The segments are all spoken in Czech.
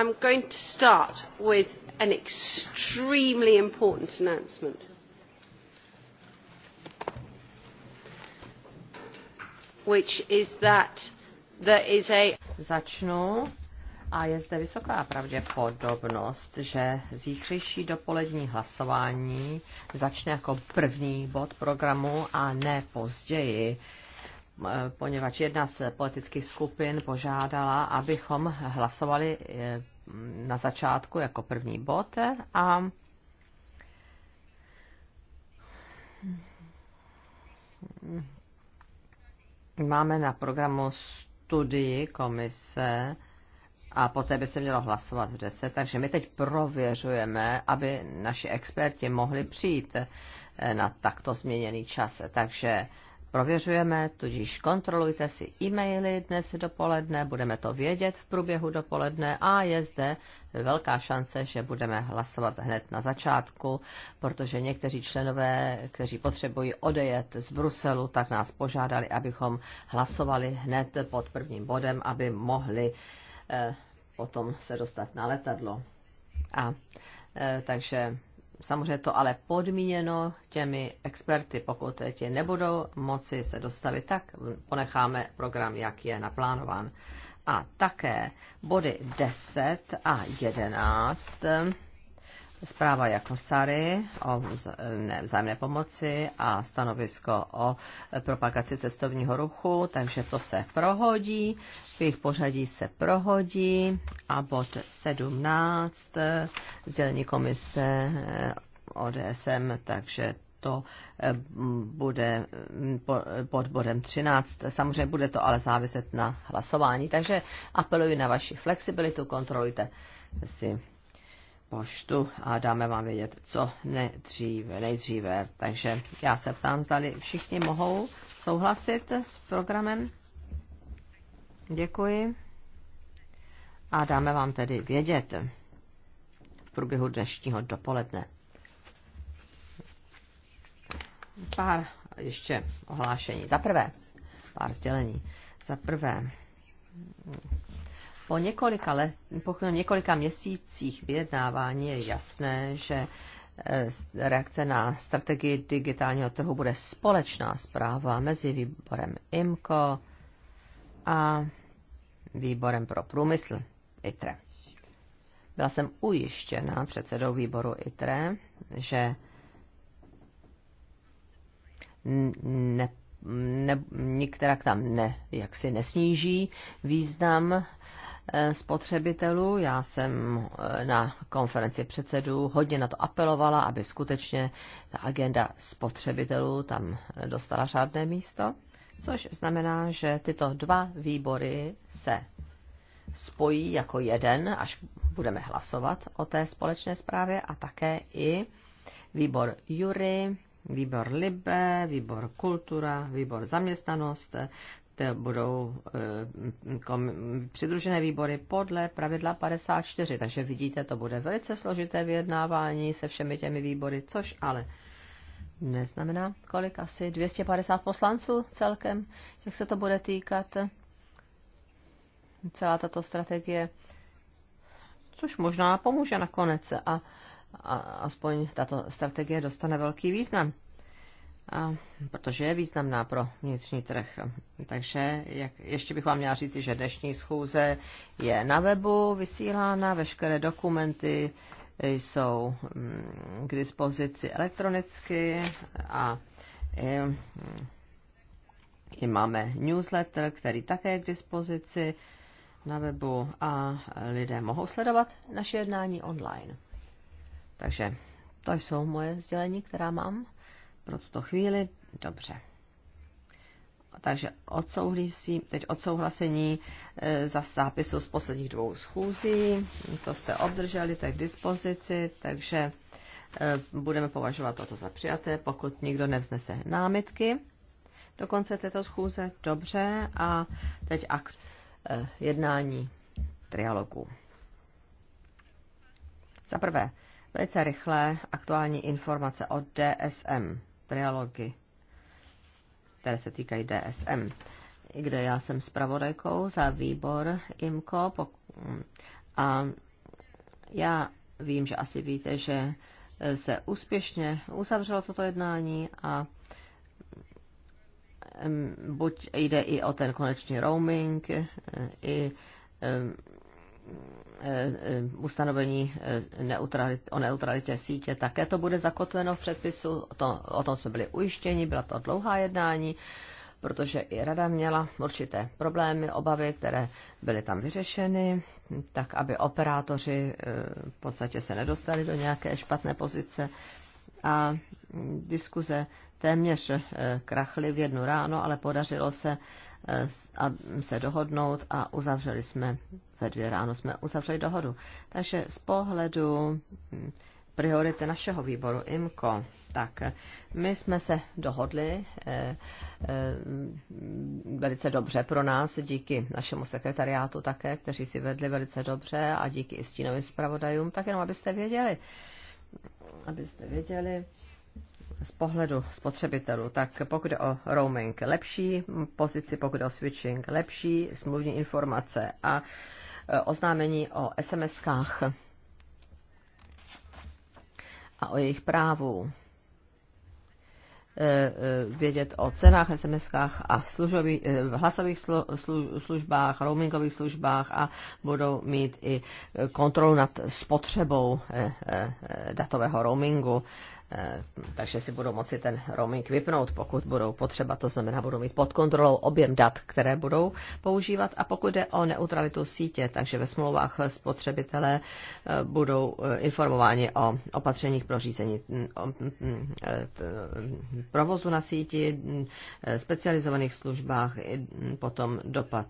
I'm going to start with an extremely important announcement. Which is that there is a... Začnu a je zde vysoká pravděpodobnost, že zítřejší dopolední hlasování začne jako první bod programu a ne později. Eh, poněvadž jedna z politických skupin požádala, abychom hlasovali eh, na začátku jako první bod eh, a máme na programu studii komise a poté by se mělo hlasovat v 10, takže my teď prověřujeme, aby naši experti mohli přijít na takto změněný čas. Takže prověřujeme, tudíž kontrolujte si e-maily dnes dopoledne, budeme to vědět v průběhu dopoledne a je zde velká šance, že budeme hlasovat hned na začátku, protože někteří členové, kteří potřebují odejet z Bruselu, tak nás požádali, abychom hlasovali hned pod prvním bodem, aby mohli eh, potom se dostat na letadlo. A eh, takže samozřejmě to ale podmíněno těmi experty, pokud tě nebudou moci se dostavit, tak ponecháme program, jak je naplánován. A také body 10 a 11 Zpráva Sary o vzájemné pomoci a stanovisko o propagaci cestovního ruchu, takže to se prohodí, v jejich pořadí se prohodí a bod 17 sdělení komise eh, ODSM, takže to eh, bude mm, pod bodem 13. Samozřejmě bude to ale záviset na hlasování, takže apeluji na vaši flexibilitu, kontrolujte si poštu a dáme vám vědět, co nejdříve, nejdříve. Takže já se ptám, zdali všichni mohou souhlasit s programem. Děkuji. A dáme vám tedy vědět v průběhu dnešního dopoledne. Pár ještě ohlášení. Za prvé, pár sdělení. Za prvé, po několika, let, po několika měsících vyjednávání je jasné, že e, reakce na strategii digitálního trhu bude společná zpráva mezi výborem IMCO a výborem pro průmysl ITRE. Byla jsem ujištěna předsedou výboru ITRE, že ne, ne, nikterak tam ne, jaksi nesníží význam Eh, spotřebitelů. Já jsem eh, na konferenci předsedů hodně na to apelovala, aby skutečně ta agenda spotřebitelů tam dostala řádné místo, což znamená, že tyto dva výbory se spojí jako jeden, až budeme hlasovat o té společné zprávě a také i výbor Jury, výbor Libe, výbor Kultura, výbor Zaměstnanost budou eh, přidružené výbory podle pravidla 54. Takže vidíte, to bude velice složité vyjednávání se všemi těmi výbory, což ale neznamená, kolik asi 250 poslanců celkem, jak se to bude týkat celá tato strategie, což možná pomůže nakonec a, a aspoň tato strategie dostane velký význam a, protože je významná pro vnitřní trh. Takže jak, ještě bych vám měla říci, že dnešní schůze je na webu vysílána, veškeré dokumenty jsou mm, k dispozici elektronicky a i, e, i máme newsletter, který také je k dispozici na webu a lidé mohou sledovat naše jednání online. Takže to jsou moje sdělení, která mám pro tuto chvíli? Dobře. Takže odsouhlasím, teď odsouhlasení e, za zápisu z posledních dvou schůzí. To jste obdrželi, to je k dispozici, takže e, budeme považovat toto za přijaté, pokud nikdo nevznese námitky do konce této schůze. Dobře, a teď akt e, jednání trialogů. Za prvé, velice rychlé aktuální informace o DSM trialogy, které se týkají DSM, kde já jsem zpravodajkou za výbor IMCO a já vím, že asi víte, že se úspěšně uzavřelo toto jednání a buď jde i o ten konečný roaming, i Eh, eh, ustanovení eh, o neutralitě sítě, také to bude zakotveno v předpisu, o tom, o tom jsme byli ujištěni, byla to dlouhá jednání, protože i rada měla určité problémy, obavy, které byly tam vyřešeny, tak aby operátoři v podstatě se nedostali do nějaké špatné pozice a diskuze téměř krachly v jednu ráno, ale podařilo se a se dohodnout a uzavřeli jsme, ve dvě ráno jsme uzavřeli dohodu. Takže z pohledu hm, priority našeho výboru IMCO, tak my jsme se dohodli eh, eh, velice dobře pro nás, díky našemu sekretariátu také, kteří si vedli velice dobře a díky i stínovým zpravodajům, tak jenom abyste věděli, abyste věděli, z pohledu spotřebitelů, tak pokud je o roaming lepší, pozici pokud je o switching lepší, smluvní informace a e, oznámení o SMS-kách a o jejich právu e, e, vědět o cenách, SMS-kách a služový, hlasových slu, slu, službách, roamingových službách a budou mít i kontrolu nad spotřebou datového roamingu Eh, takže si budou moci ten roaming vypnout, pokud budou potřeba, to znamená, budou mít pod kontrolou objem dat, které budou používat a pokud jde o neutralitu sítě, takže ve smlouvách spotřebitelé eh, budou eh, informováni o opatřeních pro řízení mm, mm, mm, provozu na síti, specializovaných službách, potom dopad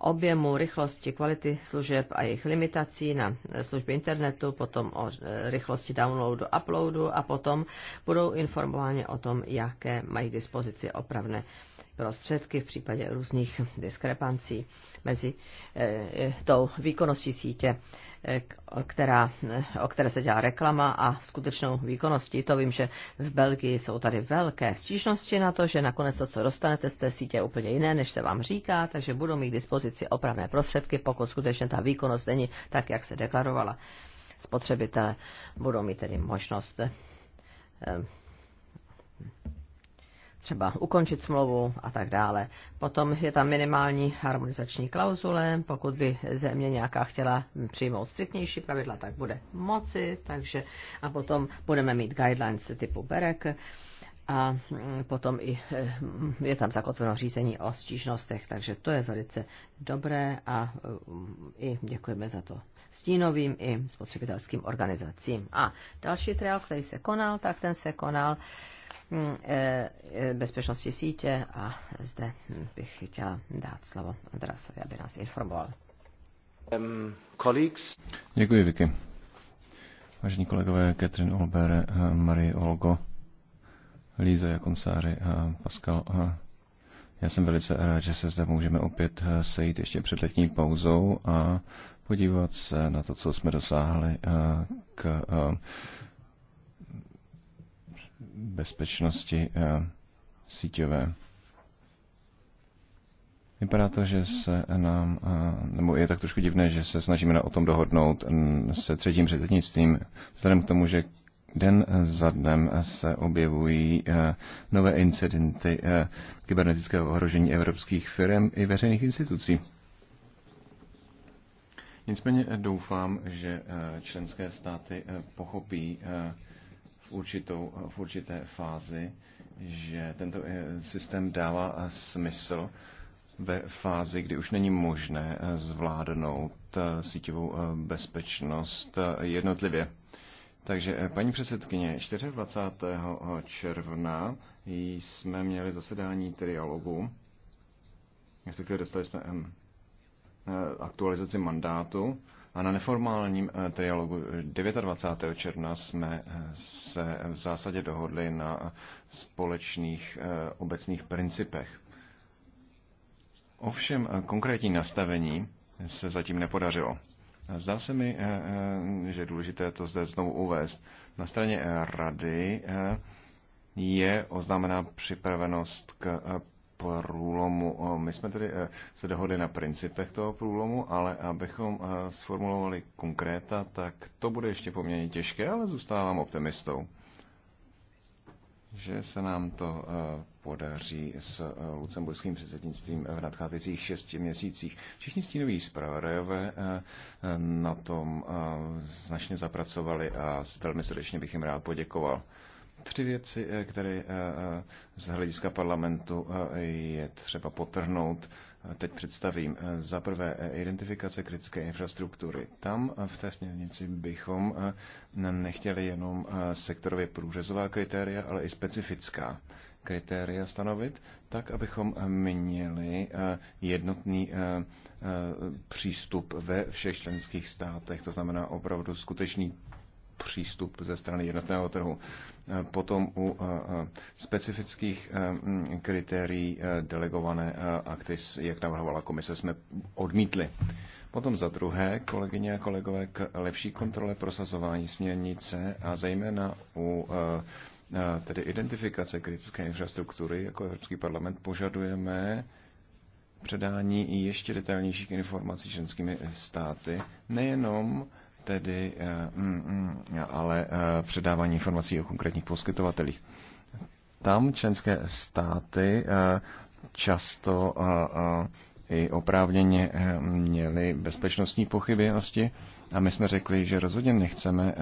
objemu, rychlosti, kvality služeb a jejich limitací na služby internetu, potom o e, rychlosti downloadu, uploadu a potom budou informováni o tom, jaké mají dispozici opravné prostředky v případě různých diskrepancí mezi eh, eh, tou výkonností sítě, eh, která, o které se dělá reklama a skutečnou výkonností. To vím, že v Belgii jsou tady velké stížnosti na to, že nakonec to, co dostanete z té sítě, je úplně jiné, než se vám říká, takže budou mít k dispozici opravné prostředky, pokud skutečně ta výkonnost není tak, jak se deklarovala. Spotřebitelé budou mít tedy možnost třeba ukončit smlouvu a tak dále. Potom je tam minimální harmonizační klauzule, pokud by země nějaká chtěla přijmout striktnější pravidla, tak bude moci, takže a potom budeme mít guidelines typu BEREK a potom i eh, je tam zakotveno řízení o stížnostech, takže to je velice dobré a eh, i děkujeme za to stínovým i spotřebitelským organizacím. A další trial, který se konal, tak ten se konal Mm, e, e, bezpečnosti sítě a zde bych chtěla dát slovo Andrasovi, aby nás informoval. Um, colleagues. Děkuji, Vicky. Vážení kolegové, Katrin Olber, eh, Marie Olgo, Líza Jakonsáry a Pascal. A eh, já jsem velice rád, že se zde můžeme opět eh, sejít ještě před letní pauzou a podívat se na to, co jsme dosáhli k bezpečnosti eh, síťové. Vypadá to, že se nám, eh, nebo je tak trošku divné, že se snažíme o tom dohodnout se třetím předsednictvím, vzhledem k tomu, že den za dnem se objevují eh, nové incidenty kybernetického ohrožení evropských firm i veřejných institucí. Nicméně doufám, že členské státy pochopí v, určitou, v určité fázi, že tento eh, systém dává eh, smysl ve fázi, kdy už není možné eh, zvládnout síťovou bezpečnost jednotlivě. Takže paní předsedkyně, 24. června jsme měli zasedání trialogu, respektive dostali jsme aktualizaci mandátu a na neformálním eh, trialogu eh, 29. června jsme eh, se v zásadě dohodli na společných obecných principech. Ovšem konkrétní nastavení se zatím nepodařilo. Zdá se mi, že je důležité to zde znovu uvést. Na straně rady je oznámená připravenost k průlomu. My jsme tedy eh, se dohodli na principech toho průlomu, ale abychom eh, sformulovali konkréta, tak to bude ještě poměrně těžké, ale zůstávám optimistou, že se nám to eh, podaří s lucemburským předsednictvím v nadcházejících šesti měsících. Všichni stínoví zpravodajové na tom značně zapracovali a velmi srdečně bych jim rád poděkoval tři věci, eh, které eh, eh, z hlediska parlamentu je třeba potrhnout. Teď představím. Za prvé, identifikace kritické infrastruktury. Tam v té směrnici bychom nechtěli jenom sektorově průřezová kritéria, ale i specifická kritéria stanovit, tak abychom měli jednotný přístup ve všech členských státech, to znamená opravdu skutečný přístup ze strany jednotného trhu. Eh, potom u eh, eh, specifických mm, kritérií delegované akty, jak navrhovala komise, jsme odmítli. Potom za druhé, kolegyně a kolegové, k lepší kontrole prosazování směrnice a zejména u tedy identifikace kritické infrastruktury, jako Evropský parlament požadujeme předání i ještě detailnějších informací členskými státy, nejenom tedy eh, mm, mm, ale eh, předávání informací o konkrétních poskytovatelích. Tam členské státy eh, často i oprávněně měly bezpečnostní pochybnosti a my jsme řekli, že rozhodně nechceme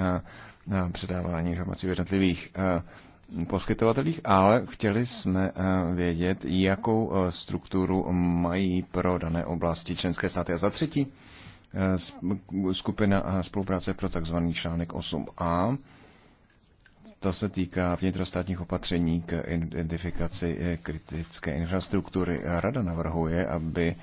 předávání informací v jednotlivých poskytovatelích, ale chtěli jsme vědět, jakou strukturu mají pro dané oblasti členské státy. A za třetí, skupina spolupráce pro tzv. článek 8a. To se týká vnitrostátních opatření k identifikaci eh, kritické infrastruktury. Rada navrhuje, aby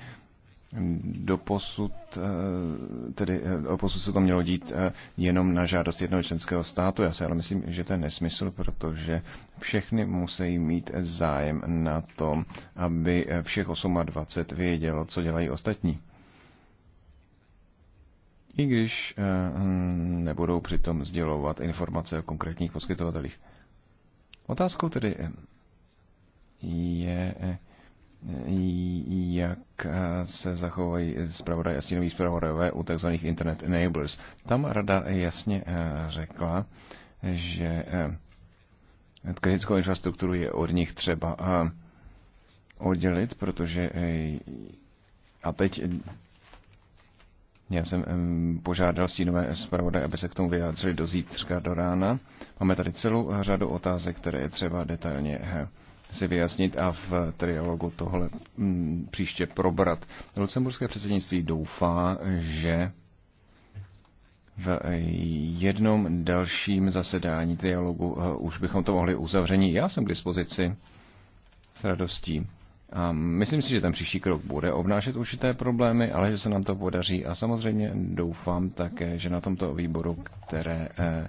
Doposud, eh, tedy doposud eh, se to mělo dít jenom na žádost jednoho členského státu. Já si ale myslím, že to je nesmysl, protože všechny musí mít zájem na tom, aby všech 28 vědělo, co dělají ostatní i když eh, hm, nebudou přitom sdělovat informace o konkrétních poskytovatelích. Otázkou tedy eh, je, eh, jak se zachovají zpravodaj a stínoví zpravodajové u tzv. Internet Enablers. Tam rada jasně řekla, že kritickou infrastrukturu je od nich třeba oddělit, protože a teď já jsem požádal stínové zpravodaje, aby se k tomu vyjádřili do zítřka, do rána. Máme tady celou řadu otázek, které je třeba detailně eh, si vyjasnit a v trialogu tohle mm, příště probrat. Lucemburské předsednictví doufá, že v jednom dalším zasedání trialogu eh, už bychom to mohli uzavření. Já jsem k dispozici s radostí. A myslím si, že ten příští krok bude obnášet určité problémy, ale že se nám to podaří. A samozřejmě doufám také, že na tomto výboru, které eh, eh,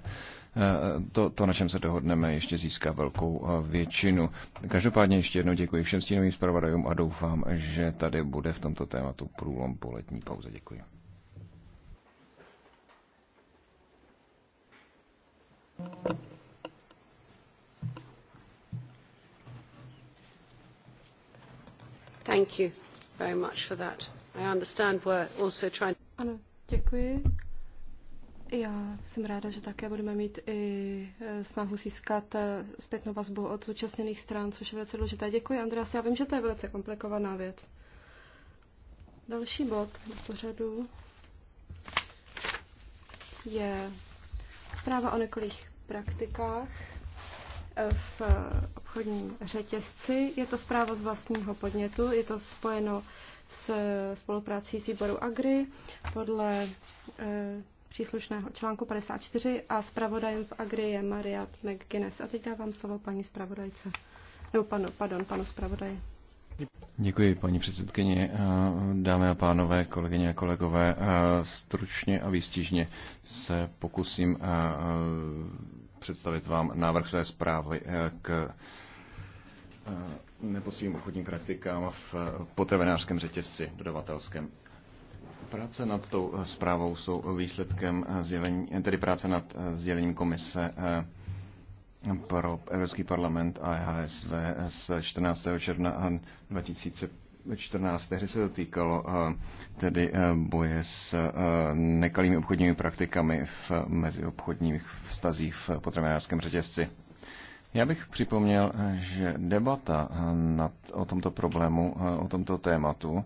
to, to, na čem se dohodneme, ještě získá velkou eh, většinu. Každopádně ještě jednou děkuji všem stínovým zpravodajům a doufám, že tady bude v tomto tématu průlom po letní pauze. Děkuji. Thank you. děkuji. Já jsem ráda, že také budeme mít i e, snahu získat e, zpětnou vazbu od zúčastněných stran, což je velice důležité. Děkuji, Andreas. Já vím, že to je velice komplikovaná věc. Další bod do pořadu je zpráva o nekolých praktikách v obchodním řetězci. Je to zpráva z vlastního podnětu, je to spojeno s spoluprácí s výboru Agri podle eh, příslušného článku 54 a zpravodajem v Agri je Mariat McGuinness. A teď dávám slovo paní zpravodajce, nebo panu, pardon, panu zpravodaji. Děkuji, paní předsedkyně. Eh, dámy a pánové, kolegyně a kolegové, eh, stručně a výstižně se pokusím představit vám návrh své zprávy eh, k eh, nepoctivým obchodním praktikám v potravinářském řetězci dodavatelském. Práce nad tou eh, zprávou jsou výsledkem zjevení, tedy práce nad sdělením komise pro Evropský parlament a EHSV z 14. června 2015 14. hře se to týkalo eh, tedy eh, boje s eh, nekalými obchodními praktikami v meziobchodních vztazích v potravinářském řetězci. Já bych připomněl, že debata nad, o tomto problému, o tomto tématu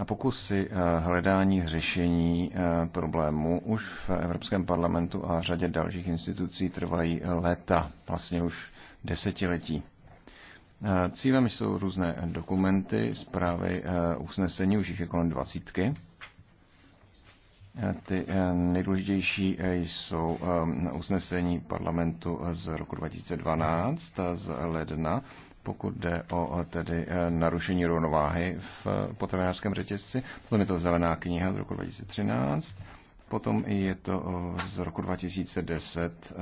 a pokusy hledání řešení problému už v Evropském parlamentu a řadě dalších institucí trvají léta, vlastně už desetiletí. Eh, cílem jsou různé dokumenty, zprávy, eh, usnesení, už jich je kolem dvacítky. Eh, ty nejdůležitější jsou usnesení parlamentu z roku 2012, z ledna, pokud jde o tedy narušení rovnováhy v potravinářském řetězci. Potom je to zelená kniha z roku 2013, potom je to z roku 2010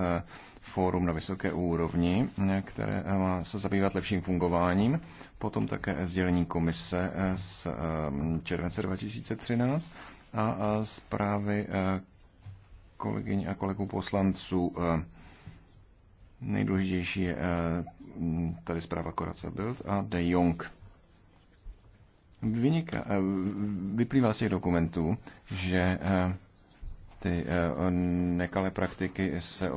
fórum na vysoké úrovni, které eh, má se zabývat lepším fungováním, potom také sdělení komise eh, z eh, července 2013 a zprávy kolegyň a kolegů poslanců. Nejdůležitější je tady zpráva Koraca Bild a De Jong. Vyniká, vyplývá z těch dokumentů, že ty eh, nekalé praktiky se,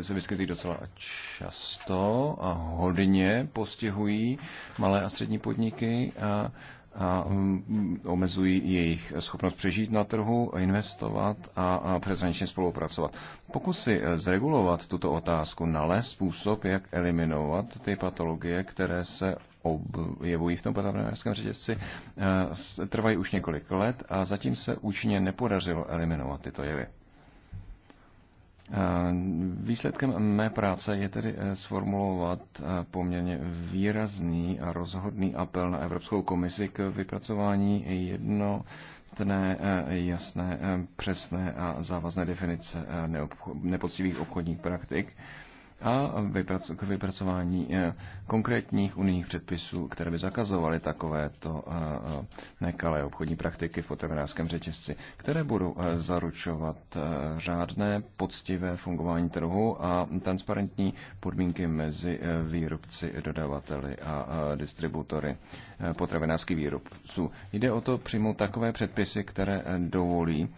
se vyskytují docela často a hodně postihují malé a střední podniky a a hm, omezují jejich schopnost přežít na trhu, investovat a přeshraničně spolupracovat. Pokusy eh, zregulovat tuto otázku, nalézt způsob, jak eliminovat ty patologie, které se objevují v tom patologickém řetězci, eh, trvají už několik let a zatím se účinně nepodařilo eliminovat tyto jevy. Eh, výsledkem mé práce je tedy eh, sformulovat eh, poměrně výrazný a rozhodný apel na Evropskou komisi k vypracování jednotné, jasné, přesné a závazné definice nepoctivých obchodních praktik a k vypracování eh, konkrétních unijních předpisů, které by zakazovaly takovéto eh, eh, nekalé obchodní praktiky v potravinářském řetězci, které budou zaručovat řádné, poctivé fungování trhu a transparentní podmínky mezi výrobci, dodavateli a distributory potravinářských výrobců. Jde o to přijmout takové předpisy, které dovolí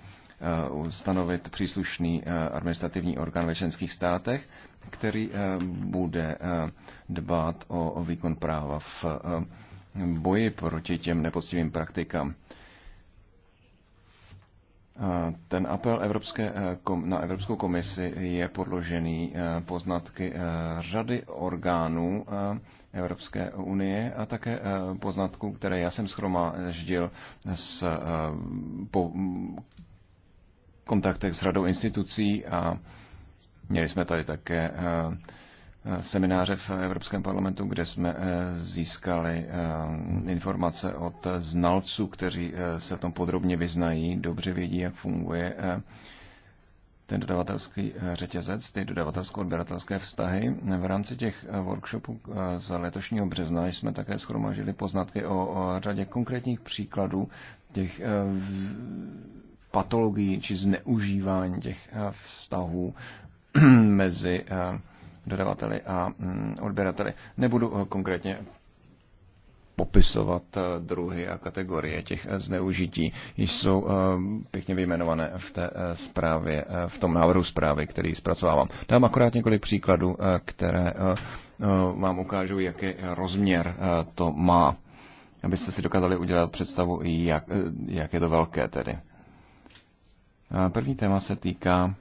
stanovit příslušný administrativní orgán ve členských státech, který eh, bude eh, dbát o výkon práva v eh, boji proti těm nepoctivým praktikám. Ten apel Evropské, na Evropskou komisi je podložený poznatky řady orgánů Evropské unie a také poznatků, které já jsem schromáždil s, po kontaktech s radou institucí a Měli jsme tady také eh, eh, semináře v Evropském parlamentu, kde jsme eh, získali informace od znalců, kteří se v tom podrobně vyznají, dobře vědí, jak funguje ten dodavatelský řetězec, ty dodavatelsko-odběratelské vztahy. V rámci těch workshopů z letošního března jsme také schromažili poznatky o, o řadě konkrétních příkladů těch patologií či zneužívání těch vztahů mezi eh, dodavateli a mm, odběrateli. Nebudu eh, konkrétně popisovat eh, druhy a kategorie těch zneužití. Jsou pěkně vyjmenované v té zprávě, v tom návrhu zprávy, který zpracovávám. Dám akorát několik příkladů, které vám ukážu, jaký rozměr to má, abyste si dokázali udělat představu, jak, jak je to velké tedy. První téma se týká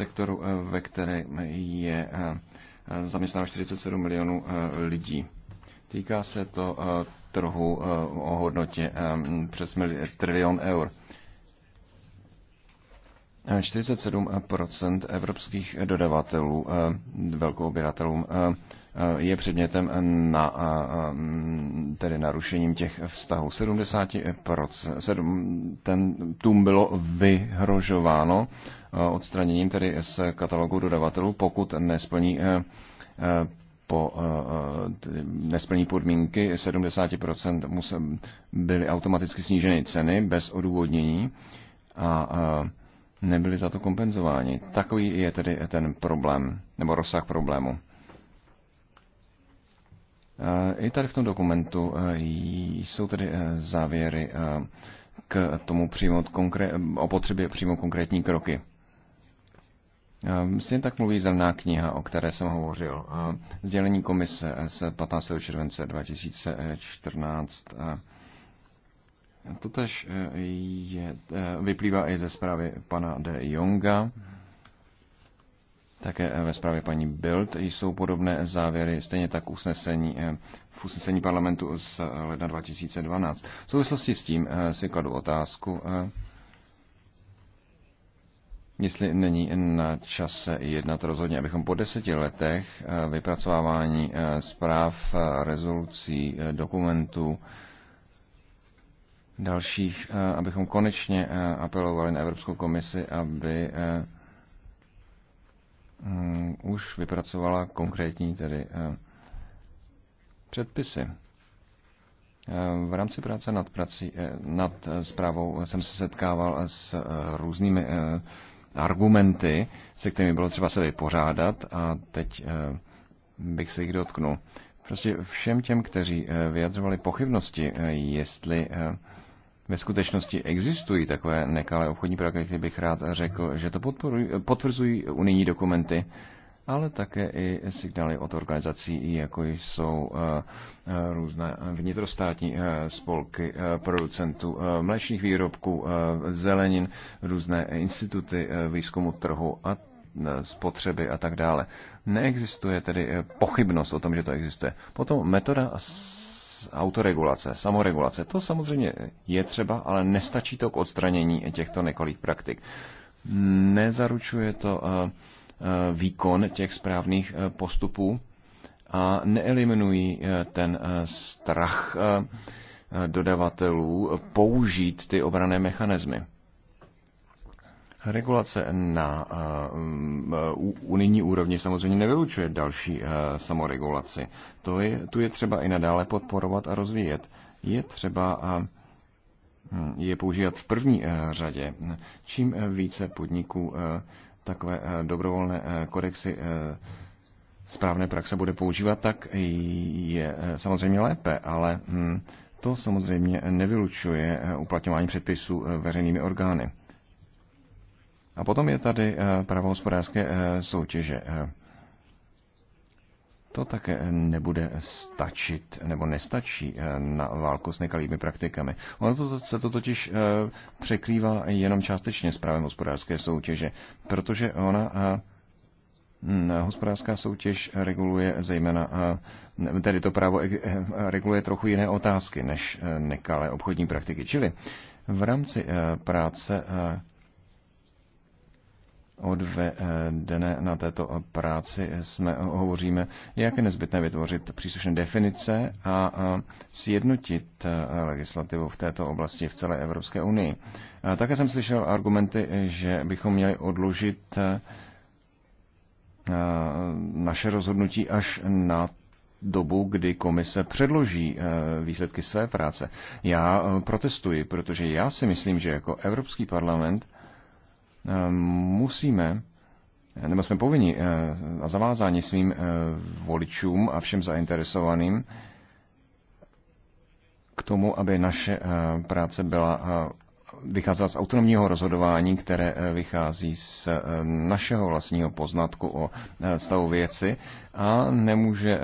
sektoru, eh, ve kterém eh, je eh, zaměstnáno 47 milionů lidí. Týká se to trhu o hodnotě přes trilion eur. 47 evropských dodavatelů, velkou oběratelům, je předmětem na, tedy narušením těch vztahů. 70 ten, tům bylo vyhrožováno Eh, odstraněním tedy z katalogu dodavatelů, pokud nesplní eh, eh, po, nesplní podmínky 70% musel, byly automaticky sníženy ceny bez odůvodnění a nebyli za to kompenzováni. Takový je tedy ten problém, nebo rozsah problému. I tady v tom dokumentu jsou tedy závěry k tomu přijmout konkré- o potřebě přijmout konkrétní kroky. Ehm, stejně tak mluví zelená kniha, o které jsem hovořil. Ehm, sdělení komise z 15. července 2014. Ehm, Totež eh, je, eh, vyplývá i ze zprávy pana de Jonga. Také eh, ve zprávě paní Bild jsou podobné závěry, stejně tak usnesení, v usnesení parlamentu z ledna 2012. V souvislosti s tím si kladu otázku, jestli není na čase jednat rozhodně, abychom po deseti letech eh, vypracovávání eh, zpráv, eh, rezolucí, dokumentů, dalších, abychom konečně apelovali na Evropskou komisi, aby mm, už vypracovala konkrétní tedy předpisy. V rámci práce nad, prací, nad zprávou jsem se setkával s různými argumenty, se kterými bylo třeba se vypořádat a teď eh, bych se jich dotknul. Prostě všem těm, kteří eh, vyjadřovali pochybnosti, eh, jestli ve skutečnosti existují takové nekalé obchodní praktiky, bych rád řekl, že to potvrzují unijní dokumenty, ale také i signály od organizací, jako jsou eh, eh, různé vnitrostátní eh, spolky producentů mléčných výrobků, zelenin, různé instituty výzkumu trhu a spotřeby a tak dále. Neexistuje tedy pochybnost o tom, že to existuje. Potom metoda autoregulace, samoregulace. To samozřejmě je třeba, ale nestačí to k odstranění těchto nekolých praktik. Nezaručuje to Eh, výkon těch správných eh, postupů a neeliminují eh, ten strach dodavatelů použít ty obrané mechanismy. Regulace na unijní úrovni samozřejmě nevylučuje další samoregulaci. To je, tu je třeba i nadále podporovat a rozvíjet. Je třeba hm, je používat v první řadě. Čím více podniků takové eh, dobrovolné eh, kodexy eh, správné praxe bude používat, tak je samozřejmě lépe, ale hm, to samozřejmě nevylučuje uplatňování předpisů veřejnými orgány. A potom je tady právo hospodářské soutěže. To také nebude stačit nebo nestačí eh, na válku s nekalými praktikami. Ono to, se to totiž eh, překrývá jenom částečně s právem hospodářské soutěže, protože ona eh, mm, hospodářská soutěž reguluje zejména, tedy to právo reguluje trochu jiné otázky než nekalé obchodní praktiky. Čili v rámci práce odvedené na této práci jsme, hovoříme, jak je nezbytné vytvořit příslušné definice a sjednotit eh, legislativu v této oblasti v celé Evropské unii. Také jsem slyšel argumenty, že bychom měli odložit eh, naše rozhodnutí až na dobu, kdy komise předloží eh, výsledky své práce. Já protestuji, protože já si myslím, že jako Evropský parlament Eh, musíme eh, nebo jsme povinni eh, a zavázáni svým voličům a všem zainteresovaným k tomu, aby naše práce byla vycházela z autonomního rozhodování, které vychází z našeho vlastního poznatku o stavu věci a nemůže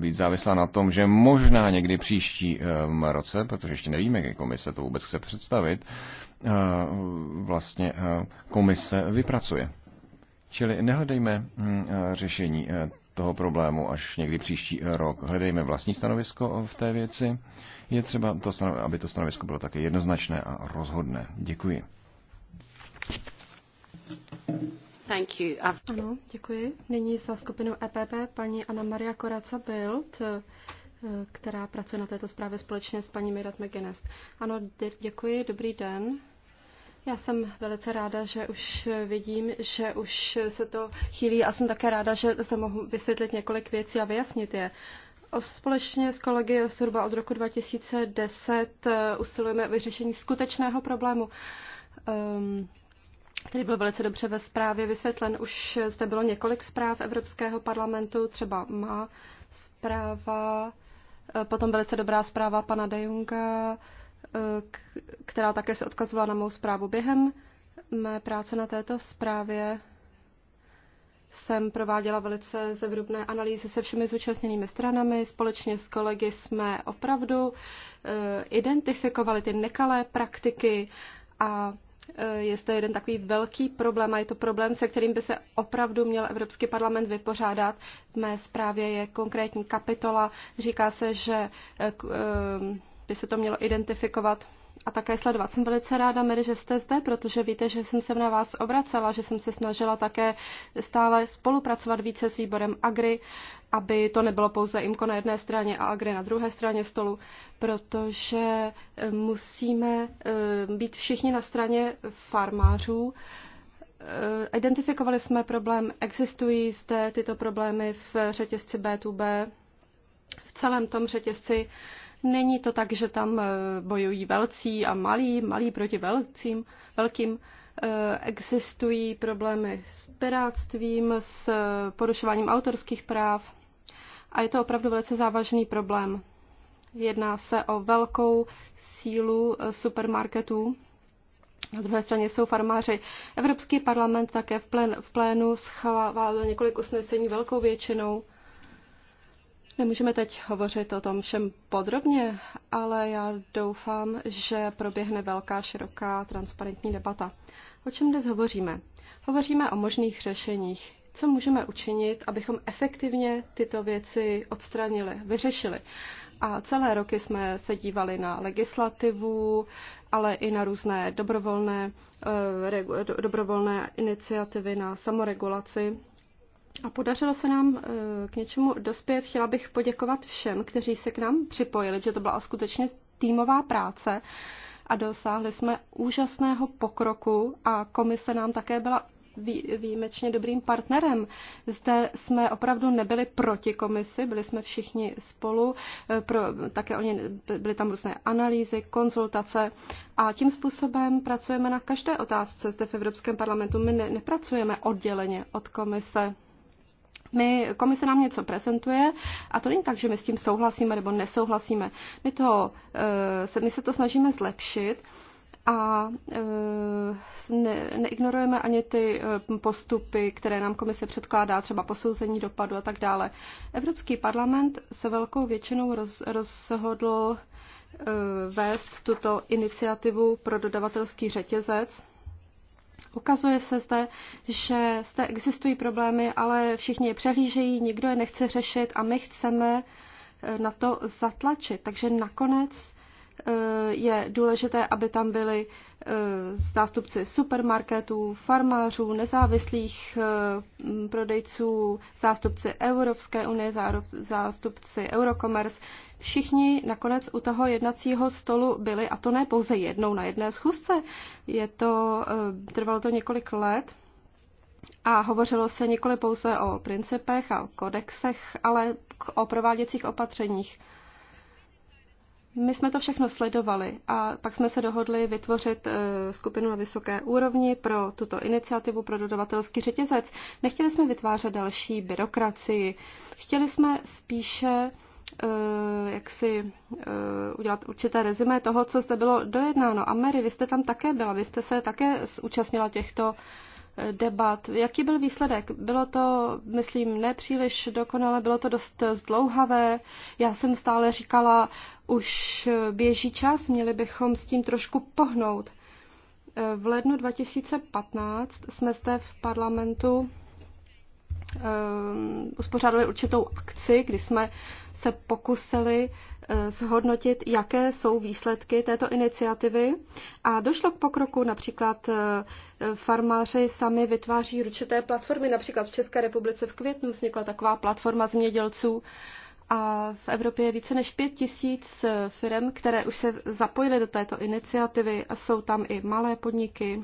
být závislá na tom, že možná někdy příští roce, protože ještě nevíme, jak komise to vůbec chce představit, Eh, vlastně eh, komise vypracuje. Čili nehledejme hm, eh, řešení toho problému až někdy příští rok. Hledejme vlastní stanovisko v té věci. Je třeba, to, aby to stanovisko bylo také jednoznačné a rozhodné. Děkuji. Thank you. Ano, děkuji. Nyní za skupinu EPP paní Anna Maria Koraca Bild. Eh, která pracuje na této zprávě společně s paní Mirat McGuinness. Ano, děkuji, dobrý den. Já jsem velice ráda, že už vidím, že už se to chýlí a jsem také ráda, že se mohu vysvětlit několik věcí a vyjasnit je. Společně s kolegy zhruba od roku 2010 eh, usilujeme o vyřešení skutečného problému. Um, který byl velice dobře ve zprávě vysvětlen. Už zde bylo několik zpráv Evropského parlamentu, třeba má zpráva Eh, potom velice dobrá zpráva pana De Junga, eh, která také se odkazovala na mou zprávu. Během mé práce na této zprávě jsem prováděla velice zevrubné analýzy se všemi zúčastněnými stranami. Společně s kolegy jsme opravdu eh, identifikovali ty nekalé praktiky a Eh, je to jeden takový velký problém a je to problém, se kterým by se opravdu měl Evropský parlament vypořádat. V mé zprávě je konkrétní kapitola. Říká se, že eh, eh, by se to mělo identifikovat a také sledovat. Jsem velice ráda, Mary, že jste zde, protože víte, že jsem se na vás obracela, že jsem se snažila také stále spolupracovat více s výborem Agri, aby to nebylo pouze IMKO na jedné straně a Agri na druhé straně stolu, protože eh, musíme eh, být všichni na straně farmářů, eh, identifikovali jsme problém, existují zde tyto problémy v řetězci B2B, v celém tom řetězci Není to tak, že tam eh, bojují velcí a malí, malí proti velcím, velkým. Eh, existují problémy s piráctvím, s eh, porušováním autorských práv a je to opravdu velice závažný problém. Jedná se o velkou sílu supermarketů. Na druhé straně jsou farmáři. Evropský parlament také v, plén, v plénu schválil několik usnesení velkou většinou Nemůžeme teď hovořit o tom všem podrobně, ale já doufám, že proběhne velká, široká, transparentní debata. O čem dnes hovoříme? Hovoříme o možných řešeních. Co můžeme učinit, abychom efektivně tyto věci odstranili, vyřešili? A celé roky jsme se dívali na legislativu, ale i na různé dobrovolné, eh, dobrovolné iniciativy na samoregulaci a podařilo se nám eh, k něčemu dospět. Chtěla bych poděkovat všem, kteří se k nám připojili, že to byla skutečně týmová práce a dosáhli jsme úžasného pokroku a komise nám také byla výjimečně dobrým partnerem. Zde jsme opravdu nebyli proti komisi, byli jsme všichni spolu, eh, pro, také oni, byly tam různé analýzy, konzultace a tím způsobem pracujeme na každé otázce zde v Evropském parlamentu. My ne, nepracujeme odděleně od komise my, komise nám něco prezentuje a to není tak, že my s tím souhlasíme nebo nesouhlasíme. My, to, eh, my se to snažíme zlepšit a eh, ne, neignorujeme ani ty eh, postupy, které nám komise předkládá, třeba posouzení dopadu a tak dále. Evropský parlament se velkou většinou roz, rozhodl vést tuto iniciativu pro dodavatelský řetězec Ukazuje se zde, že zde existují problémy, ale všichni je přehlížejí, nikdo je nechce řešit a my chceme eh, na to zatlačit. Takže nakonec Eh, je důležité, aby tam byli eh, zástupci supermarketů, farmářů, nezávislých eh, prodejců, zástupci Evropské unie, zástupci Eurocommerce. Všichni nakonec u toho jednacího stolu byli, a to ne pouze jednou na jedné schůzce, je to, trvalo to několik let, a hovořilo se nikoli pouze o principech a o kodexech, ale o prováděcích opatřeních. My jsme to všechno sledovali a pak jsme se dohodli vytvořit eh, skupinu na vysoké úrovni pro tuto iniciativu pro dodavatelský řetězec. Nechtěli jsme vytvářet další byrokracii, chtěli jsme spíše eh, jak si eh, udělat určité rezime toho, co zde bylo dojednáno. A Mary, vy jste tam také byla, vy jste se také zúčastnila těchto debat. Jaký byl výsledek? Bylo to, myslím, nepříliš dokonale, bylo to dost zdlouhavé. Já jsem stále říkala, už běží čas, měli bychom s tím trošku pohnout. V lednu 2015 jsme zde v parlamentu ehm, uspořádali určitou akci, kdy jsme se pokusili eh, zhodnotit, jaké jsou výsledky této iniciativy. A došlo k pokroku, například eh, farmáři sami vytváří ručité platformy, například v České republice v květnu vznikla taková platforma zemědělců, a v Evropě je více než pět tisíc eh, firm, které už se zapojily do této iniciativy a jsou tam i malé podniky.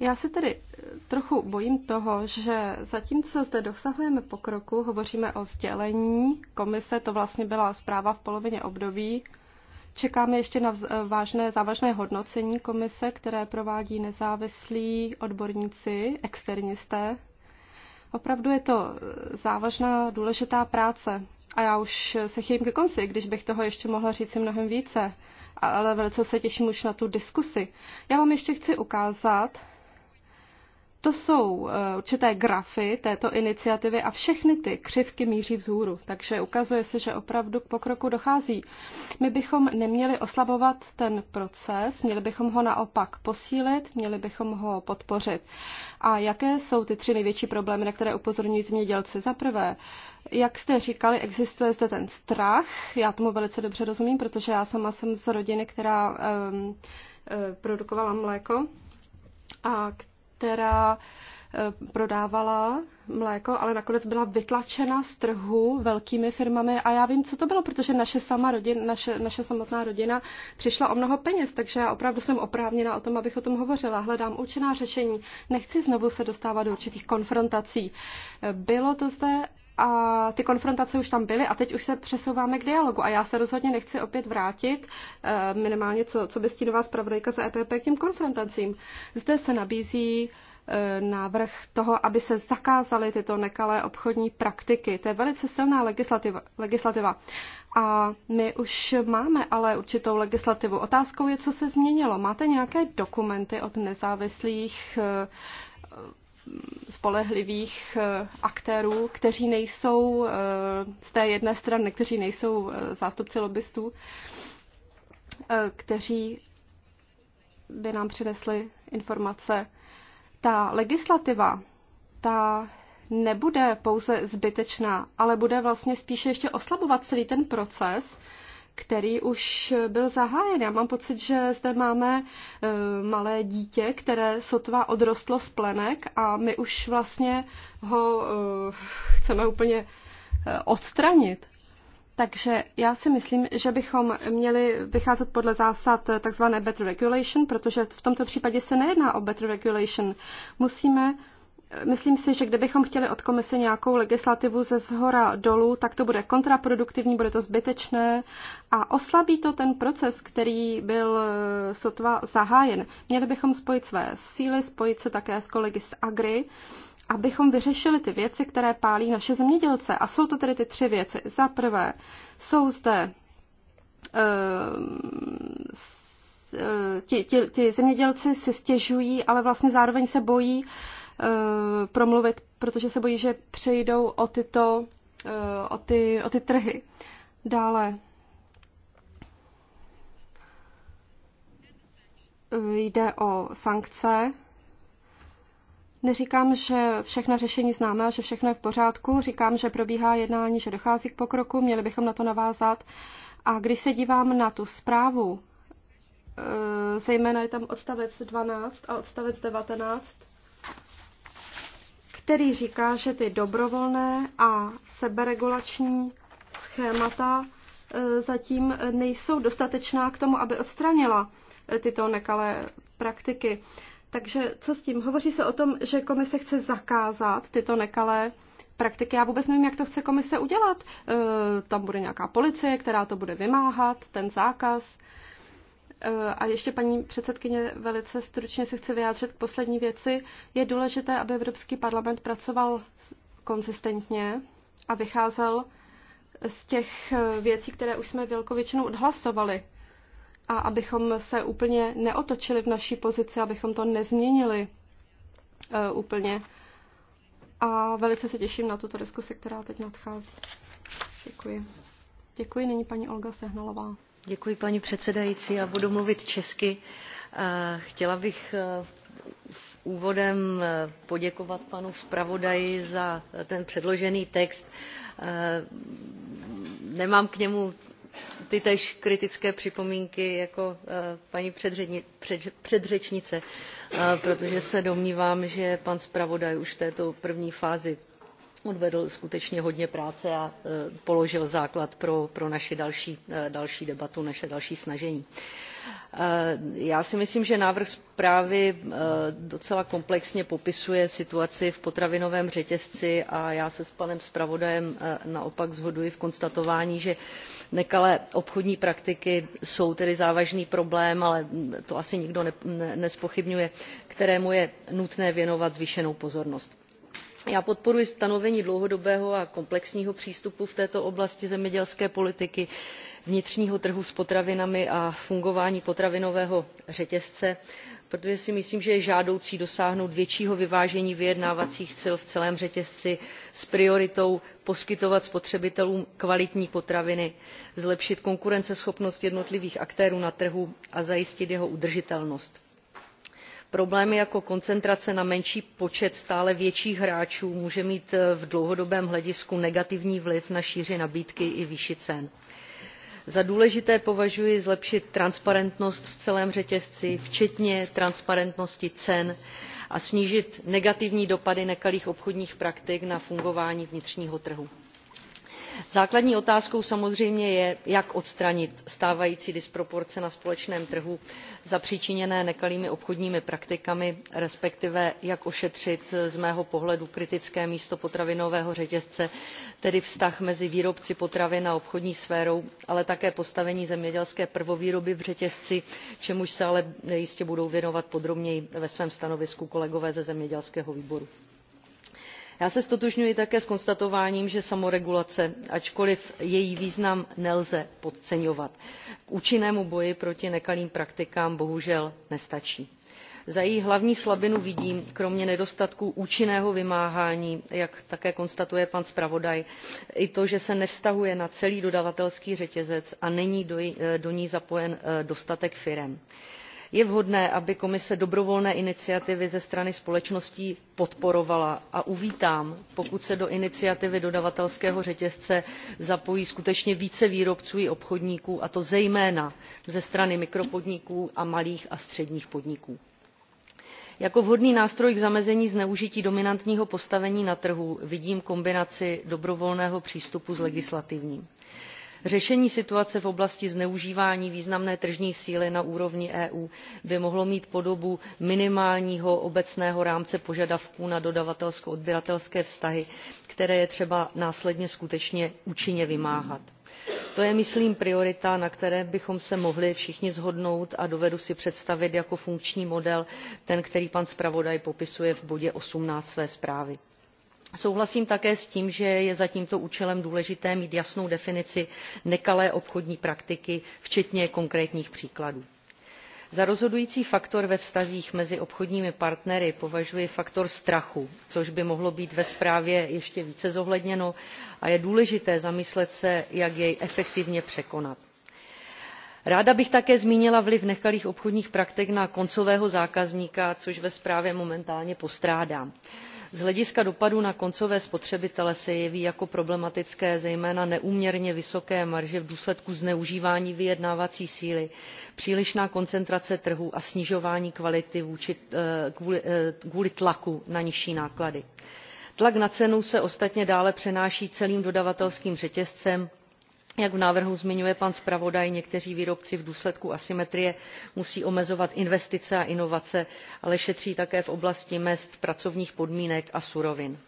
Já se tedy eh, trochu bojím toho, že zatímco zde dosahujeme pokroku, hovoříme o sdělení komise, to vlastně byla zpráva v polovině období, čekáme ještě na eh, vážné, závažné hodnocení komise, které provádí nezávislí odborníci, externisté. Opravdu je to eh, závažná, důležitá práce. A já už se chybím ke konci, když bych toho ještě mohla říct mnohem více, ale velice se těším už na tu diskusi. Já vám ještě chci ukázat, to jsou eh, určité grafy této iniciativy a všechny ty křivky míří vzhůru, takže ukazuje se, že opravdu k pokroku dochází. My bychom neměli oslabovat ten proces, měli bychom ho naopak posílit, měli bychom ho podpořit. A jaké jsou ty tři největší problémy, na které upozorňují zemědělci? Za prvé, jak jste říkali, existuje zde ten strach. Já tomu velice dobře rozumím, protože já sama jsem z rodiny, která um, produkovala mléko a která eh, prodávala mléko, ale nakonec byla vytlačena z trhu velkými firmami a já vím, co to bylo, protože naše, sama rodin, naše, naše samotná rodina přišla o mnoho peněz, takže já opravdu jsem oprávněna o tom, abych o tom hovořila. Hledám účinná řešení. Nechci znovu se dostávat do určitých konfrontací. Eh, bylo to zde a ty konfrontace už tam byly a teď už se přesouváme k dialogu a já se rozhodně nechci opět vrátit, eh, minimálně co, co by stínová zpravodajka za EPP k těm konfrontacím. Zde se nabízí eh, návrh toho, aby se zakázaly tyto nekalé obchodní praktiky. To je velice silná legislativa. legislativa. A my už máme ale určitou legislativu. Otázkou je, co se změnilo. Máte nějaké dokumenty od nezávislých eh, spolehlivých eh, aktérů, kteří nejsou eh, z té jedné strany, kteří nejsou eh, zástupci lobbystů, kteří by nám přinesli informace. Ta legislativa, ta nebude pouze zbytečná, ale bude vlastně spíše ještě oslabovat celý ten proces, který už byl zahájen. Já mám pocit, že zde máme eh, malé dítě, které sotva odrostlo z plenek a my už vlastně ho eh, chceme úplně eh, odstranit. Takže já si myslím, že bychom měli vycházet podle zásad takzvané better regulation, protože v tomto případě se nejedná o better regulation. Musíme Myslím si, že kdybychom chtěli od komise nějakou legislativu ze zhora dolů, tak to bude kontraproduktivní, bude to zbytečné a oslabí to ten proces, který byl eh, sotva zahájen. Měli bychom spojit své síly, spojit se také s kolegy z Agri, abychom vyřešili ty věci, které pálí naše zemědělce. A jsou to tedy ty tři věci. Za prvé, jsou zde eh, eh, ti, ti, ti zemědělci si stěžují, ale vlastně zároveň se bojí Eh, promluvit, protože se bojí, že přejdou o, tyto, eh, o, ty, o ty trhy. Dále jde o sankce. Neříkám, že všechna řešení známe a že všechno je v pořádku. Říkám, že probíhá jednání, že dochází k pokroku, měli bychom na to navázat. A když se dívám na tu zprávu, eh, zejména je tam odstavec 12 a odstavec 19, který říká, že ty dobrovolné a seberegulační schémata e, zatím nejsou dostatečná k tomu, aby odstranila e, tyto nekalé praktiky. Takže co s tím? Hovoří se o tom, že komise chce zakázat tyto nekalé praktiky. Já vůbec nevím, jak to chce komise udělat. E, tam bude nějaká policie, která to bude vymáhat, ten zákaz. Eh, a ještě paní předsedkyně velice stručně se chce vyjádřit k poslední věci. Je důležité, aby Evropský parlament pracoval konzistentně a vycházel z těch eh, věcí, které už jsme velkou většinou odhlasovali. A abychom se úplně neotočili v naší pozici, abychom to nezměnili uh, úplně. A velice se těším na tuto diskusi, která teď nadchází. Děkuji. Děkuji, nyní paní Olga Sehnalová. Děkuji, paní předsedající. Já budu mluvit česky. Eh, chtěla bych eh, úvodem eh, poděkovat panu zpravodaji za ten předložený text. Nemám k němu ty kritické připomínky jako paní předřečnice, protože se domnívám, že pan zpravodaj už v této první fázi odvedl skutečně hodně práce a e, položil základ pro, pro naši další, e, další debatu, naše další snažení. E, já si myslím, že návrh zprávy docela komplexně popisuje situaci v potravinovém řetězci a já se s panem zpravodajem naopak zhoduji v konstatování, že nekalé obchodní praktiky jsou tedy závažný problém, ale to asi nikdo ne, ne, nespochybňuje, kterému je nutné věnovat zvýšenou pozornost já podporuji stanovení dlouhodobého a komplexního přístupu v této oblasti zemědělské politiky vnitřního trhu s potravinami a fungování potravinového řetězce protože si myslím že je žádoucí dosáhnout většího vyvážení vyjednávacích sil v celém řetězci s prioritou poskytovat spotřebitelům kvalitní potraviny zlepšit konkurenceschopnost jednotlivých aktérů na trhu a zajistit jeho udržitelnost problémy jako koncentrace na menší počet stále větších hráčů může mít eh, v dlouhodobém hledisku negativní vliv na šíři nabídky i výši cen. za důležité považuji zlepšit transparentnost v celém řetězci včetně transparentnosti cen a snížit negativní dopady nekalých obchodních praktik na fungování vnitřního trhu základní otázkou samozřejmě je jak odstranit stávající disproporce na společném trhu zapříčiněné nekalými obchodními praktikami respektive jak ošetřit z mého pohledu kritické místo potravinového řetězce tedy vztah mezi výrobci potravin a obchodní sférou ale také postavení zemědělské prvovýroby v řetězci čemuž se ale jistě budou věnovat podrobněji ve svém stanovisku kolegové ze zemědělského výboru já se ztotožňuji také s konstatováním že samoregulace ačkoliv její význam nelze podceňovat k účinnému boji proti nekalým praktikám bohužel nestačí. za její hlavní slabinu vidím kromě nedostatku účinného vymáhání jak také konstatuje pan zpravodaj i to že se nevztahuje na celý dodavatelský řetězec a není do ní zapojen eh, dostatek firem je vhodné aby komise dobrovolné iniciativy ze strany společností podporovala a uvítám pokud se do iniciativy dodavatelského řetězce zapojí skutečně více výrobců i obchodníků a to zejména ze strany mikropodniků a malých a středních podniků jako vhodný nástroj k zamezení zneužití dominantního postavení na trhu vidím kombinaci dobrovolného přístupu s legislativním přístupem řešení situace v oblasti zneužívání významné tržní síly na úrovni eu by mohlo mít podobu minimálního obecného rámce požadavků na dodavatelsko odběratelské vztahy které je třeba následně skutečně účinně vymáhat. to je myslím priorita na které bychom se mohli všichni shodnout a dovedu si představit jako funkční model ten který pan zpravodaj popisuje v bodě eighteen své zprávy souhlasím také s tím že je za tímto účelem důležité mít jasnou definici nekalé obchodní praktiky včetně konkrétních příkladů. za rozhodující faktor ve vztazích mezi obchodními partnery považuji faktor strachu což by mohlo být ve zprávě ještě více zohledněno a je důležité zamyslet se jak jej efektivně překonat. ráda bych také zmínila vliv nekalých obchodních praktik na koncového zákazníka což ve zprávě momentálně postrádám z hlediska dopadu na koncové spotřebitele se jeví jako problematické zejména neúměrně vysoké marže v důsledku zneužívání vyjednávací síly přílišná koncentrace trhu a snižování kvality eh, eh, kvůli tlaku na nižší náklady. tlak na cenu se ostatně dále přenáší celým dodavatelským řetězcem jak v návrhu zmiňuje pan zpravodaj někteří výrobci v důsledku asymetrie musí omezovat investice a inovace ale šetří také v oblasti mezd pracovních podmínek a surovin.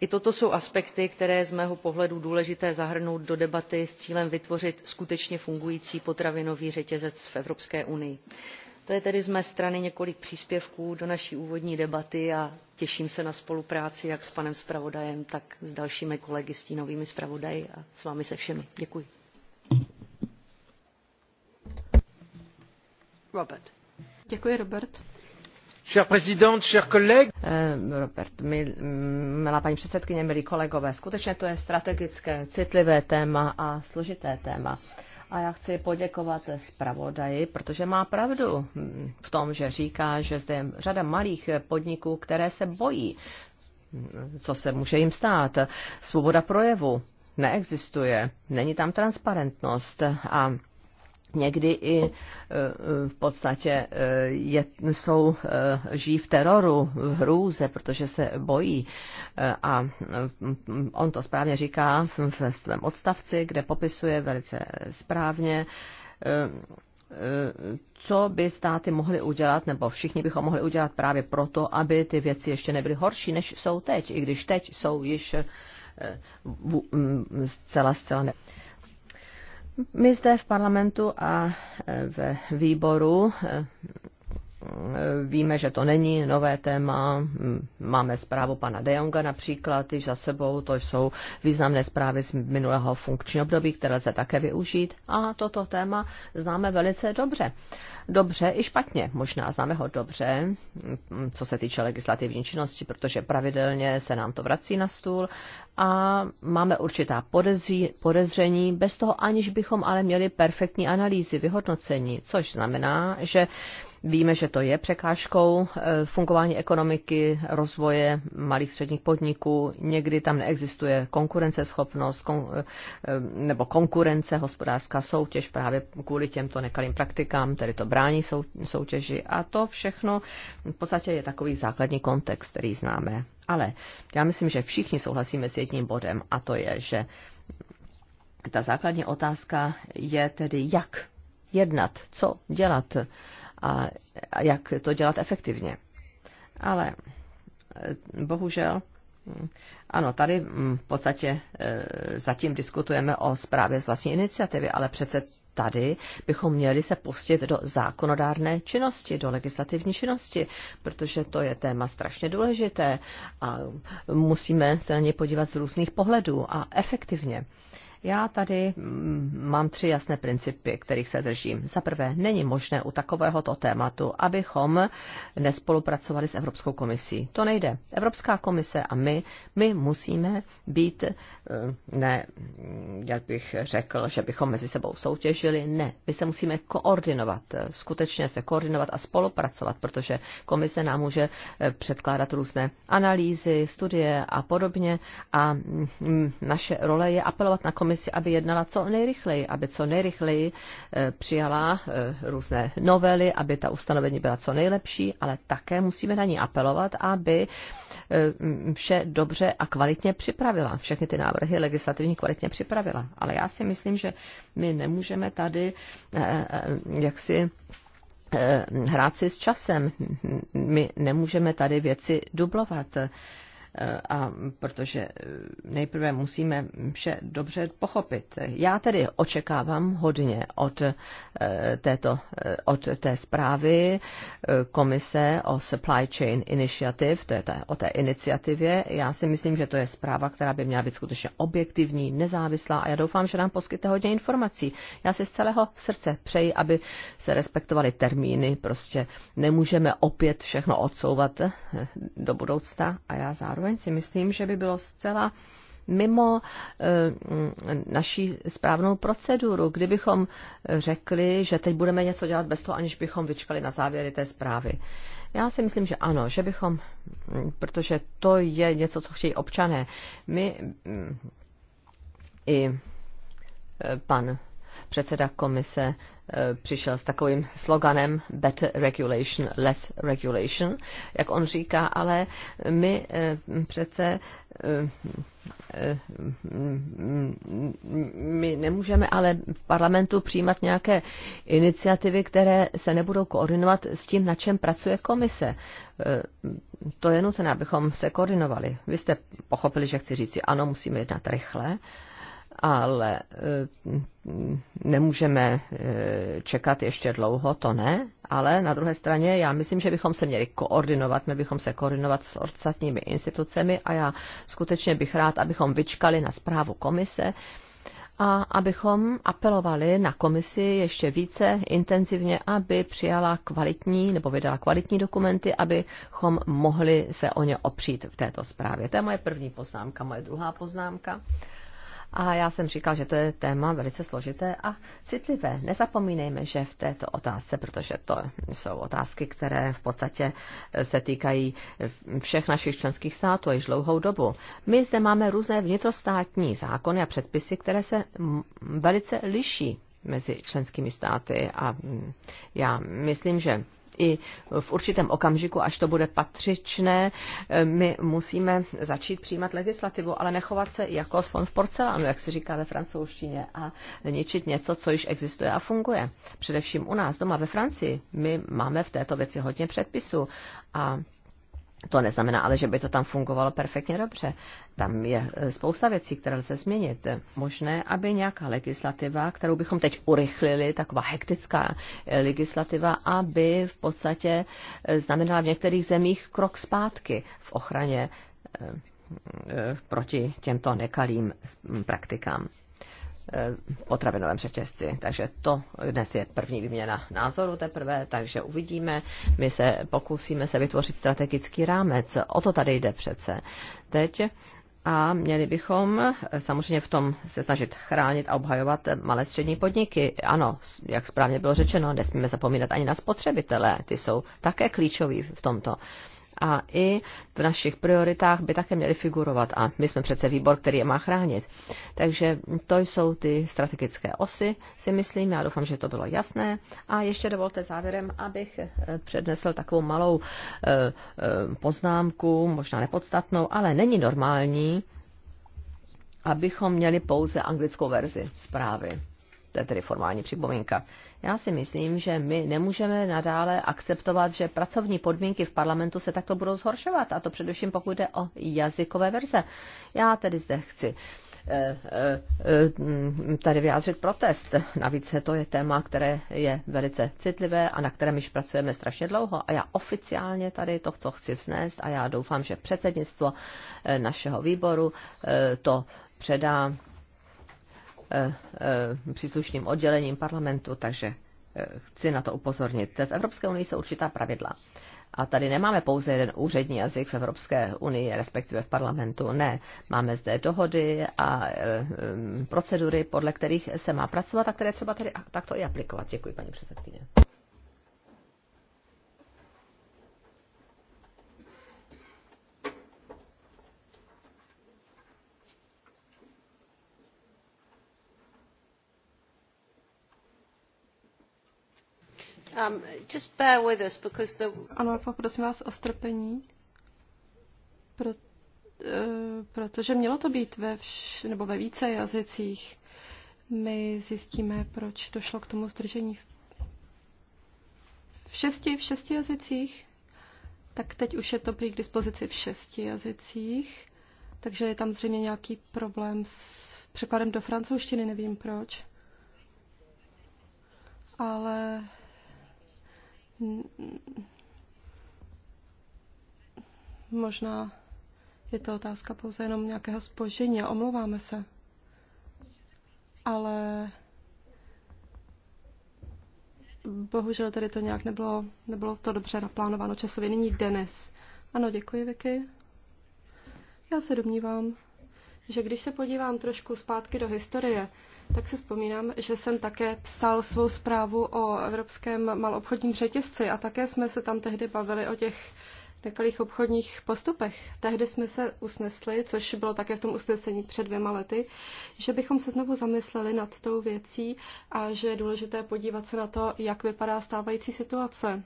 i toto jsou aspekty které je z mého pohledu důležité zahrnout do debaty s cílem vytvořit skutečně fungující potravinový řetězec v evropské unii to je tedy z mé strany několik příspěvků do naší úvodní debaty a těším se na spolupráci jak s panem zpravodajem tak s dalšími kolegy stínovými zpravodaji a s vámi se všemi. děkuji. Robert. Děkuji, Robert. Chère présidente, chers collègues. Eh, Robert, milá paní předsedkyně, milí kolegové, skutečně to je strategické, citlivé téma a složité téma a já chci poděkovat zpravodaji, protože má pravdu v tom, že říká, že zde je řada malých podniků, které se bojí, co se může jim stát. Svoboda projevu neexistuje, není tam transparentnost a někdy i e, e, v podstatě e, je, jsou, žijí v teroru, v hrůze, protože se bojí. A on to správně říká v svém odstavci, kde popisuje velice správně, co by státy mohly udělat, nebo všichni bychom mohli udělat právě proto, aby ty věci ještě nebyly horší, než jsou teď, i když teď jsou již zcela, zcela ne. My zde v parlamentu a e, ve výboru e, víme, že to není nové téma. Máme zprávu pana De Jonga například, již za sebou, to jsou významné zprávy z minulého funkčního období, které lze také využít. A toto téma známe velice dobře. Dobře i špatně, možná známe ho dobře, co se týče legislativní činnosti, protože pravidelně se nám to vrací na stůl a máme určitá podezří, podezření, bez toho aniž bychom ale měli perfektní analýzy, vyhodnocení, což znamená, že Víme, že to je překážkou eh, fungování ekonomiky, rozvoje malých středních podniků. Někdy tam neexistuje konkurenceschopnost kon, eh, nebo konkurence, hospodářská soutěž právě kvůli těmto nekalým praktikám, tedy to brání sou, soutěži. A to všechno v podstatě je takový základní kontext, který známe. Ale já myslím, že všichni souhlasíme s jedním bodem a to je, že ta základní otázka je tedy jak jednat, co dělat a jak to dělat efektivně. Ale eh, bohužel, ano, tady hm, v podstatě eh, zatím diskutujeme o zprávě z vlastní iniciativy, ale přece tady bychom měli se pustit do zákonodárné činnosti, do legislativní činnosti, protože to je téma strašně důležité a musíme se na ně podívat z různých pohledů a efektivně. Já tady mm, mám tři jasné principy, kterých se držím. Za prvé, není možné u takovéhoto tématu, abychom nespolupracovali s Evropskou komisí. To nejde. Evropská komise a my, my musíme být, eh, ne, jak bych řekl, že bychom mezi sebou soutěžili, ne. My se musíme koordinovat, eh, skutečně se koordinovat a spolupracovat, protože komise nám může eh, předkládat různé analýzy, studie a podobně a mm, mm, naše role je apelovat na komisi, komisi, aby jednala co nejrychleji, aby co nejrychleji eh, přijala eh, různé novely, aby ta ustanovení byla co nejlepší, ale také musíme na ní apelovat, aby eh, vše dobře a kvalitně připravila. Všechny ty návrhy legislativní kvalitně připravila. Ale já si myslím, že my nemůžeme tady jaksi hrát si s časem. My nemůžeme tady věci dublovat a protože eh, nejprve musíme vše dobře pochopit. Já tedy očekávám hodně od, eh, této, eh, od té zprávy komise o Supply Chain Initiative, to je ta, o té iniciativě. Já si myslím, že to je zpráva, která by měla být skutečně objektivní, nezávislá a já doufám, že nám poskytne hodně informací. Já si z celého srdce přeji, aby se respektovaly termíny, prostě nemůžeme opět všechno odsouvat do budoucna a já zároveň zároveň si myslím, že by bylo zcela mimo eh, naší správnou proceduru, kdybychom řekli, že teď budeme něco dělat bez toho, aniž bychom vyčkali na závěry té zprávy. Já si myslím, že ano, že bychom, hm, protože to je něco, co chtějí občané. My hm, i eh, pan předseda komise Eh, přišel s takovým sloganem Better Regulation, Less Regulation, jak on říká, ale my eh, přece eh, my nemůžeme ale v parlamentu přijímat nějaké iniciativy, které se nebudou koordinovat s tím, na čem pracuje komise. To je nutné, abychom se koordinovali. Vy jste pochopili, že chci říci, ano, musíme jednat rychle, ale eh, nemůžeme eh, čekat ještě dlouho, to ne, ale na druhé straně já myslím, že bychom se měli koordinovat, my bychom se koordinovat s ostatními institucemi a já skutečně bych rád, abychom vyčkali na zprávu komise a abychom apelovali na komisi ještě více intenzivně, aby přijala kvalitní nebo vydala kvalitní dokumenty, abychom mohli se o ně opřít v této zprávě. To je moje první poznámka, moje druhá poznámka a já jsem říkal, že to je téma velice složité a citlivé. Nezapomínejme, že v této otázce, protože to jsou otázky, které v podstatě se týkají všech našich členských států již dlouhou dobu. My zde máme různé vnitrostátní zákony a předpisy, které se velice liší mezi členskými státy a já myslím, že i v určitém okamžiku, až to bude patřičné, eh, my musíme začít přijímat legislativu, ale nechovat se jako slon v porcelánu, jak se říká ve francouzštině, a ničit něco, co již existuje a funguje. Především u nás doma ve Francii. My máme v této věci hodně předpisů a to neznamená ale, že by to tam fungovalo perfektně dobře. Tam je eh, spousta věcí, které lze změnit. Možné, aby nějaká legislativa, kterou bychom teď urychlili, taková hektická eh, legislativa, aby v podstatě eh, znamenala v některých zemích krok zpátky v ochraně proti těmto nekalým mm, praktikám. Eh, potravinovém řetězci. Takže to dnes je první výměna názoru teprve, takže uvidíme. My se pokusíme se vytvořit strategický rámec. O to tady jde přece. Teď a měli bychom eh, samozřejmě v tom se snažit chránit a obhajovat malé střední podniky. Ano, jak správně bylo řečeno, nesmíme zapomínat ani na spotřebitele, ty jsou také klíčoví v tomto a i v našich prioritách by také měly figurovat. A my jsme přece výbor, který je má chránit. Takže to jsou ty strategické osy, si myslím. Já doufám, že to bylo jasné. A ještě dovolte závěrem, abych eh, přednesl takovou malou eh, eh, poznámku, možná nepodstatnou, ale není normální, abychom měli pouze anglickou verzi zprávy to je tedy formální připomínka. Já si myslím, že my nemůžeme nadále akceptovat, že pracovní podmínky v parlamentu se takto budou zhoršovat, a to především pokud jde o jazykové verze. Já tedy zde chci eh, eh, tady vyjádřit protest. Navíc to je téma, které je velice citlivé a na kterém již pracujeme strašně dlouho. A já oficiálně tady to, co chci vznést a já doufám, že předsednictvo eh, našeho výboru to předá Eh, eh, příslušným oddělením parlamentu, takže eh, chci na to upozornit. V Evropské unii jsou určitá pravidla. A tady nemáme pouze jeden úřední jazyk v Evropské unii, respektive v parlamentu. Ne, máme zde dohody a procedury, podle kterých se má pracovat a které třeba tady takto i aplikovat. Děkuji, paní předsedkyně. Um, just bear with us because the... Ano, poprosím vás o strpení, pro, uh, protože mělo to být ve, vš, nebo ve více jazycích. My zjistíme, proč došlo k tomu zdržení v šesti, v šesti jazycích. Tak teď už je to prý k dispozici v šesti jazycích, takže je tam zřejmě nějaký problém s překladem do francouzštiny, nevím proč. Ale Možná je to otázka pouze jenom nějakého spožení a omlouváme se. Ale bohužel tady to nějak nebylo, nebylo to dobře naplánováno časově. Nyní Denis. Ano, děkuji, Vicky. Já se domnívám, že když se podívám trošku zpátky do historie, tak si vzpomínám, že jsem také psal svou zprávu o evropském malobchodním řetězci a také jsme se tam tehdy bavili o těch nekalých obchodních postupech. Tehdy jsme se usnesli, což bylo také v tom usnesení před dvěma lety, že bychom se znovu zamysleli nad tou věcí a že je důležité podívat se na to, jak vypadá stávající situace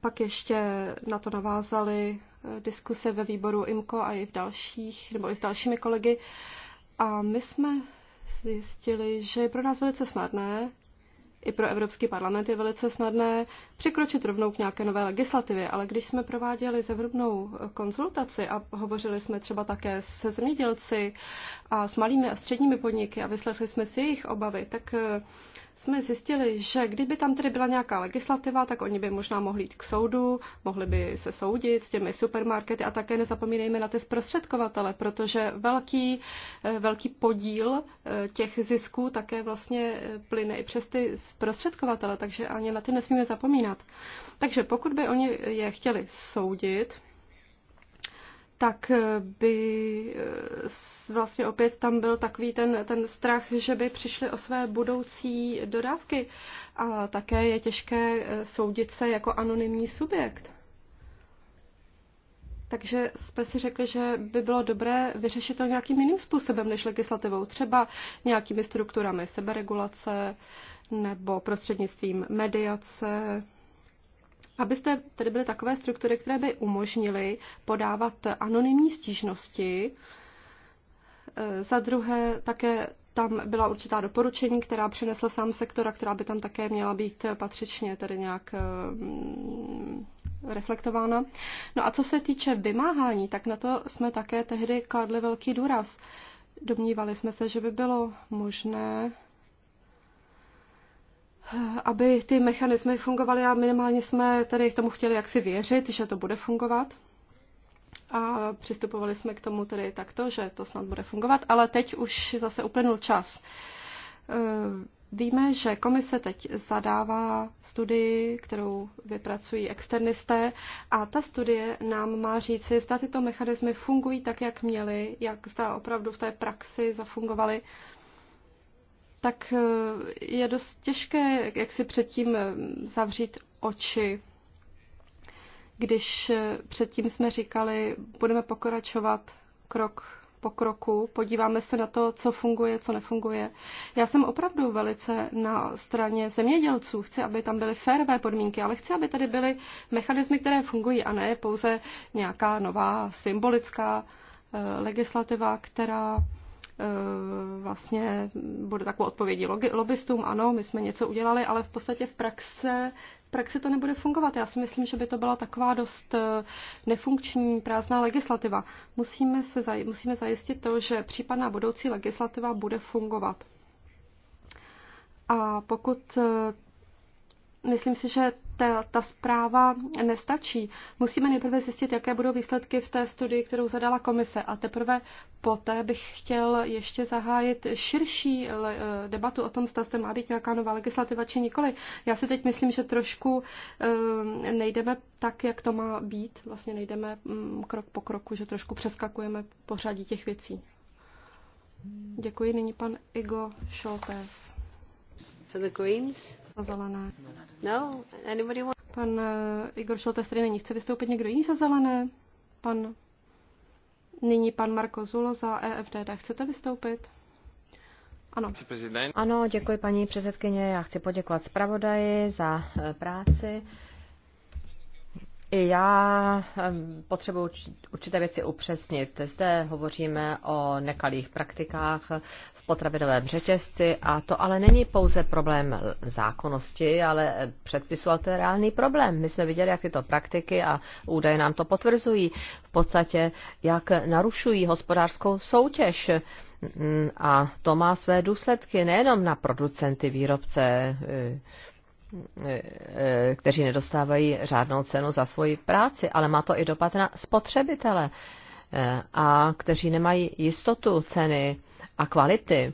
pak ještě na to navázali eh, diskuse ve výboru IMCO a i v dalších, nebo i s dalšími kolegy. A my jsme zjistili, že je pro nás velice snadné i pro Evropský parlament je velice snadné překročit rovnou k nějaké nové legislativě, ale když jsme prováděli zevrubnou konzultaci a hovořili jsme třeba také se zemědělci a s malými a středními podniky a vyslechli jsme si jejich obavy, tak eh, jsme zjistili, že kdyby tam tedy byla nějaká legislativa, tak oni by možná mohli jít k soudu, mohli by se soudit s těmi supermarkety a také nezapomínejme na ty zprostředkovatele, protože velký, eh, velký podíl eh, těch zisků také vlastně plyne i přes ty zprostředkovatele, takže ani na ty nesmíme zapomínat. Takže pokud by oni je chtěli soudit, tak by eh, vlastně opět tam byl takový ten, ten strach, že by přišli o své budoucí dodávky. A také je těžké eh, soudit se jako anonymní subjekt. Takže jsme si řekli, že by bylo dobré vyřešit to nějakým jiným způsobem než legislativou, třeba nějakými strukturami seberegulace nebo prostřednictvím mediace, abyste tedy byly takové struktury, které by umožnily podávat anonymní stížnosti. E, za druhé také tam byla určitá doporučení, která přinesla sám sektora, která by tam také měla být patřičně tedy nějak e, reflektována. No a co se týče vymáhání, tak na to jsme také tehdy kladli velký důraz. Domnívali jsme se, že by bylo možné aby ty mechanismy fungovaly a minimálně jsme tedy k tomu chtěli jaksi věřit, že to bude fungovat. A přistupovali jsme k tomu tedy takto, že to snad bude fungovat, ale teď už zase uplynul čas. Víme, že komise teď zadává studii, kterou vypracují externisté a ta studie nám má říci, zda tyto mechanismy fungují tak, jak měly, jak zda opravdu v té praxi zafungovaly tak eh, je dost těžké, jak si předtím eh, zavřít oči. Když eh, předtím jsme říkali, budeme pokračovat krok pokroku, podíváme se na to, co funguje, co nefunguje. Já jsem opravdu velice na straně zemědělců, chci, aby tam byly férové podmínky, ale chci, aby tady byly mechanismy, které fungují a ne pouze nějaká nová symbolická eh, legislativa, která Eh, vlastně bude takovou odpovědí lobbystům, ano, my jsme něco udělali, ale v podstatě v praxe, v praxi to nebude fungovat. Já si myslím, že by to byla taková dost eh, nefunkční, prázdná legislativa. Musíme, se, zaj musíme zajistit to, že případná budoucí legislativa bude fungovat. A pokud eh, Myslím si, že ta, ta zpráva nestačí. Musíme nejprve zjistit, jaké budou výsledky v té studii, kterou zadala komise. A teprve poté bych chtěl ještě zahájit širší eh, debatu o tom, zda zde má být nějaká nová legislativa či nikoli. Já si teď myslím, že trošku eh, nejdeme tak, jak to má být. Vlastně nejdeme mm, krok po kroku, že trošku přeskakujeme pořadí těch věcí. Děkuji. Nyní pan Igo Šoltés. For the Greens za zelené. No, anybody want... Pan eh, Igor Šoltes tady není. Chce vystoupit někdo jiný za zelené? Pan... Nyní pan Marko Zulo za EFDD. Chcete vystoupit? Ano. ano, děkuji paní předsedkyně. Já chci poděkovat zpravodaji za eh, práci. I já potřebuji určité věci upřesnit. Zde hovoříme o nekalých praktikách v potravinovém řetězci a to ale není pouze problém zákonnosti, ale předpisu, ale to je reálný problém. My jsme viděli, jak tyto praktiky a údaje nám to potvrzují. V podstatě, jak narušují hospodářskou soutěž. Mm, a to má své důsledky nejenom na producenty, výrobce, Eh, kteří nedostávají řádnou cenu za svoji práci, ale má to i dopad na spotřebitele eh, a kteří nemají jistotu ceny a kvality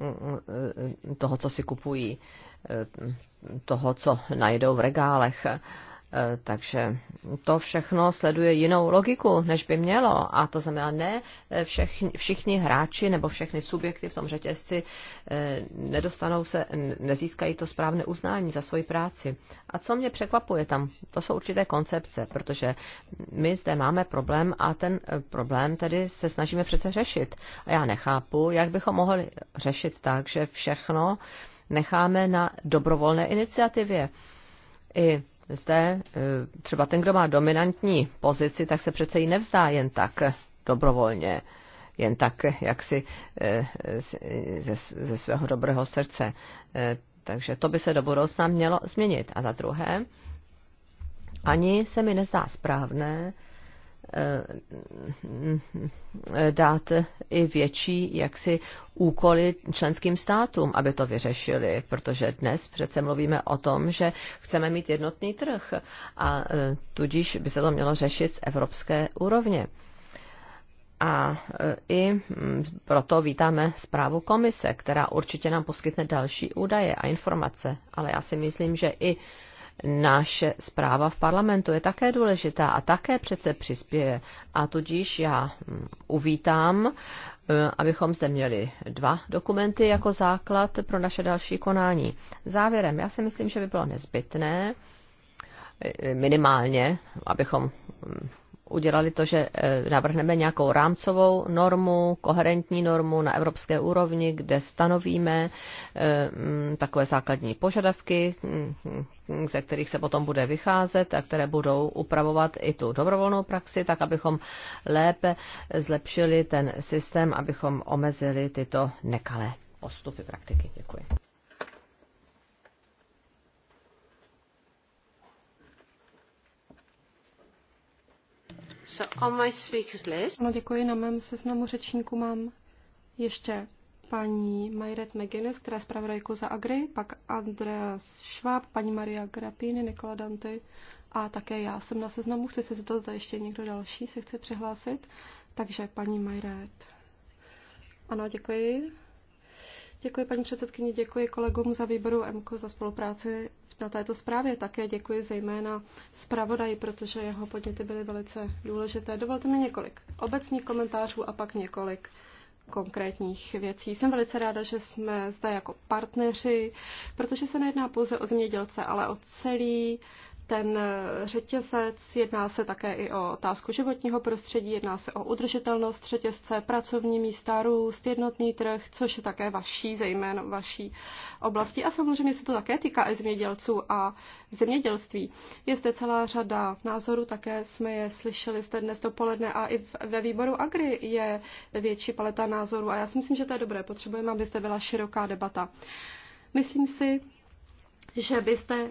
mm, mm, eh, toho, co si kupují, toho, co najdou v regálech. Eh, takže to všechno sleduje jinou logiku, než by mělo. A to znamená, ne eh, všichni, všichni hráči nebo všechny subjekty v tom řetězci eh, nedostanou se, nezískají to správné uznání za svoji práci. A co mě překvapuje tam, to jsou určité koncepce, protože my zde máme problém a ten problém tedy se snažíme přece řešit. A já nechápu, jak bychom mohli řešit tak, že všechno necháme na dobrovolné iniciativě. I zde e, třeba ten, kdo má dominantní pozici, tak se přece ji nevzdá jen tak dobrovolně, jen tak jaksi e, ze, ze svého dobrého srdce. E, takže to by se do budoucna mělo změnit. A za druhé, ani se mi nezdá správné, Eh, dát i větší jaksi úkoly členským státům, aby to vyřešili, protože dnes přece mluvíme o tom, že chceme mít jednotný trh a eh, tudíž by se to mělo řešit z evropské úrovně. A eh, i hm, proto vítáme zprávu komise, která určitě nám poskytne další údaje a informace. Ale já si myslím, že i naše zpráva v parlamentu je také důležitá a také přece přispěje. A tudíž já hm, uvítám, eh, abychom zde měli dva dokumenty jako základ pro naše další konání. Závěrem, já si myslím, že by bylo nezbytné eh, minimálně, abychom hm, udělali to, že eh, navrhneme nějakou rámcovou normu, koherentní normu na evropské úrovni, kde stanovíme eh, mm, takové základní požadavky, mm, ze kterých se potom bude vycházet a které budou upravovat i tu dobrovolnou praxi, tak abychom lépe zlepšili ten systém, abychom omezili tyto nekalé postupy praktiky. Děkuji. So on my speakers list. Ano, děkuji. Na mém seznamu řečníků mám ještě paní Majret McGuinness, která je zpravodajkou za Agri, pak Andreas Schwab, paní Maria Grapini, Nikola Danty a také já jsem na seznamu. Chci se zeptat, zda ještě někdo další se chce přihlásit. Takže paní Majret. Ano, děkuji. Děkuji paní předsedkyni, děkuji kolegům za výboru MKO za spolupráci na této zprávě. Také děkuji zejména zpravodaji, protože jeho podněty byly velice důležité. Dovolte mi několik obecných komentářů a pak několik konkrétních věcí. Jsem velice ráda, že jsme zde jako partneři, protože se nejedná pouze o zemědělce, ale o celý ten řetězec, jedná se také i o otázku životního prostředí, jedná se o udržitelnost řetězce, pracovní místa, růst, jednotný trh, což je také vaší, zejména vaší oblasti. A samozřejmě se to také týká i zemědělců a zemědělství. Je zde celá řada názorů, také jsme je slyšeli zde dnes dopoledne a i ve výboru Agri je větší paleta názorů a já si myslím, že to je dobré. Potřebujeme, aby zde byla široká debata. Myslím si, že byste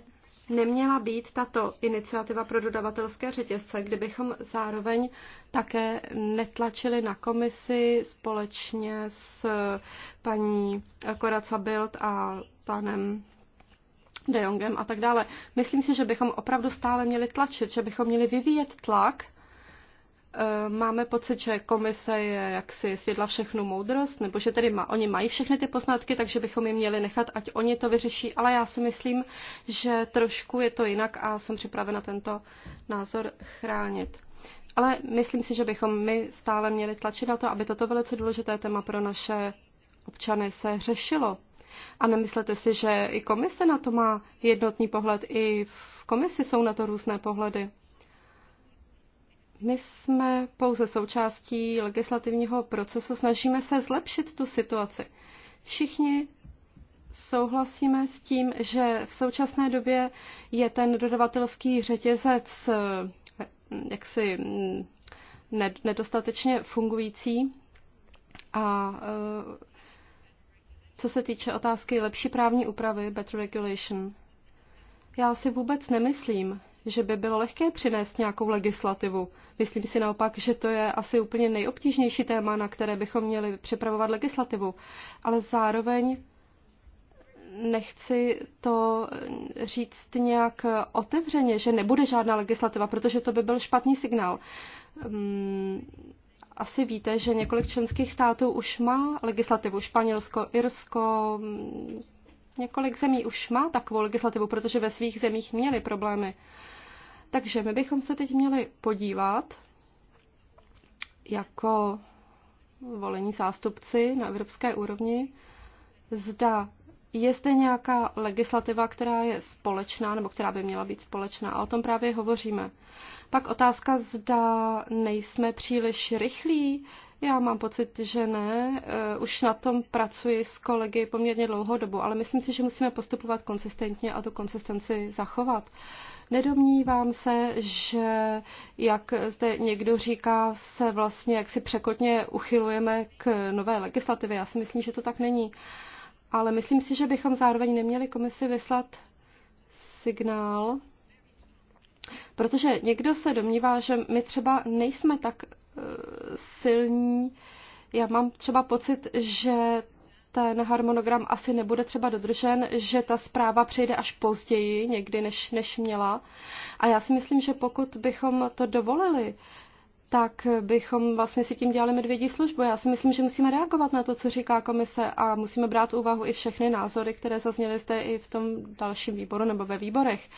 neměla být tato iniciativa pro dodavatelské řetězce, kdybychom zároveň také netlačili na komisi společně s paní Koraca Bild a panem De Jongem a tak dále. Myslím si, že bychom opravdu stále měli tlačit, že bychom měli vyvíjet tlak Eh, máme pocit, že komise je jaksi svědla všechnu moudrost, nebo že tedy má, oni mají všechny ty poznatky, takže bychom je měli nechat, ať oni to vyřeší, ale já si myslím, že trošku je to jinak a jsem připravena tento názor chránit. Ale myslím si, že bychom my stále měli tlačit na to, aby toto velice důležité téma pro naše občany se řešilo. A nemyslete si, že i komise na to má jednotný pohled, i v komisi jsou na to různé pohledy. My jsme pouze součástí legislativního procesu, snažíme se zlepšit tu situaci. Všichni souhlasíme s tím, že v současné době je ten dodavatelský řetězec eh, jaksi mm, nedostatečně fungující a eh, co se týče otázky lepší právní úpravy, better regulation, já si vůbec nemyslím, že by bylo lehké přinést nějakou legislativu. Myslím si naopak, že to je asi úplně nejobtížnější téma, na které bychom měli připravovat legislativu. Ale zároveň nechci to říct nějak otevřeně, že nebude žádná legislativa, protože to by byl špatný signál. Mm, asi víte, že několik členských států už má legislativu. Španělsko, Irsko, mm, několik zemí už má takovou legislativu, protože ve svých zemích měli problémy takže my bychom se teď měli podívat jako volení zástupci na evropské úrovni, zda je zde nějaká legislativa, která je společná nebo která by měla být společná a o tom právě hovoříme. Pak otázka, zda nejsme příliš rychlí, já mám pocit, že ne. Eh, už na tom pracuji s kolegy poměrně dlouhou dobu, ale myslím si, že musíme postupovat konsistentně a tu konsistenci zachovat. Nedomnívám se, že, jak zde někdo říká, se vlastně jaksi překotně uchylujeme k nové legislativě. Já si myslím, že to tak není. Ale myslím si, že bychom zároveň neměli komisi vyslat signál, protože někdo se domnívá, že my třeba nejsme tak silní. Já mám třeba pocit, že ten harmonogram asi nebude třeba dodržen, že ta zpráva přijde až později někdy, než, než měla. A já si myslím, že pokud bychom to dovolili, tak bychom vlastně si tím dělali medvědí službu. Já si myslím, že musíme reagovat na to, co říká komise a musíme brát úvahu i všechny názory, které zazněly zde i v tom dalším výboru nebo ve výborech. Uh,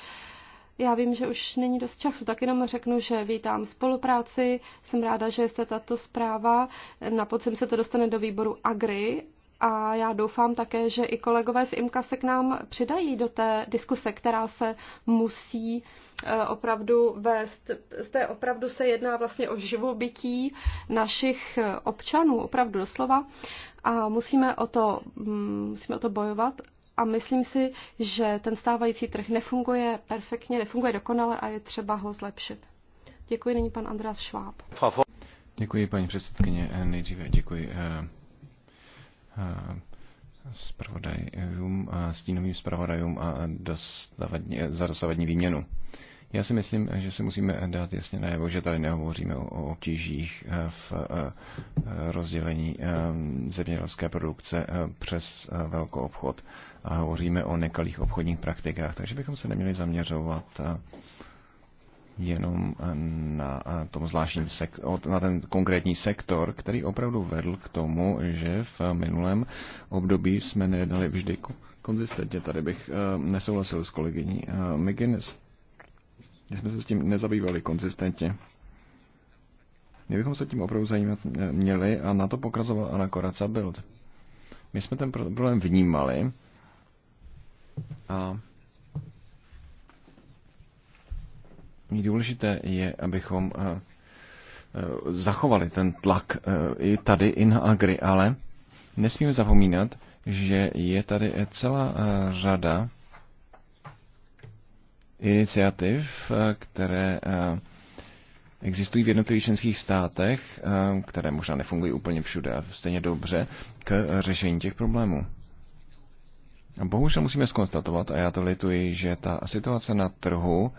já vím, že už není dost času, tak jenom řeknu, že vítám spolupráci, jsem ráda, že jste tato zpráva. Na podzim se to dostane do výboru AGRI a já doufám také, že i kolegové z IMKA se k nám přidají do té diskuse, která se musí eh, opravdu vést. Zde opravdu se jedná vlastně o živobytí našich eh, občanů, opravdu doslova. A musíme o to, mm, musíme o to bojovat a myslím si, že ten stávající trh nefunguje perfektně, nefunguje dokonale a je třeba ho zlepšit. Děkuji, není pan Andreas Schwab. Děkuji, paní předsedkyně. Nejdříve děkuji eh, eh, zpravodajům, eh, stínovým zpravodajům a dostavadní, za dosavadní výměnu. Já si myslím, že si musíme dát jasně najevo, že tady nehovoříme o obtížích eh, v eh, rozdělení eh, zemědělské produkce přes velkou obchod a hovoříme o nekalých obchodních praktikách, takže bychom se neměli zaměřovat jenom na, tom zvláštním sek- na ten konkrétní sektor, který opravdu vedl k tomu, že v minulém období jsme nedali vždy konzistentně. Tady bych nesouhlasil s kolegyní McGuinness my jsme se s tím nezabývali konzistentně. My bychom se tím opravdu zajímat měli a na to pokrazoval Anna Koraca Bild. My jsme ten problém vnímali a důležité je, abychom eh, eh, zachovali ten tlak eh, i tady, i na Agri, ale nesmíme zapomínat, že je tady celá řada iniciativ, eh, které eh, existují v jednotlivých členských státech, eh, které možná nefungují úplně všude a stejně dobře, k řešení těch problémů. Bohužel musíme skonstatovat, a já to lituji, že ta situace na trhu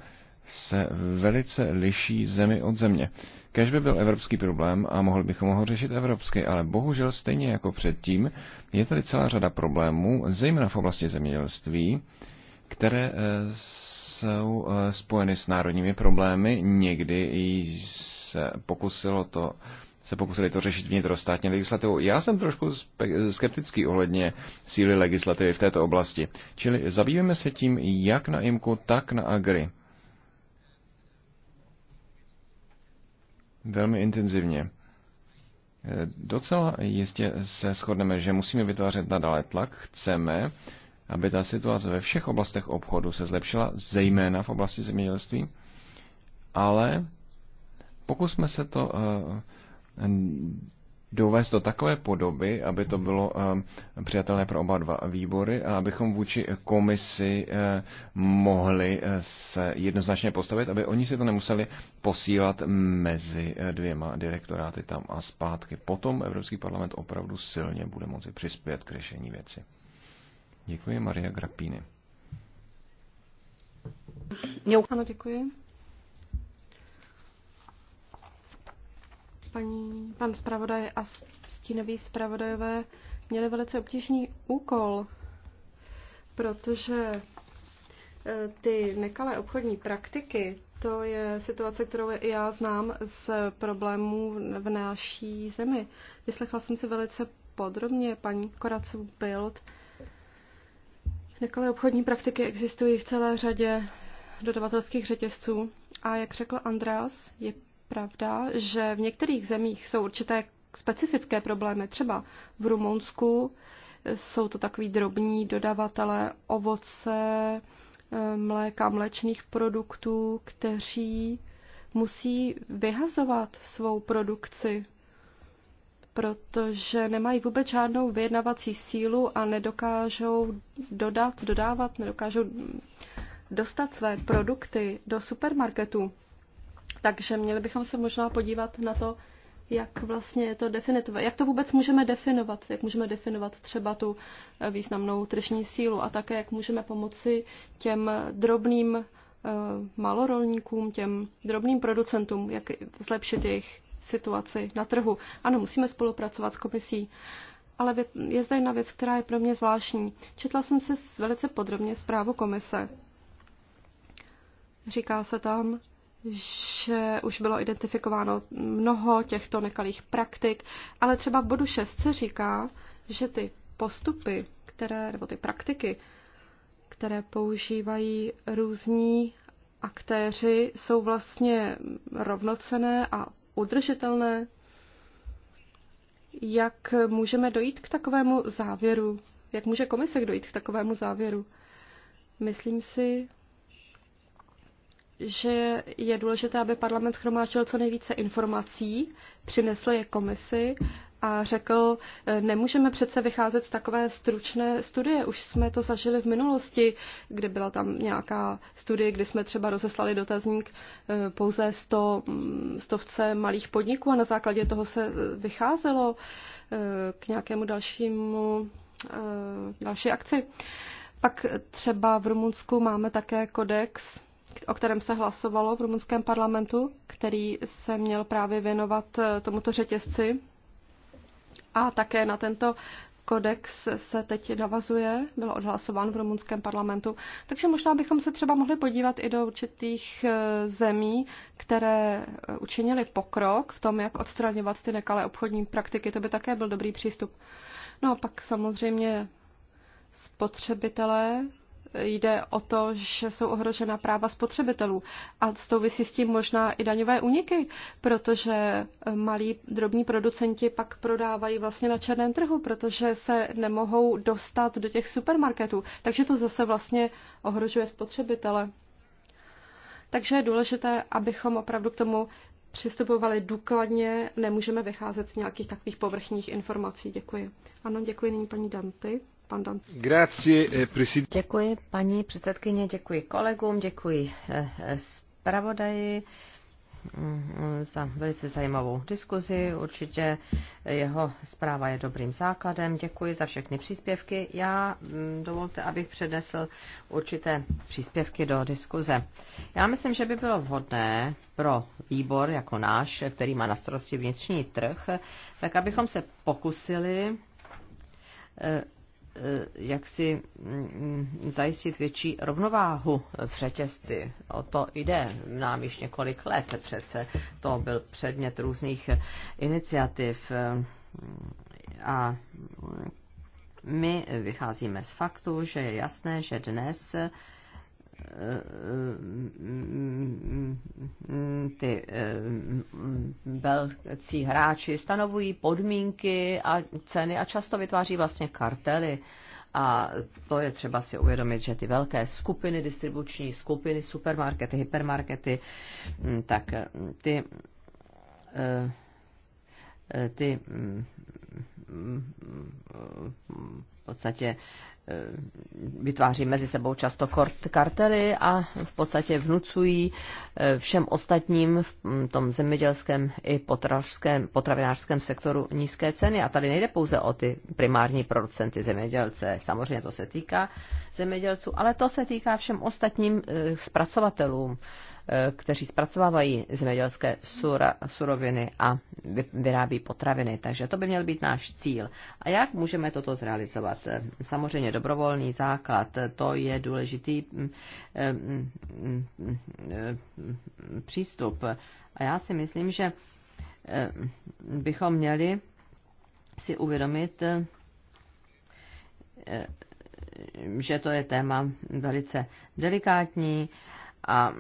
se velice liší zemi od země. Kež by byl evropský problém a mohli bychom ho řešit evropsky, ale bohužel stejně jako předtím je tady celá řada problémů, zejména v oblasti zemědělství, které jsou eh, spojeny s národními problémy. Někdy se pokusilo to se pokusili to řešit vnitrostátní legislativou. Já jsem trošku skeptický ohledně síly legislativy v této oblasti. Čili zabýváme se tím jak na IMKU, tak na AGRI. Velmi intenzivně. Eh, docela jistě se shodneme, že musíme vytvářet nadále tlak, chceme aby ta situace ve všech oblastech obchodu se zlepšila, zejména v oblasti zemědělství, ale pokusme se to eh, dovést do takové podoby, aby to bylo eh, přijatelné pro oba dva výbory a abychom vůči komisi eh, mohli se jednoznačně postavit, aby oni si to nemuseli posílat mezi dvěma direktoráty tam a zpátky. Potom Evropský parlament opravdu silně bude moci přispět k řešení věci. Děkuji, Maria Grappini. Ano, děkuji. Paní, pan zpravodaj a stínový zpravodajové měli velice obtížný úkol, protože eh, ty nekalé obchodní praktiky, to je situace, kterou i já znám z problémů v naší zemi. Vyslechla jsem si velice podrobně paní Koracu Bild, Nekalé obchodní praktiky existují v celé řadě dodavatelských řetězců a jak řekl Andreas, je pravda, že v některých zemích jsou určité specifické problémy. Třeba v Rumunsku jsou to takový drobní dodavatele ovoce, eh, mléka, mléčných produktů, kteří musí vyhazovat svou produkci protože nemají vůbec žádnou vyjednavací sílu a nedokážou dodat, dodávat, nedokážou dostat své produkty do supermarketu. Takže měli bychom se možná podívat na to, jak vlastně je to definitovat, jak to vůbec můžeme definovat, jak můžeme definovat třeba tu významnou tržní sílu a také jak můžeme pomoci těm drobným eh, malorolníkům, těm drobným producentům, jak zlepšit jejich situaci na trhu. Ano, musíme spolupracovat s komisí, ale je zde jedna věc, která je pro mě zvláštní. Četla jsem si velice podrobně zprávu komise. Říká se tam, že už bylo identifikováno mnoho těchto nekalých praktik, ale třeba v bodu 6 se říká, že ty postupy, které, nebo ty praktiky, které používají různí aktéři, jsou vlastně rovnocené a udržitelné? Jak můžeme dojít k takovému závěru? Jak může komise dojít k takovému závěru? Myslím si, že je důležité, aby parlament schromáždil co nejvíce informací, přinesl je komisi a řekl, e, nemůžeme přece vycházet z takové stručné studie. Už jsme to zažili v minulosti, kdy byla tam nějaká studie, kdy jsme třeba rozeslali dotazník e, pouze 100, mm, stovce malých podniků a na základě toho se e, vycházelo k nějakému dalšímu, další akci. Pak třeba v Rumunsku máme také kodex, o kterém se hlasovalo v rumunském parlamentu, který se měl právě věnovat tomuto řetězci a také na tento kodex se teď navazuje, byl odhlasován v rumunském parlamentu. Takže možná bychom se třeba mohli podívat i do určitých e, zemí, které e, učinili pokrok v tom, jak odstraňovat ty nekalé obchodní praktiky. To by také byl dobrý přístup. No a pak samozřejmě spotřebitelé jde o to, že jsou ohrožena práva spotřebitelů. A tou s tím možná i daňové úniky, protože malí drobní producenti pak prodávají vlastně na černém trhu, protože se nemohou dostat do těch supermarketů. Takže to zase vlastně ohrožuje spotřebitele. Takže je důležité, abychom opravdu k tomu přistupovali důkladně, nemůžeme vycházet z nějakých takových povrchních informací. Děkuji. Ano, děkuji nyní paní Danty. Eh, děkuji paní předsedkyně, děkuji kolegům, děkuji eh, eh, zpravodaji mm, za velice zajímavou diskuzi. Určitě jeho zpráva je dobrým základem. Děkuji za všechny příspěvky. Já mm, dovolte, abych přednesl určité příspěvky do diskuze. Já myslím, že by bylo vhodné pro výbor jako náš, který má na starosti vnitřní trh, tak abychom se pokusili Eh, jak si mm, zajistit větší rovnováhu v řetězci. O to jde nám již několik let přece. To byl předmět různých iniciativ eh, a my vycházíme z faktu, že je jasné, že dnes ty eh, velcí hráči stanovují podmínky a ceny a často vytváří vlastně kartely. A to je třeba si uvědomit, že ty velké skupiny distribuční, skupiny supermarkety, hypermarkety, hm, tak eh, ty, eh, ty hm, hm, v podstatě eh, vytváří mezi sebou často kartely a v podstatě vnucují eh, všem ostatním v tom zemědělském i potravinářském sektoru nízké ceny. A tady nejde pouze o ty primární producenty zemědělce, samozřejmě to se týká zemědělců, ale to se týká všem ostatním eh, zpracovatelům Eh, kteří zpracovávají zemědělské sura, suroviny a vyrábí potraviny. Takže to by měl být náš cíl. A jak můžeme toto zrealizovat? Samozřejmě dobrovolný základ, to je důležitý mm, eh, mm, mm, eh, přístup. A já si myslím, že bychom měli si uvědomit, že to je téma velice delikátní a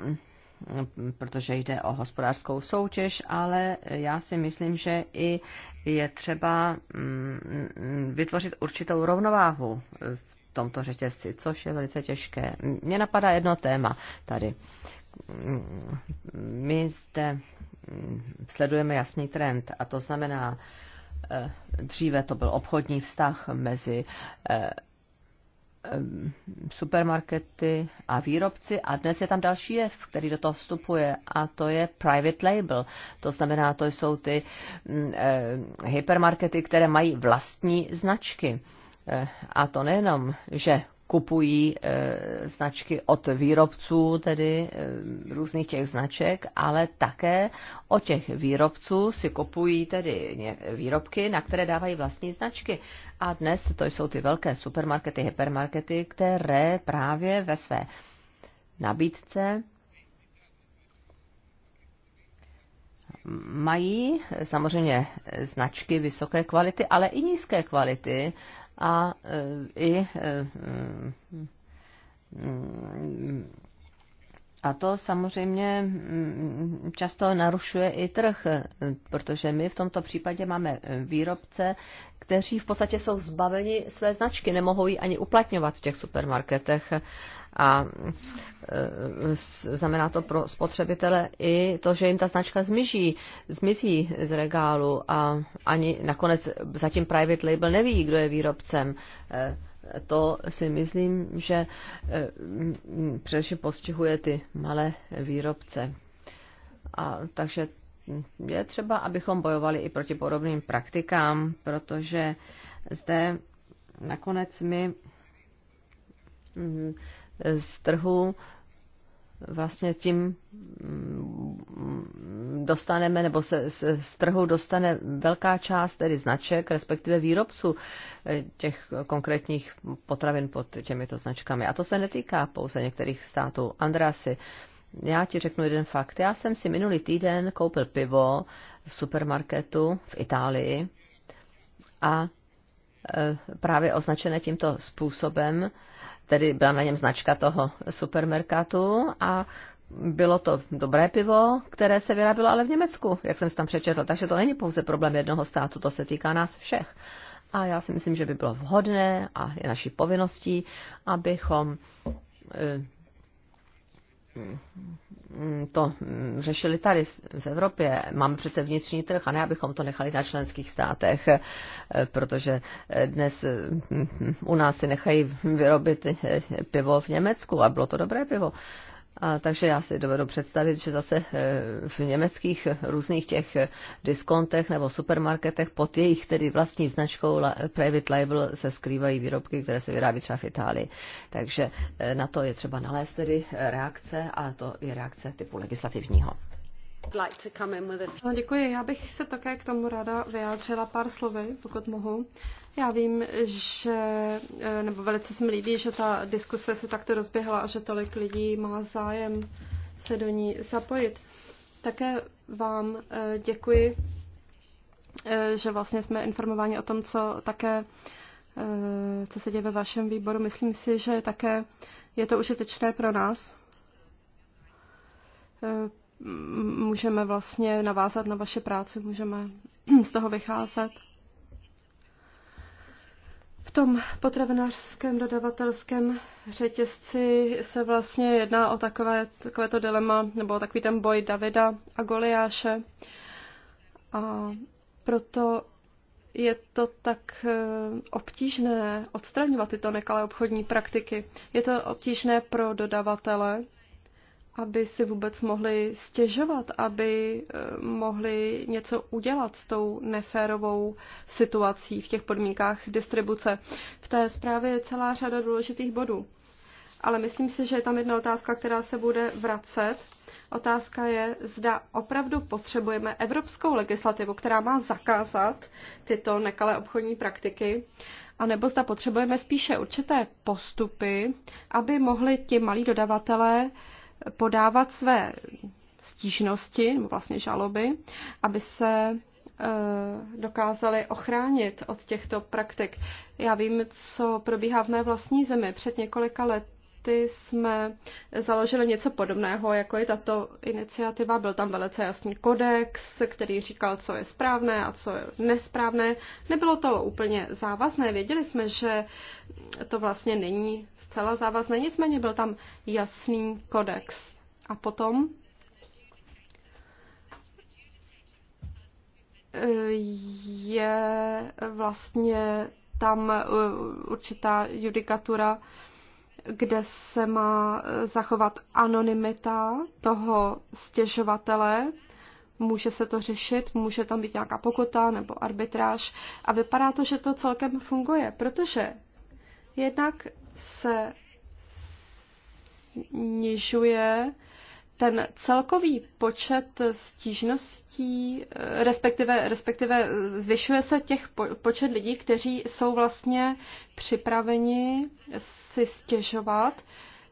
protože jde o hospodářskou soutěž, ale já si myslím, že i je třeba mm, vytvořit určitou rovnováhu v tomto řetězci, což je velice těžké. Mně napadá jedno téma tady. Mm, my zde mm, sledujeme jasný trend a to znamená, eh, dříve to byl obchodní vztah mezi eh, supermarkety a výrobci a dnes je tam další jev, který do toho vstupuje a to je private label. To znamená, to jsou ty mm, eh, hypermarkety, které mají vlastní značky. Eh, a to nejenom, že kupují eh, značky od výrobců, tedy eh, různých těch značek, ale také od těch výrobců si kupují tedy výrobky, na které dávají vlastní značky. A dnes to jsou ty velké supermarkety, hypermarkety, které právě ve své nabídce mají samozřejmě značky vysoké kvality, ale i nízké kvality a e, i e, a to samozřejmě mm, často narušuje i trh, protože my v tomto případě máme e, výrobce, kteří v podstatě jsou zbaveni své značky, nemohou ji ani uplatňovat v těch supermarketech. A e, znamená to pro spotřebitele i to, že jim ta značka zmizí, zmizí z regálu a ani nakonec zatím private label neví, kdo je výrobcem e, to si myslím, že e, především postihuje ty malé výrobce. A takže je třeba, abychom bojovali i proti podobným praktikám, protože zde nakonec my z trhu vlastně tím dostaneme nebo se z trhu dostane velká část tedy značek, respektive výrobců eh, těch konkrétních potravin pod těmito značkami. A to se netýká pouze některých států. Andrasy, já ti řeknu jeden fakt. Já jsem si minulý týden koupil pivo v supermarketu v Itálii a eh, právě označené tímto způsobem, tedy byla na něm značka toho supermerkatu a bylo to dobré pivo, které se vyrábilo ale v Německu, jak jsem si tam přečetl. Takže to není pouze problém jednoho státu, to se týká nás všech. A já si myslím, že by bylo vhodné a je naší povinností, abychom eh, mm, to řešili tady v Evropě. Máme přece vnitřní trh a ne, abychom to nechali na členských státech, eh, protože eh, dnes u nás si nechají vyrobit pivo v Německu a bylo to dobré pivo. A takže já si dovedu představit, že zase eh, v německých eh, různých těch eh, diskontech nebo supermarketech pod jejich tedy vlastní značkou private label se skrývají výrobky, které se vyrábí třeba v Itálii. Takže na to je třeba nalézt tedy reakce a to je reakce typu legislativního. No, Já bych se také k tomu ráda vyjádřila pár slovy, pokud mohu. Já vím, že, e, nebo velice se mi líbí, že ta diskuse se takto rozběhla a že tolik lidí má zájem se do ní zapojit. Také vám e, děkuji, e, že vlastně jsme informováni o tom, co také co se děje ve vašem výboru. Myslím si, že také je to užitečné pro nás, můžeme vlastně navázat na vaše práci, můžeme z toho vycházet. V tom potravinářském dodavatelském řetězci se vlastně jedná o takové, takové to dilema, nebo o takový ten boj Davida a Goliáše. A proto je to tak eh, obtížné odstraňovat tyto nekalé obchodní praktiky. Je to obtížné pro dodavatele, aby si vůbec mohli stěžovat, aby eh, mohli něco udělat s tou neférovou situací v těch podmínkách distribuce. V té zprávě je celá řada důležitých bodů. Ale myslím si, že je tam jedna otázka, která se bude vracet. Otázka je, zda opravdu potřebujeme evropskou legislativu, která má zakázat tyto nekalé obchodní praktiky, anebo zda potřebujeme spíše určité postupy, aby mohli ti malí dodavatelé uh, podávat své stížnosti nebo vlastně žaloby, aby se eh, dokázali ochránit od těchto praktik. Já vím, co probíhá v mé vlastní zemi. Před několika lety jsme založili něco podobného, jako je tato iniciativa. Byl tam velice jasný kodex, který říkal, co je správné a co je nesprávné. Nebylo to úplně závazné. Věděli jsme, že to vlastně není zcela závazné, nicméně byl tam jasný kodex. A potom eh, je vlastně tam eh, určitá judikatura, kde se má eh, zachovat anonymita toho stěžovatele. Může se to řešit, může tam být nějaká pokuta nebo arbitráž. A vypadá to, že to celkem funguje, protože jednak se snižuje ten celkový počet stížností, eh, respektive, respektive eh, zvyšuje se těch počet lidí, kteří jsou vlastně připraveni si stěžovat.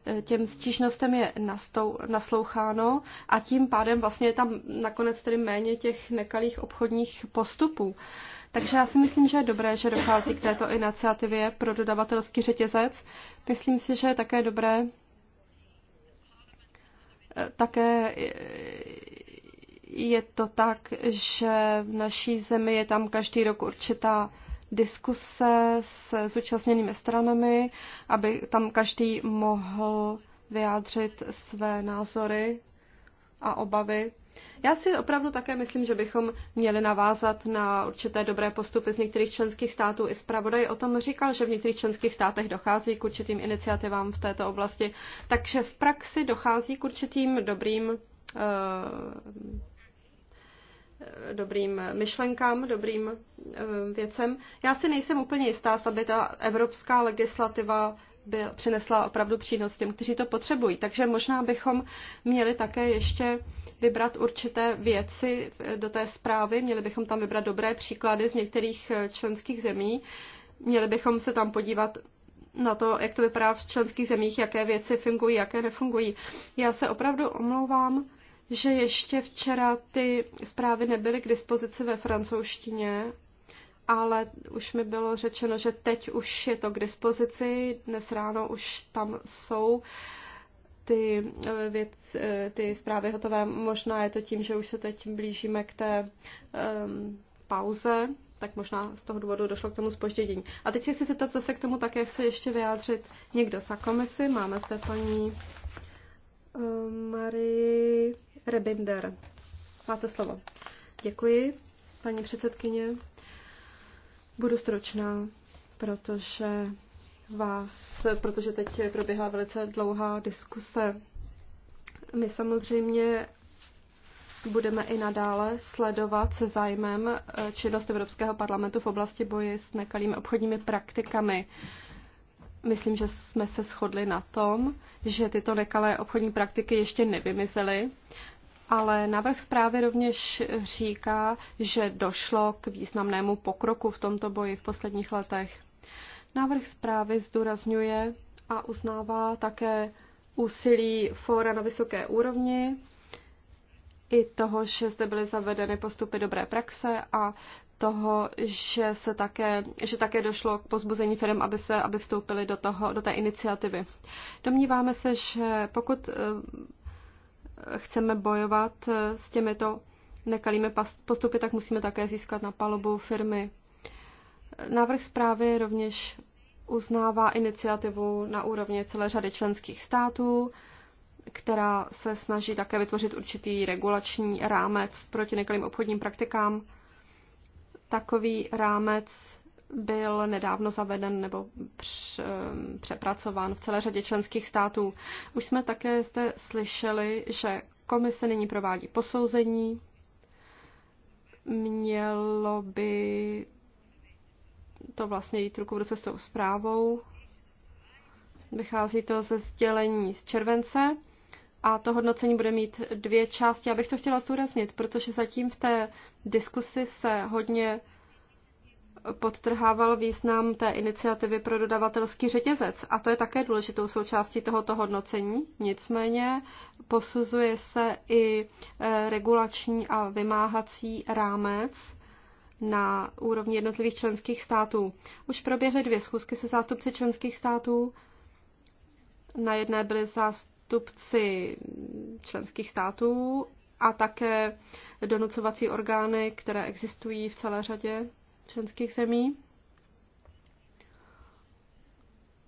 Eh, těm stížnostem je nastou, nasloucháno a tím pádem vlastně je tam nakonec tedy méně těch nekalých obchodních postupů. Takže já si myslím, že je dobré, že dochází k této iniciativě pro dodavatelský řetězec. Myslím si, že je také dobré eh, také eh, je to tak, že v naší zemi je tam každý rok určitá diskuse s zúčastněnými stranami, aby tam každý mohl vyjádřit své názory a obavy. Já si opravdu také myslím, že bychom měli navázat na určité dobré postupy z některých členských států. I zpravodaj o tom říkal, že v některých členských státech dochází k určitým iniciativám v této oblasti, takže v praxi dochází k určitým dobrým eh, dobrým myšlenkám, dobrým eh, věcem. Já si nejsem úplně jistá, aby ta evropská legislativa by přinesla opravdu přínos těm, kteří to potřebují. Takže možná bychom měli také ještě vybrat určité věci do té zprávy, měli bychom tam vybrat dobré příklady z některých eh, členských zemí, měli bychom se tam podívat na to, jak to vypadá v členských zemích, jaké věci fungují, jaké nefungují. Já se opravdu omlouvám, že ještě včera ty zprávy nebyly k dispozici ve francouzštině, ale už mi bylo řečeno, že teď už je to k dispozici, dnes ráno už tam jsou. Uh, ty, eh, věc, eh, ty zprávy hotové. Možná je to tím, že už se teď blížíme k té um, pauze, tak možná z toho důvodu došlo k tomu spoždění. A teď se chci zeptat zase k tomu také chce ještě vyjádřit někdo za komisy. Máme zde paní um, ehm, Marie Rebinder. Máte slovo. Děkuji, paní předsedkyně. Budu stručná, protože vás, protože teď proběhla velice dlouhá diskuse. My samozřejmě budeme i nadále sledovat se zájmem eh, činnost Evropského parlamentu v oblasti boji s nekalými obchodními praktikami. Myslím, že jsme se shodli na tom, že tyto nekalé obchodní praktiky ještě nevymizely, ale návrh zprávy rovněž říká, že došlo k významnému pokroku v tomto boji v posledních letech. Návrh zprávy zdůrazňuje a uznává také úsilí fóra na vysoké úrovni, i toho, že zde byly zavedeny postupy dobré praxe a toho, že se také, že také došlo k pozbuzení firm, aby, se, aby vstoupili do, toho, do té iniciativy. Domníváme se, že pokud eh, chceme bojovat eh, s těmito nekalými postupy, tak musíme také získat na palubu firmy Návrh zprávy rovněž uznává iniciativu na úrovni celé řady členských států, která se snaží také vytvořit určitý regulační rámec proti nekalým obchodním praktikám. Takový rámec byl nedávno zaveden nebo přepracován v celé řadě členských států. Už jsme také zde slyšeli, že komise nyní provádí posouzení. Mělo by to vlastně jít ruku v ruce s tou zprávou. Vychází to ze sdělení z července a to hodnocení bude mít dvě části. Já bych to chtěla zúraznit, protože zatím v té diskusi se hodně podtrhával význam té iniciativy pro dodavatelský řetězec a to je také důležitou součástí tohoto hodnocení. Nicméně posuzuje se i eh, regulační a vymáhací rámec na úrovni jednotlivých členských států. Už proběhly dvě schůzky se zástupci členských států. Na jedné byly zástupci členských států a také donucovací orgány, které existují v celé řadě členských zemí.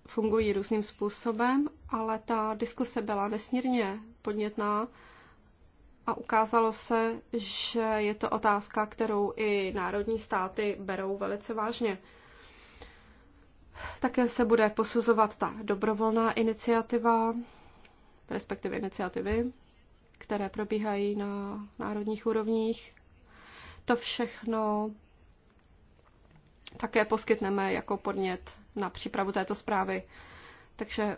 Fungují různým způsobem, ale ta diskuse byla nesmírně podnětná a ukázalo se, že je to otázka, kterou i národní státy berou velice vážně. Také se bude posuzovat ta dobrovolná iniciativa, respektive iniciativy, které probíhají na národních úrovních. To všechno také poskytneme jako podnět na přípravu této zprávy. Takže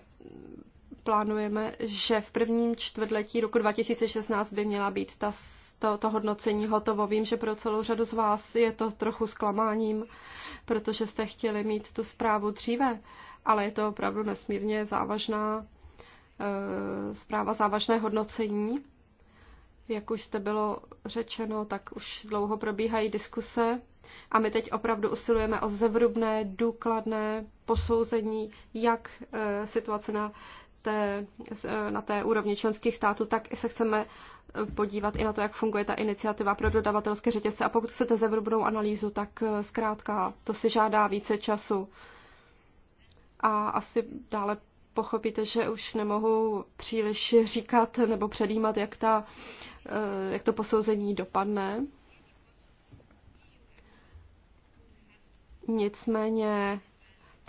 plánujeme, že v prvním čtvrtletí roku 2016 by měla být ta, to, to hodnocení hotovo. Vím, že pro celou řadu z vás je to trochu zklamáním, protože jste chtěli mít tu zprávu dříve, ale je to opravdu nesmírně závažná e, zpráva, závažné hodnocení. Jak už jste bylo řečeno, tak už dlouho probíhají diskuse a my teď opravdu usilujeme o zevrubné, důkladné posouzení, jak eh, situace na té, eh, na té úrovni členských států, tak se chceme eh, podívat i na to, jak funguje ta iniciativa pro dodavatelské řetězce. A pokud chcete zevrubnou analýzu, tak eh, zkrátka to si žádá více času. A asi dále pochopíte, že už nemohu příliš říkat nebo předjímat, jak, ta, jak to posouzení dopadne. Nicméně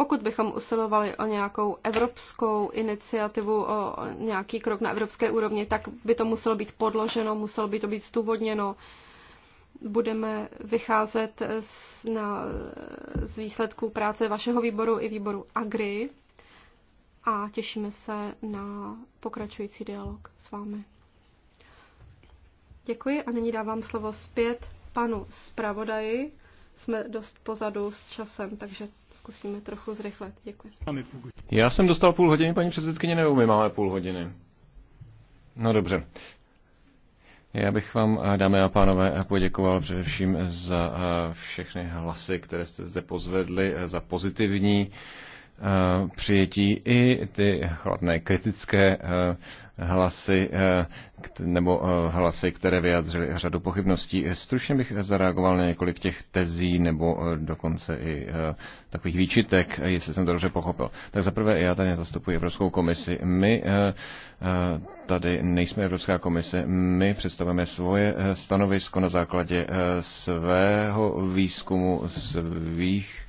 pokud bychom usilovali o nějakou evropskou iniciativu, o nějaký krok na evropské úrovni, tak by to muselo být podloženo, muselo by to být zdůvodněno. Budeme vycházet z, na, z výsledků práce vašeho výboru i výboru AGRI a těšíme se na pokračující dialog s vámi. Děkuji a nyní dávám slovo zpět panu zpravodaji. Jsme dost pozadu s časem, takže zkusíme trochu zrychlit. Děkuji. Já jsem dostal půl hodiny, paní předsedkyně, nebo my máme půl hodiny? No dobře. Já bych vám, eh, dámy a pánové, eh, poděkoval především za eh, všechny hlasy, které jste zde pozvedli, za pozitivní Eh, přijetí i ty chladné kritické eh, hlasy eh, nebo hlasy, které vyjadřily řadu pochybností. Stručně bych zareagoval na několik těch tezí nebo dokonce i takových výčitek, jestli jsem to dobře pochopil. Tak zaprvé já tady zastupuji Evropskou komisi. My tady nejsme Evropská komise, my představujeme svoje stanovisko na základě svého výzkumu, svých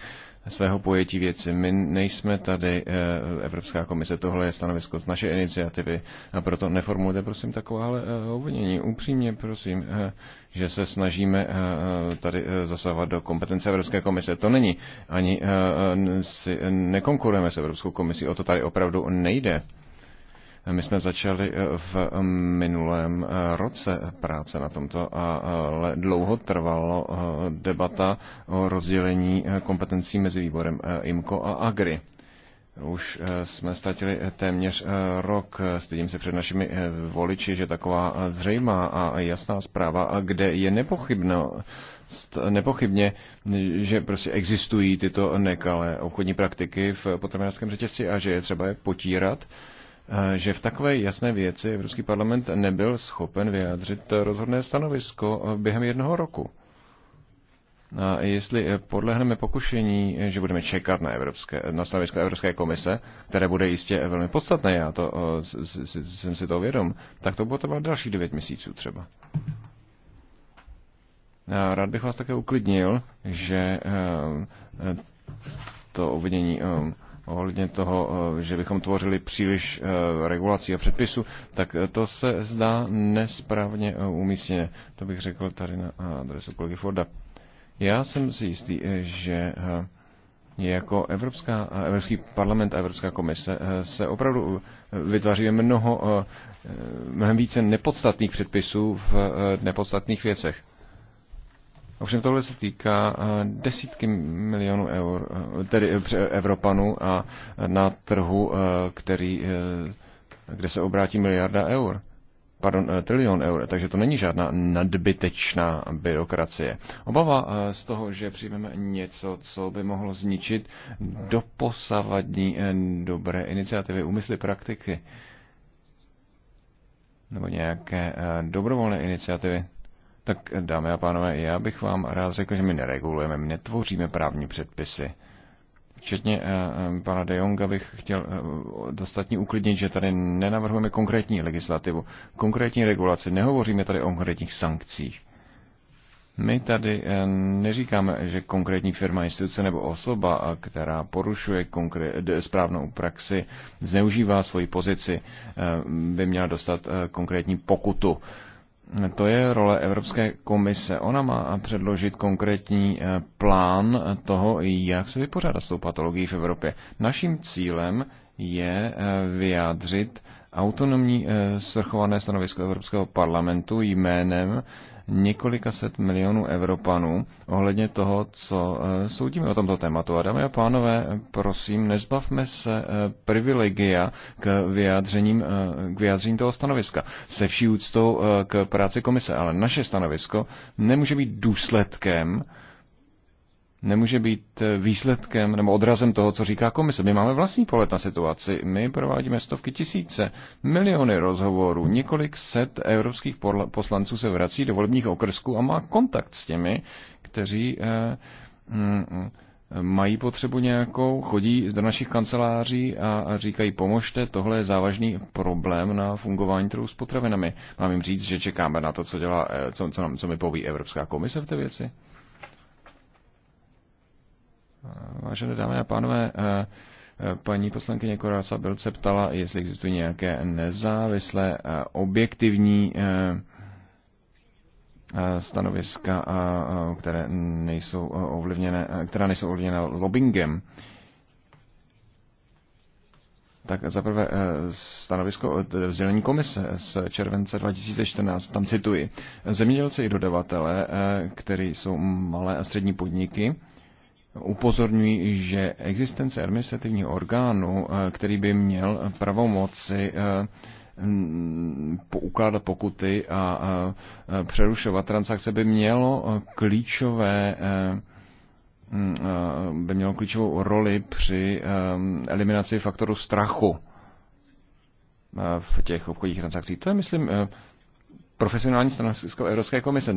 svého pojetí věci. My nejsme tady, eh, Evropská komise, tohle je stanovisko z naše iniciativy a proto neformulujte prosím takováhle eh, obvinění. Upřímně prosím, eh, že se snažíme tady zasahovat do kompetence Evropské komise. To není. Ani si nekonkurujeme s Evropskou komisí, o to tady opravdu nejde. My jsme začali eh, v eh, minulém eh, roce práce na tomto, a dlouho trvalo debata o rozdělení kompetencí mezi výborem IMCO a AGRI. Už jsme ztratili téměř rok. Stydím se před našimi voliči, že taková zřejmá a jasná zpráva, kde je nepochybno, nepochybně, že prostě existují tyto nekalé obchodní praktiky v potravinářském řetězci a že je třeba je potírat Eh, že v takové jasné věci Evropský parlament nebyl schopen vyjádřit eh, rozhodné stanovisko eh, během jednoho roku. A jestli podlehneme pokušení, že budeme čekat na, evropské, na stanovisko Evropské komise, které bude jistě velmi podstatné, já to, jsem si to vědom, tak to bude trvat další devět měsíců třeba. A rád bych vás také uklidnil, že to obvinění ohledně toho, eh, že bychom tvořili příliš eh, regulací a předpisů, tak eh, to se zdá nesprávně umístěně. To bych řekl tady na adresu kolegy Forda. Já jsem si jistý, že jako Evropská, Evropský parlament a Evropská komise se opravdu vytváří mnoho, mnohem více nepodstatných předpisů v nepodstatných věcech. Ovšem tohle se týká eh, desítky milionů eur, eh, tedy eh, Evropanů a na trhu, který, kde se obrátí miliarda eur pardon, trilion eur, takže to není žádná nadbytečná byrokracie. Obava z toho, že přijmeme něco, co by mohlo zničit doposavadní dobré iniciativy, úmysly, praktiky nebo nějaké dobrovolné iniciativy. Tak dámy a pánové, já bych vám rád řekl, že my neregulujeme, my netvoříme právní předpisy. Včetně uh, pana De Jonga bych chtěl uh, dostatně uklidnit, že tady nenavrhujeme konkrétní legislativu, konkrétní regulaci, nehovoříme tady o konkrétních sankcích. My tady neříkáme, že konkrétní firma, instituce nebo osoba, která porušuje konkré- správnou praxi, zneužívá svoji pozici, by měla dostat konkrétní pokutu. To je role Evropské komise. Ona má předložit konkrétní eh, plán toho, jak se vypořádat s tou patologií v Evropě. Naším cílem je eh, vyjádřit autonomní eh, svrchované stanovisko Evropského parlamentu jménem několika set milionů Evropanů ohledně toho, co eh, soudíme o tomto tématu. A dámy a pánové, prosím, nezbavme se eh, privilegia k, vyjádřením, eh, k vyjádřením toho stanoviska. Se vší úctou k práci komise, ale naše stanovisko nemůže být důsledkem nemůže být eh, výsledkem nebo odrazem toho, co říká komise. My máme vlastní pohled na situaci. My provádíme stovky tisíce, miliony rozhovorů. Několik set evropských poslanců se vrací do volebních okrsků a má kontakt s těmi, kteří eh, mm, mm, mají potřebu nějakou, chodí do našich kanceláří a říkají, pomožte, tohle je závažný problém na fungování trhu s potravinami. Mám jim říct, že čekáme na to, co, dělá, eh, co, co, nám, co mi poví Evropská komise v té věci? Vážené dámy a pánové, eh, eh, paní poslankyně Koráca byl se ptala, jestli existují nějaké nezávislé eh, objektivní stanoviska, které nejsou ovlivněné, která nejsou ovlivněna lobbyingem. Tak zaprvé stanovisko Zelení komise z července 2014, tam cituji. Zemědělci i dodavatele, který jsou malé a střední podniky, upozorňují, že existence administrativního orgánu, eh, který by měl pravomoci eh, ukládat pokuty a eh, přerušovat transakce, by mělo klíčové mm, by mělo klíčovou roli při eliminaci faktoru strachu v těch obchodních transakcích. To je, myslím, profesionální stanovisko Evropské komise.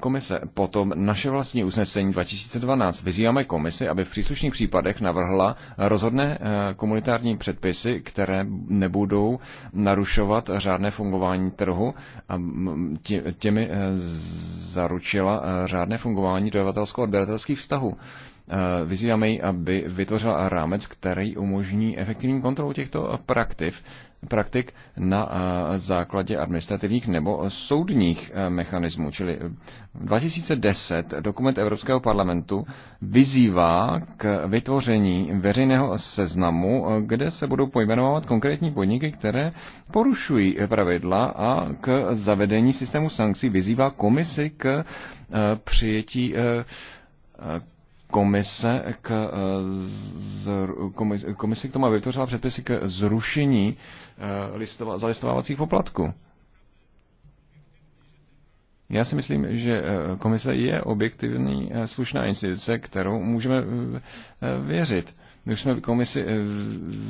komise. Potom naše vlastní usnesení 2012 vyzýváme komisi, aby v příslušných případech navrhla rozhodné eh, komunitární předpisy, které nebudou narušovat řádné fungování trhu a těmi eh, zaručila eh, řádné fungování dodavatelsko-odběratelských vztahů. Vyzýváme ji, aby vytvořila rámec, který umožní efektivní kontrolu těchto praktiv praktik na eh, základě administrativních nebo soudních eh, mechanismů. Čili 2010 eh, dokument Evropského parlamentu vyzývá k vytvoření veřejného seznamu, kde se budou pojmenovávat konkrétní podniky, které porušují pravidla a k zavedení systému sankcí vyzývá komisi k přijetí komise k, eh, z, komise k tomu, vytvořila předpisy k zrušení eh, listova, zalistovávacích poplatků. Já si myslím, že eh, komise je objektivní slušná instituce, kterou můžeme věřit. My už jsme komisi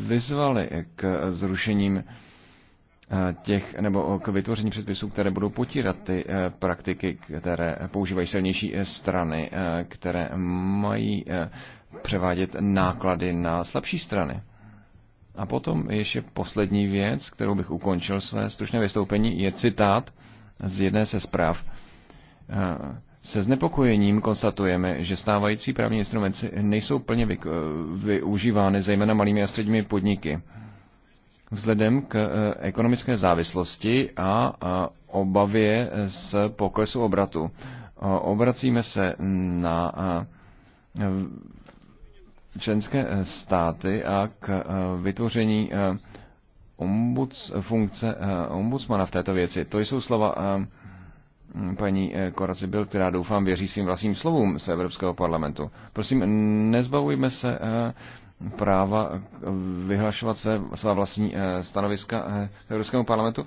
vyzvali k zrušením Eh, těch, nebo eh, k vytvoření předpisů, které budou potírat ty eh, praktiky, které používají silnější strany, které mají převádět náklady na slabší strany. A potom ještě poslední věc, kterou bych ukončil své stručné vystoupení, je citát z jedné ze zpráv. Se znepokojením konstatujeme, že stávající právní instrumenty nejsou plně využívány zejména malými a středními podniky vzhledem k eh, ekonomické závislosti a obavě z poklesu obratu. Obracíme se na členské eh, státy a k eh, vytvoření ombuds, funkce ombudsmana v této věci. To jsou slova paní Koraci byl, která doufám věří svým vlastním slovům z Evropského parlamentu. Prosím, nezbavujme se práva vyhlašovat své, svá vlastní eh, stanoviska eh, Evropskému parlamentu.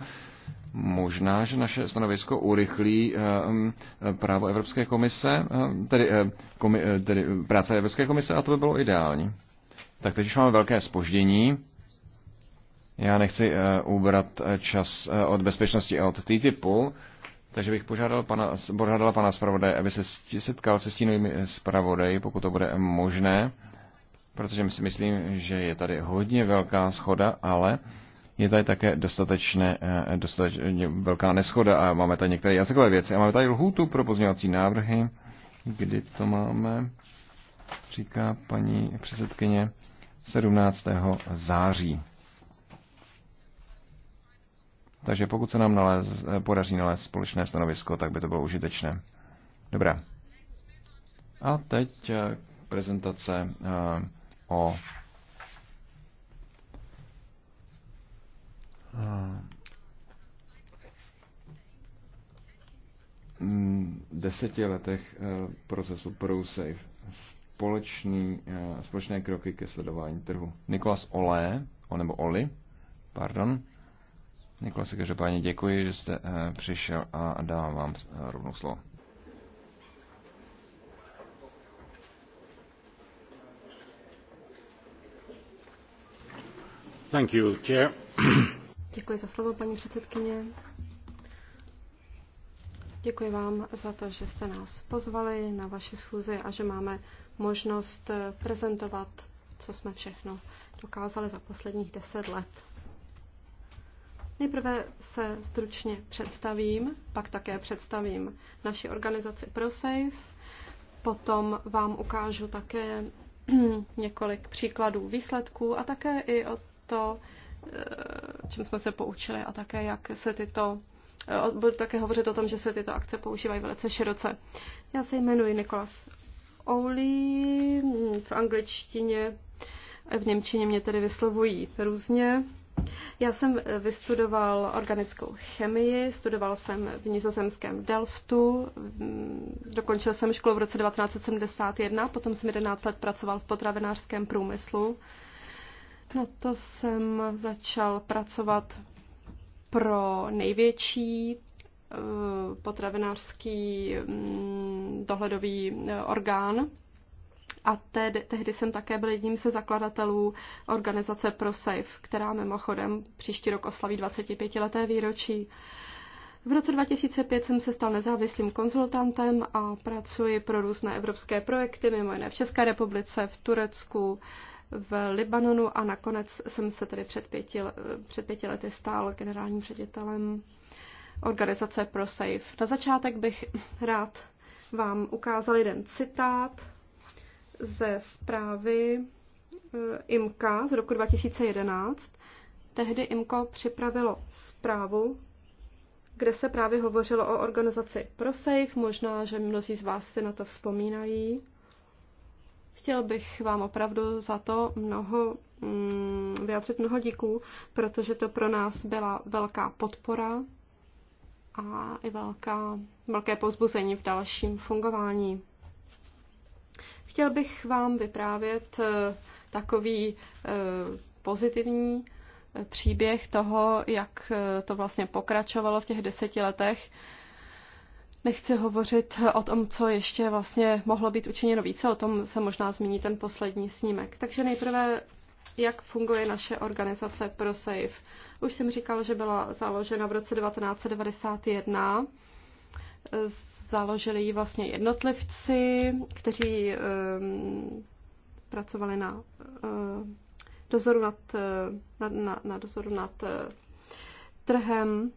Možná, že naše stanovisko urychlí eh, mm, právo Evropské komise, tedy, komi, tedy práce Evropské komise, a to by bylo ideální. Tak teď už máme velké spoždění. Já nechci ubrat čas od bezpečnosti a od TTIPu, takže bych požádal pana, požádala pana zpravodaje, aby se setkal se stínovými zpravodaji, pokud to bude možné protože my si myslím, že je tady hodně velká schoda, ale je tady také dostatečně, eh, dostatečně velká neschoda a máme tady některé jazykové věci. A máme tady lhůtu pro pozměňovací návrhy, kdy to máme, říká paní předsedkyně, 17. září. Takže pokud se nám naléz, eh, podaří nalézt společné stanovisko, tak by to bylo užitečné. Dobrá. A teď eh, prezentace o hmm, deseti letech eh, procesu ProSafe. Společný, eh, společné kroky ke sledování trhu. Nikolas Olé, nebo Oli, pardon. Nikolas, každopádně děkuji, že jste eh, přišel a dávám vám rovnou slovo. Děkuji za slovo, paní předsedkyně. Děkuji vám za to, že jste nás pozvali na vaši schůzi a že máme možnost prezentovat, co jsme všechno dokázali za posledních deset let. Nejprve se stručně představím, pak také představím naši organizaci ProSafe, potom vám ukážu také několik příkladů výsledků a také i o to, eh, čím jsme se poučili a také, jak se tyto eh, budu také hovořit o tom, že se tyto akce používají velice široce. Já se jmenuji Nikolas Ouli, v angličtině, v němčině mě tedy vyslovují různě. Já jsem eh, vystudoval organickou chemii, studoval jsem v nizozemském Delftu, mm, dokončil jsem školu v roce 1971, potom jsem 11 let pracoval v potravinářském průmyslu na to jsem začal pracovat pro největší eh, potravinářský mm, dohledový eh, orgán. A tehdy, tehdy jsem také byl jedním ze zakladatelů organizace ProSafe, která mimochodem příští rok oslaví 25-leté výročí. V roce 2005 jsem se stal nezávislým konzultantem a pracuji pro různé evropské projekty, mimo jiné v České republice, v Turecku, v Libanonu a nakonec jsem se tedy před pěti, před pěti lety stal generálním ředitelem organizace ProSafe. Na začátek bych rád vám ukázal jeden citát ze zprávy eh, IMKA z roku 2011. Tehdy IMKO připravilo zprávu, kde se právě hovořilo o organizaci ProSafe. Možná, že mnozí z vás si na to vzpomínají. Chtěl bych vám opravdu za to mnoho mm, vyjádřit mnoho díků, protože to pro nás byla velká podpora a i velká, velké pozbuzení v dalším fungování. Chtěl bych vám vyprávět eh, takový eh, pozitivní eh, příběh toho, jak to vlastně pokračovalo v těch deseti letech, Nechci hovořit o tom, co ještě vlastně mohlo být učiněno více, o tom se možná zmíní ten poslední snímek. Takže nejprve, jak funguje naše organizace ProSafe. Už jsem říkal, že byla založena v roce 1991. Založili ji vlastně jednotlivci, kteří um, pracovali na uh, dozoru nad, eh, na, na, na dozoru nad uh, trhem.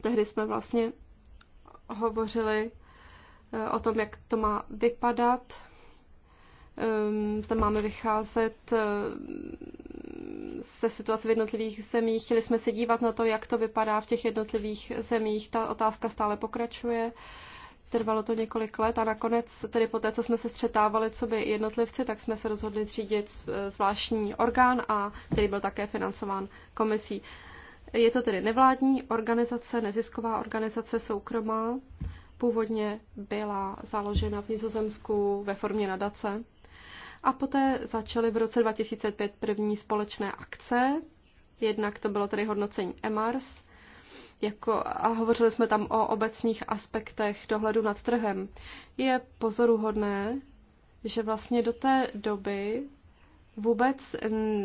Tehdy jsme vlastně hovořili eh, o tom, jak to má vypadat. Tam ehm, máme vycházet se eh, situace v jednotlivých zemích. Chtěli jsme se dívat na to, jak to vypadá v těch jednotlivých zemích. Ta otázka stále pokračuje. Trvalo to několik let a nakonec, tedy po té, co jsme se střetávali co by jednotlivci, tak jsme se rozhodli zřídit eh, zvláštní orgán, a který byl také financován komisí. Je to tedy nevládní organizace, nezisková organizace soukromá. Původně byla založena v Nizozemsku ve formě nadace. A poté začaly v roce 2005 první společné akce. Jednak to bylo tedy hodnocení EMARS, jako, a hovořili jsme tam o obecných aspektech dohledu nad trhem. Je pozoruhodné, že vlastně do té doby vůbec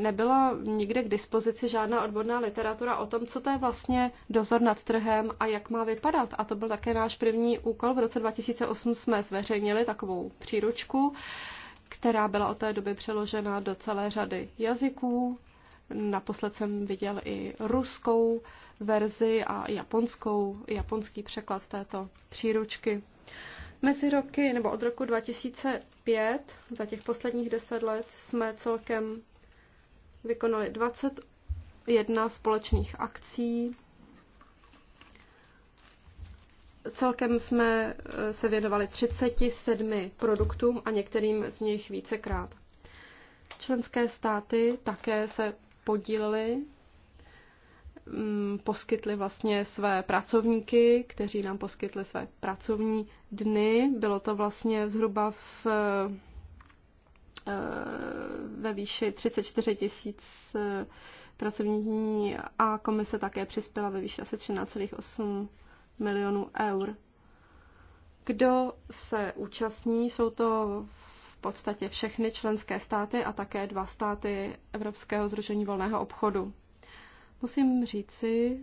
nebyla nikde k dispozici žádná odborná literatura o tom, co to je vlastně dozor nad trhem a jak má vypadat. A to byl také náš první úkol. V roce 2008 jsme zveřejnili takovou příručku, která byla od té doby přeložena do celé řady jazyků. Naposled jsem viděl i ruskou verzi a japonskou, japonský překlad této příručky. Mezi roky, nebo od roku 2005, za těch posledních deset let, jsme celkem vykonali 21 společných akcí. Celkem jsme eh, se věnovali 37 produktům a některým z nich vícekrát. Členské státy také se podílely Mm, poskytli vlastně své pracovníky, kteří nám poskytli své pracovní dny. Bylo to vlastně zhruba v, eh, ve výši 34 tisíc eh, pracovních dní a komise také přispěla ve výši asi 13,8 milionů eur. Kdo se účastní, jsou to v podstatě všechny členské státy a také dva státy Evropského združení volného obchodu. Musím říci,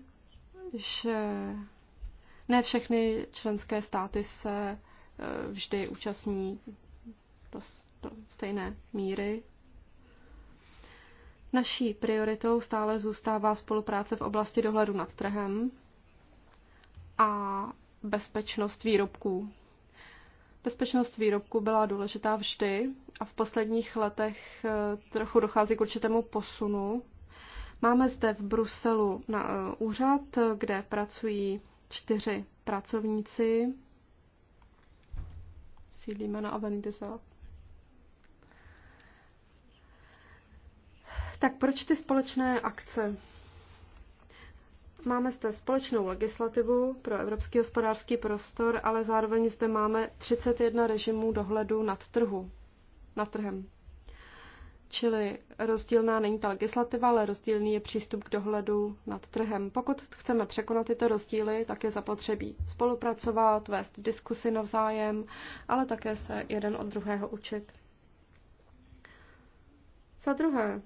že ne všechny členské státy se e, vždy účastní do, do stejné míry. Naší prioritou stále zůstává spolupráce v oblasti dohledu nad trhem a bezpečnost výrobků. Bezpečnost výrobků byla důležitá vždy a v posledních letech e, trochu dochází k určitému posunu Máme zde v Bruselu na eh, úřad, kde pracují čtyři pracovníci. Sídlíme na Avendizela. Tak proč ty společné akce? Máme zde společnou legislativu pro evropský hospodářský prostor, ale zároveň zde máme 31 režimů dohledu nad trhu, nad trhem. Čili rozdílná není ta legislativa, ale rozdílný je přístup k dohledu nad trhem. Pokud chceme překonat tyto rozdíly, tak je zapotřebí spolupracovat, vést diskusy navzájem, ale také se jeden od druhého učit. Za druhé,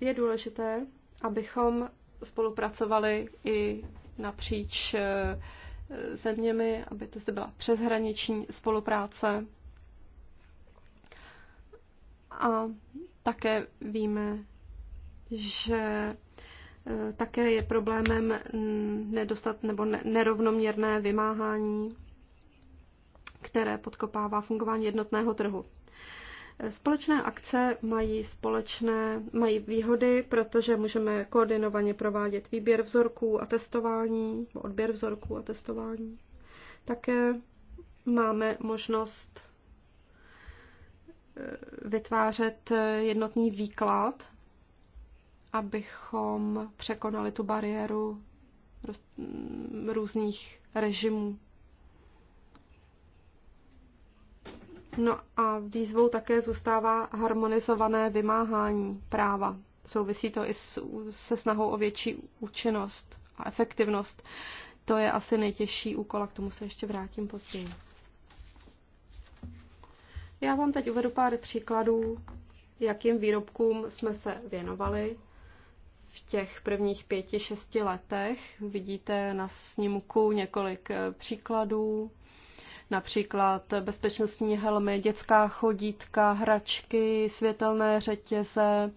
je důležité, abychom spolupracovali i napříč eh, zeměmi, aby to zde byla přeshraniční spolupráce. A také víme, že eh, také je problémem nedostat nebo nerovnoměrné vymáhání, které podkopává fungování jednotného trhu. Společné akce mají společné, mají výhody, protože můžeme koordinovaně provádět výběr vzorků a testování, odběr vzorků a testování. Také máme možnost vytvářet jednotný výklad, abychom překonali tu bariéru různých režimů. No a výzvou také zůstává harmonizované vymáhání práva. Souvisí to i se snahou o větší účinnost a efektivnost. To je asi nejtěžší úkol a k tomu se ještě vrátím později. Já vám teď uvedu pár příkladů, jakým výrobkům jsme se věnovali v těch prvních pěti, šesti letech. Vidíte na snímku několik eh, příkladů, například bezpečnostní helmy, dětská chodítka, hračky, světelné řetěze,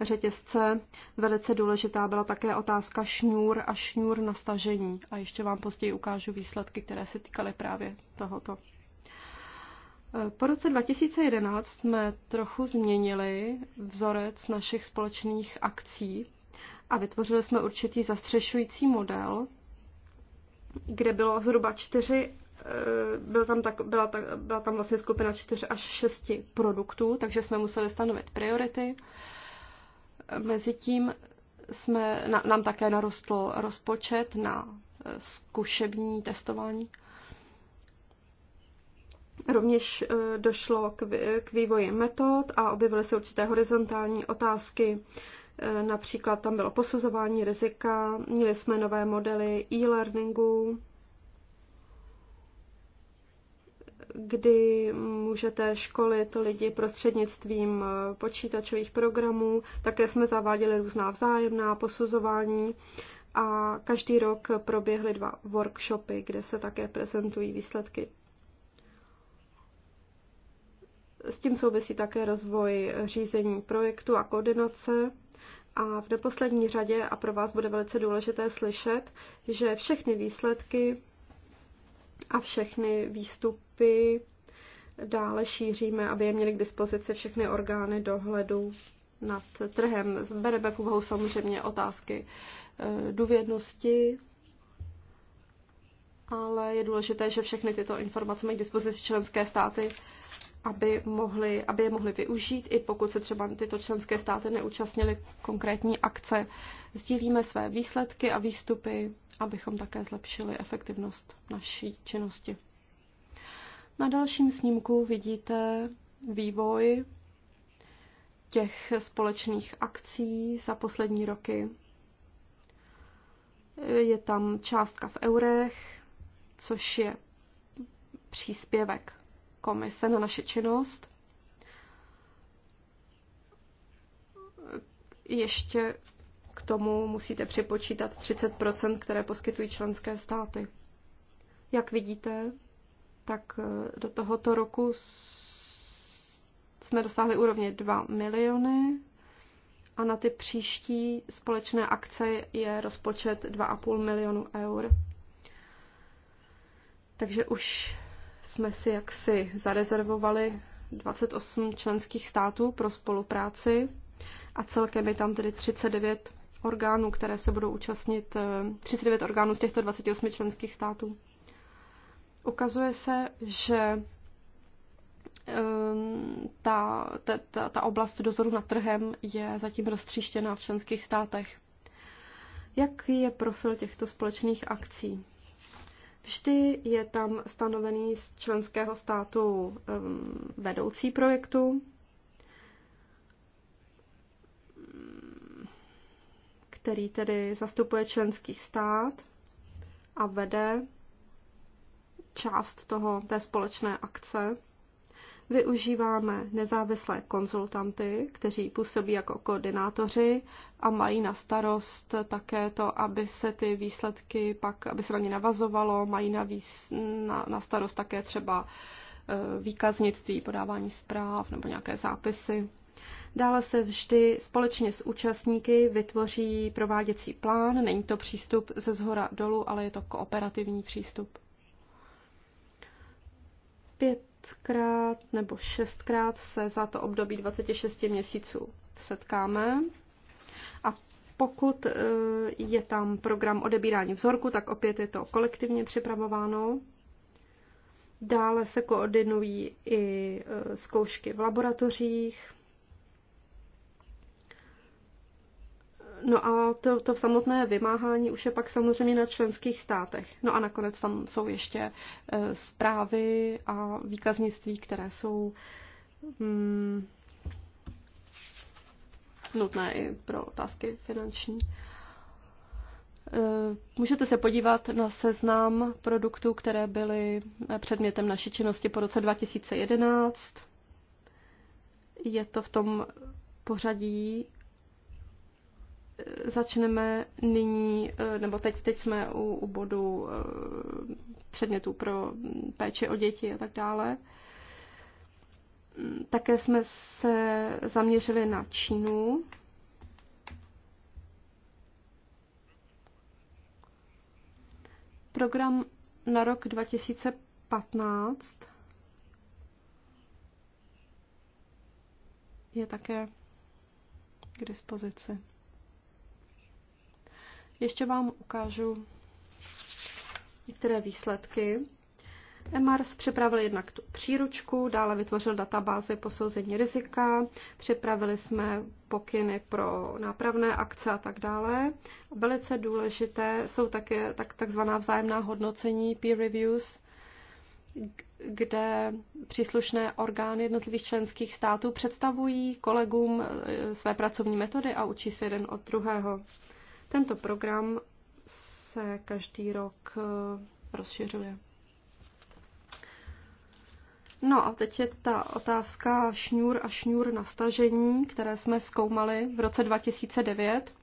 řetězce. Velice důležitá byla také otázka šňůr a šňůr na stažení. A ještě vám později ukážu výsledky, které se týkaly právě tohoto po roce 2011 jsme trochu změnili vzorec našich společných akcí a vytvořili jsme určitý zastřešující model, kde bylo zhruba čtyři eh, byl tam tak, byla, tak, byla tam vlastně skupina čtyř až šesti produktů, takže jsme museli stanovit priority. Mezitím jsme, nám také narostl rozpočet na eh, zkušební testování. Rovněž eh, došlo k vývoji metod a objevily se určité horizontální otázky. Eh, například tam bylo posuzování rizika, měli jsme nové modely e-learningu, kdy můžete školit lidi prostřednictvím eh, počítačových programů. Také jsme zaváděli různá vzájemná posuzování a každý rok proběhly dva workshopy, kde se také prezentují výsledky S tím souvisí také rozvoj řízení projektu a koordinace. A v neposlední řadě, a pro vás bude velice důležité slyšet, že všechny výsledky a všechny výstupy dále šíříme, aby je měly k dispozici všechny orgány dohledu nad trhem. Bereme v úvahu samozřejmě otázky e, důvěrnosti, ale je důležité, že všechny tyto informace mají k dispozici členské státy aby, mohli, aby je mohli využít, i pokud se třeba tyto členské státy neúčastnily konkrétní akce. Sdílíme své výsledky a výstupy, abychom také zlepšili efektivnost naší činnosti. Na dalším snímku vidíte vývoj těch společných akcí za poslední roky. Je tam částka v eurech, což je příspěvek komise na naše činnost. Ještě k tomu musíte připočítat 30 které poskytují členské státy. Jak vidíte, tak eh, do tohoto roku jsme dosáhli úrovně 2 miliony a na ty příští společné akce je rozpočet 2,5 milionu eur. Takže už jsme si jaksi zarezervovali 28 členských států pro spolupráci a celkem je tam tedy 39 orgánů, které se budou účastnit, 39 eh, orgánů z těchto 28 členských států. Ukazuje se, že ehm, ta, ta, ta oblast dozoru nad trhem je zatím roztříštěná v členských státech. Jaký je profil těchto společných akcí? Vždy je tam stanovený z členského státu ehm, vedoucí projektu, který tedy zastupuje členský stát a vede část toho, té společné akce. Využíváme nezávislé konzultanty, kteří působí jako koordinátoři a mají na starost také to, aby se ty výsledky pak, aby se na ně navazovalo, mají na, výs, na, na starost také třeba e, výkaznictví, podávání zpráv nebo nějaké zápisy. Dále se vždy společně s účastníky vytvoří prováděcí plán. Není to přístup ze zhora dolů, ale je to kooperativní přístup. Pět pětkrát nebo šestkrát se za to období 26 měsíců setkáme. A pokud e, je tam program odebírání vzorku, tak opět je to kolektivně připravováno. Dále se koordinují i e, zkoušky v laboratořích No a to, to samotné vymáhání už je pak samozřejmě na členských státech. No a nakonec tam jsou ještě e, zprávy a výkaznictví, které jsou mm, nutné i pro otázky finanční. E, můžete se podívat na seznam produktů, které byly e, předmětem naší činnosti po roce 2011. Je to v tom pořadí, začneme nyní, eh, nebo teď, teď jsme u, u bodu eh, předmětů pro péči o děti a tak dále. Mm, také jsme se zaměřili na Čínu. Program na rok 2015 je také k dispozici. Ještě vám ukážu některé výsledky. EMARS připravil jednak tu příručku, dále vytvořil databázy posouzení rizika, připravili jsme pokyny pro nápravné akce a tak dále. Velice důležité jsou také tak, takzvaná vzájemná hodnocení peer reviews, kde příslušné orgány jednotlivých členských států představují kolegům eh, své pracovní metody a učí se jeden od druhého. Tento program se každý rok eh, rozšiřuje. No a teď je ta otázka šňůr a šňůr stažení, které jsme zkoumali v roce 2009.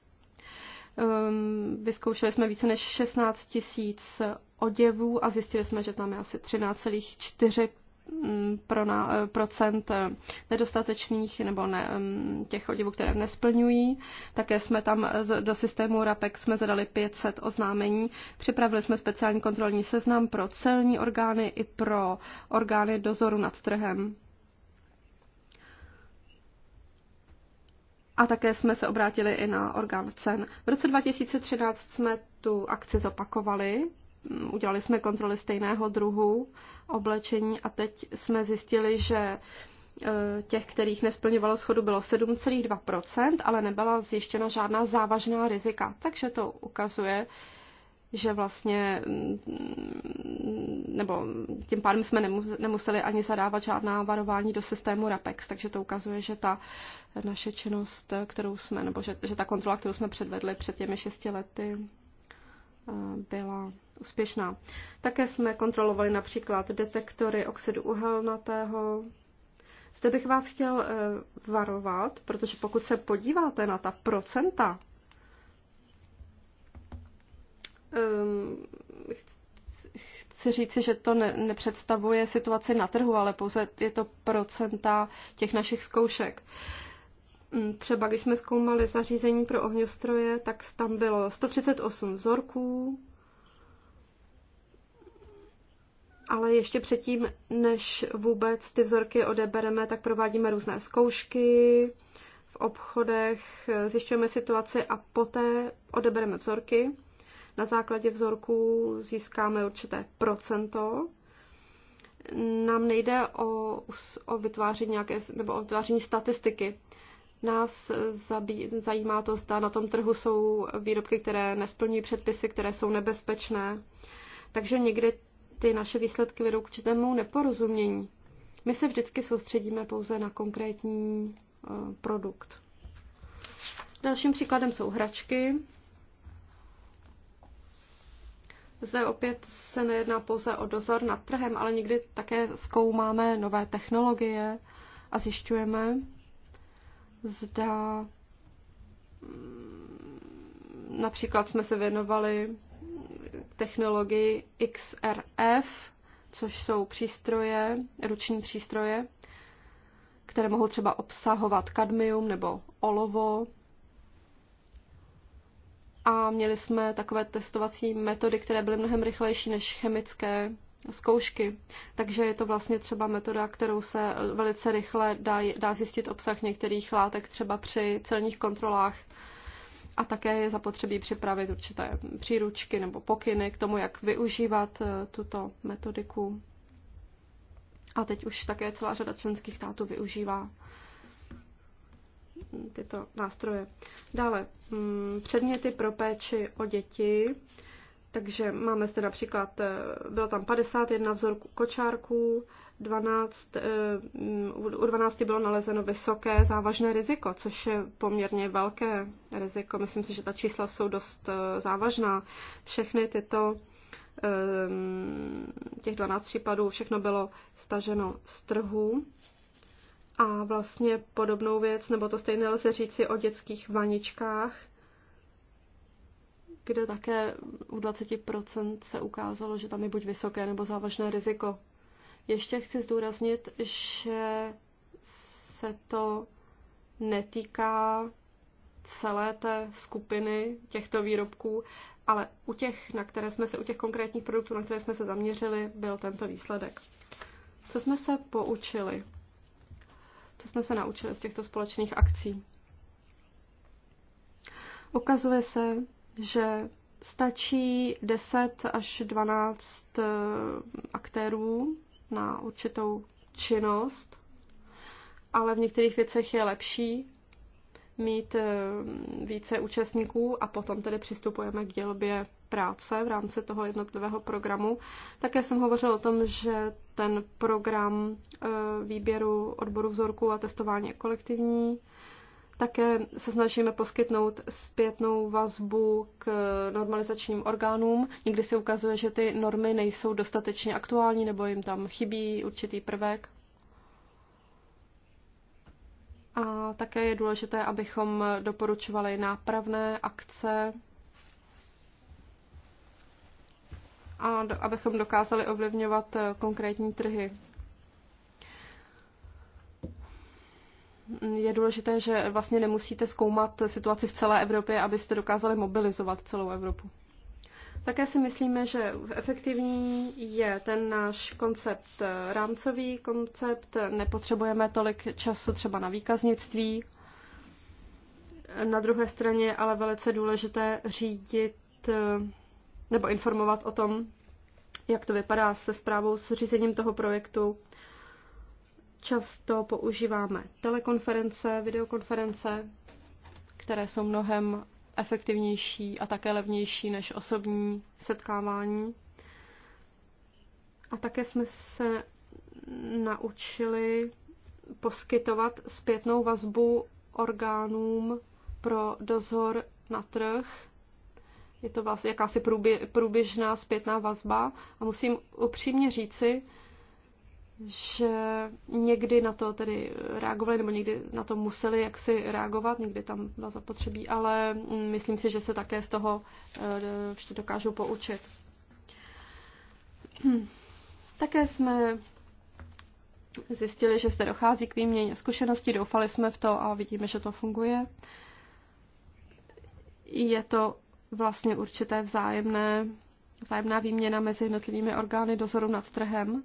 Ehm, vyzkoušeli jsme více než 16 tisíc oděvů a zjistili jsme, že tam je asi 13,4 Mm, pro na, eh, procent eh, nedostatečných nebo ne, mm, těch odivů, které nesplňují. Také jsme tam eh, do systému RAPEX jsme zadali 500 oznámení. Připravili jsme speciální kontrolní seznam pro celní orgány i pro orgány dozoru nad trhem. A také jsme se obrátili i na orgán cen. V roce 2013 jsme tu akci zopakovali udělali jsme kontroly stejného druhu oblečení a teď jsme zjistili, že e, těch, kterých nesplňovalo schodu, bylo 7,2%, ale nebyla zjištěna žádná závažná rizika. Takže to ukazuje, že vlastně, mm, nebo tím pádem jsme nemuseli ani zadávat žádná varování do systému RAPEX, takže to ukazuje, že ta naše činnost, kterou jsme, nebo že, že ta kontrola, kterou jsme předvedli před těmi šesti lety, byla úspěšná. Také jsme kontrolovali například detektory oxidu uhelnatého. Zde bych vás chtěl e, varovat, protože pokud se podíváte na ta procenta, ehm, chci říci, že to nepředstavuje situaci na trhu, ale pouze je to procenta těch našich zkoušek. Mm, třeba když jsme zkoumali zařízení pro ohňostroje, tak tam bylo 138 vzorků, ale ještě předtím, než vůbec ty vzorky odebereme, tak provádíme různé zkoušky v obchodech, zjišťujeme situaci a poté odebereme vzorky. Na základě vzorků získáme určité procento. Nám nejde o, o vytváření nějaké, nebo o vytváření statistiky. Nás zabí, zajímá to, zda na tom trhu jsou výrobky, které nesplňují předpisy, které jsou nebezpečné. Takže někdy ty naše výsledky vedou k určitému neporozumění. My se vždycky soustředíme pouze na konkrétní eh, produkt. Dalším příkladem jsou hračky. Zde opět se nejedná pouze o dozor nad trhem, ale někdy také zkoumáme nové technologie a zjišťujeme, zda mm, například jsme se věnovali technologii XRF, což jsou přístroje, ruční přístroje, které mohou třeba obsahovat kadmium nebo olovo. A měli jsme takové testovací metody, které byly mnohem rychlejší než chemické zkoušky. Takže je to vlastně třeba metoda, kterou se velice rychle dá, dá zjistit obsah některých látek třeba při celních kontrolách. A také je zapotřebí připravit určité příručky nebo pokyny k tomu, jak využívat eh, tuto metodiku. A teď už také celá řada členských států využívá mm, tyto nástroje. Dále, mm, předměty pro péči o děti. Takže máme zde například, eh, bylo tam 51 vzorků kočárků, 12, eh, u 12 bylo nalezeno vysoké závažné riziko, což je poměrně velké riziko. Myslím si, že ta čísla jsou dost eh, závažná. Všechny tyto ehm, těch 12 případů všechno bylo staženo z trhu. A vlastně podobnou věc, nebo to stejné lze říci o dětských vaničkách, kde také u 20% se ukázalo, že tam je buď vysoké nebo závažné riziko. Ještě chci zdůraznit, že se to netýká celé té skupiny těchto výrobků, ale u těch, na které jsme se, u těch konkrétních produktů, na které jsme se zaměřili, byl tento výsledek. Co jsme se poučili? Co jsme se naučili z těchto společných akcí? Ukazuje se, že stačí 10 až 12 eh, aktérů na určitou činnost, ale v některých věcech je lepší mít eh, více účastníků a potom tedy přistupujeme k dělbě práce v rámci toho jednotlivého programu. Také jsem hovořil o tom, že ten program eh, výběru odboru vzorků a testování je kolektivní. Také se snažíme poskytnout zpětnou vazbu k normalizačním orgánům. Někdy se ukazuje, že ty normy nejsou dostatečně aktuální nebo jim tam chybí určitý prvek. A také je důležité, abychom doporučovali nápravné akce a abychom dokázali ovlivňovat konkrétní trhy. je důležité, že vlastně nemusíte zkoumat situaci v celé Evropě, abyste dokázali mobilizovat celou Evropu. Také si myslíme, že efektivní je ten náš koncept, eh, rámcový koncept. Nepotřebujeme tolik času třeba na výkaznictví. Na druhé straně je ale velice důležité řídit eh, nebo informovat o tom, jak to vypadá se zprávou, s řízením toho projektu, Často používáme telekonference, videokonference, které jsou mnohem efektivnější a také levnější než osobní setkávání. A také jsme se naučili poskytovat zpětnou vazbu orgánům pro dozor na trh. Je to vlastně jakási průběžná zpětná vazba a musím upřímně říci, že někdy na to tedy reagovali, nebo někdy na to museli jaksi reagovat, někdy tam byla zapotřebí, ale myslím si, že se také z toho ještě eh, dokážou poučit. Hm. Také jsme zjistili, že se dochází k výměně zkušeností, doufali jsme v to a vidíme, že to funguje. Je to vlastně určité vzájemné, vzájemná výměna mezi jednotlivými orgány dozoru nad trhem,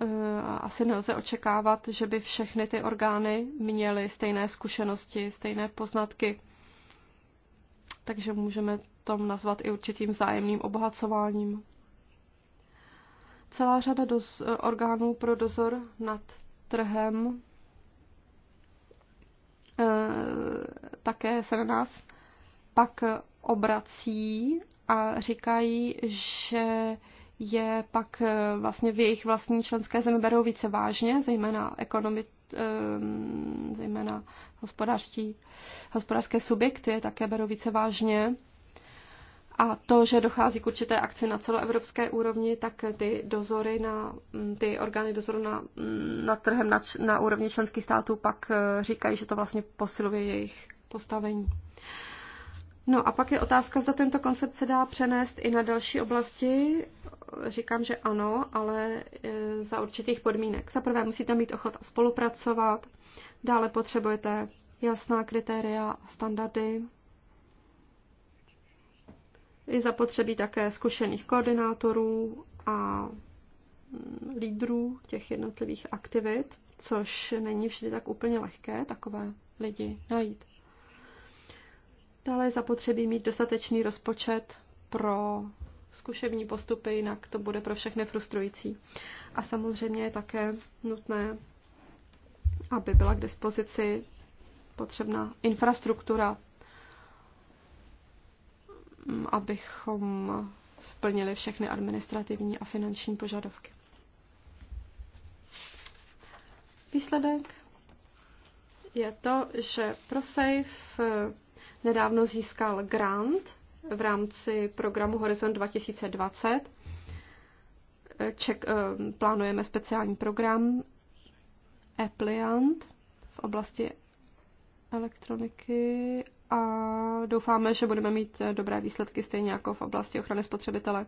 Eh, asi nelze očekávat, že by všechny ty orgány měly stejné zkušenosti, stejné poznatky. Takže můžeme tom nazvat i určitým zájemným obohacováním. Celá řada doz- eh, orgánů pro dozor nad trhem e, také se na nás pak obrací a říkají, že je pak eh, vlastně v jejich vlastní členské zemi berou více vážně, zejména ekonomit, ehm, zejména hospodářství, hospodářské subjekty také berou více vážně. A to, že dochází k určité akci na celoevropské úrovni, tak ty dozory na, mm, ty orgány dozoru na, mm, na trhem na, na úrovni členských států pak eh, říkají, že to vlastně posiluje jejich postavení. No a pak je otázka, zda tento koncept se dá přenést i na další oblasti. Říkám, že ano, ale e, za určitých podmínek. Za prvé musíte mít ochota spolupracovat, dále potřebujete jasná kritéria a standardy. Je zapotřebí také zkušených koordinátorů a mm, lídrů těch jednotlivých aktivit, což není vždy tak úplně lehké takové lidi najít. Dále je zapotřebí mít dostatečný rozpočet pro zkušební postupy, jinak to bude pro všechny frustrující. A samozřejmě je také nutné, aby byla k dispozici potřebná infrastruktura, abychom splnili všechny administrativní a finanční požadavky. Výsledek je to, že pro SAFE nedávno získal grant v rámci programu Horizon 2020. Ček, eh, plánujeme speciální program Appliant v oblasti elektroniky a doufáme, že budeme mít eh, dobré výsledky stejně jako v oblasti ochrany spotřebitele.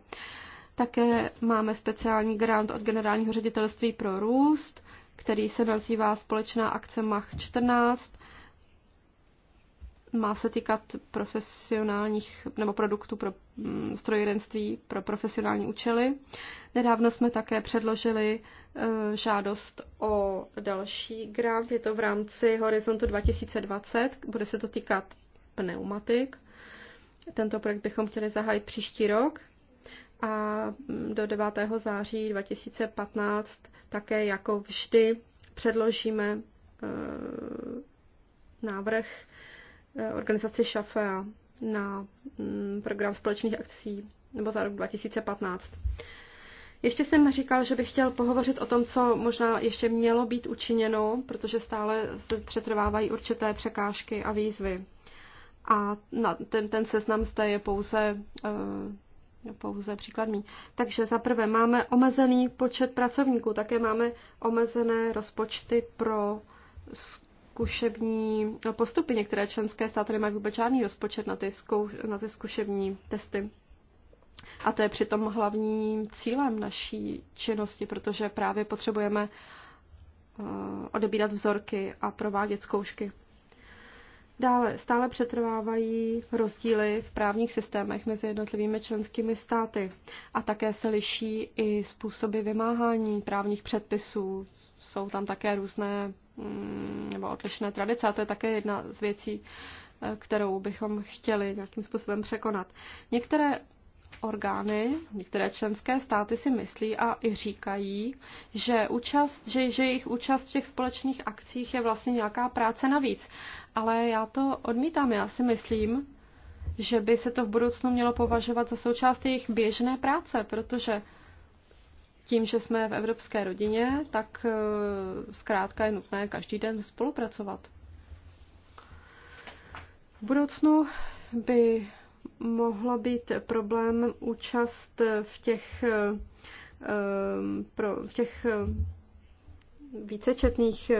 Také máme speciální grant od Generálního ředitelství pro růst, který se nazývá Společná akce MACH 14 má se týkat profesionálních nebo produktů pro mm, strojírenství pro profesionální účely. Nedávno jsme také předložili e, žádost o další grant. Je to v rámci Horizontu 2020. Bude se to týkat pneumatik. Tento projekt bychom chtěli zahájit příští rok a mm, do 9. září 2015 také jako vždy předložíme e, návrh Eh, organizaci Šafe na mm, program společných akcí nebo za rok 2015. Ještě jsem říkal, že bych chtěl pohovořit o tom, co možná ještě mělo být učiněno, protože stále se přetrvávají určité překážky a výzvy. A na, ten, ten seznam zde je pouze, uh, pouze příkladný. Takže za prvé máme omezený počet pracovníků, také máme omezené rozpočty pro zkušební postupy. Některé členské státy nemají vůbec žádný rozpočet na ty, zkou, na ty zkušební testy. A to je přitom hlavním cílem naší činnosti, protože právě potřebujeme eh, odebírat vzorky a provádět zkoušky. Dále stále přetrvávají rozdíly v právních systémech mezi jednotlivými členskými státy a také se liší i způsoby vymáhání právních předpisů. Jsou tam také různé Mm, nebo odlišné tradice a to je také jedna z věcí, eh, kterou bychom chtěli nějakým způsobem překonat. Některé orgány, některé členské státy si myslí a i říkají, že, účast, že, že jejich účast v těch společných akcích je vlastně nějaká práce navíc. Ale já to odmítám. Já si myslím, že by se to v budoucnu mělo považovat za součást jejich běžné práce, protože uh, tím, že jsme v evropské rodině, tak e, zkrátka je nutné každý den spolupracovat. V budoucnu by mohlo být problém účast v těch, e, v těch e, vícečetných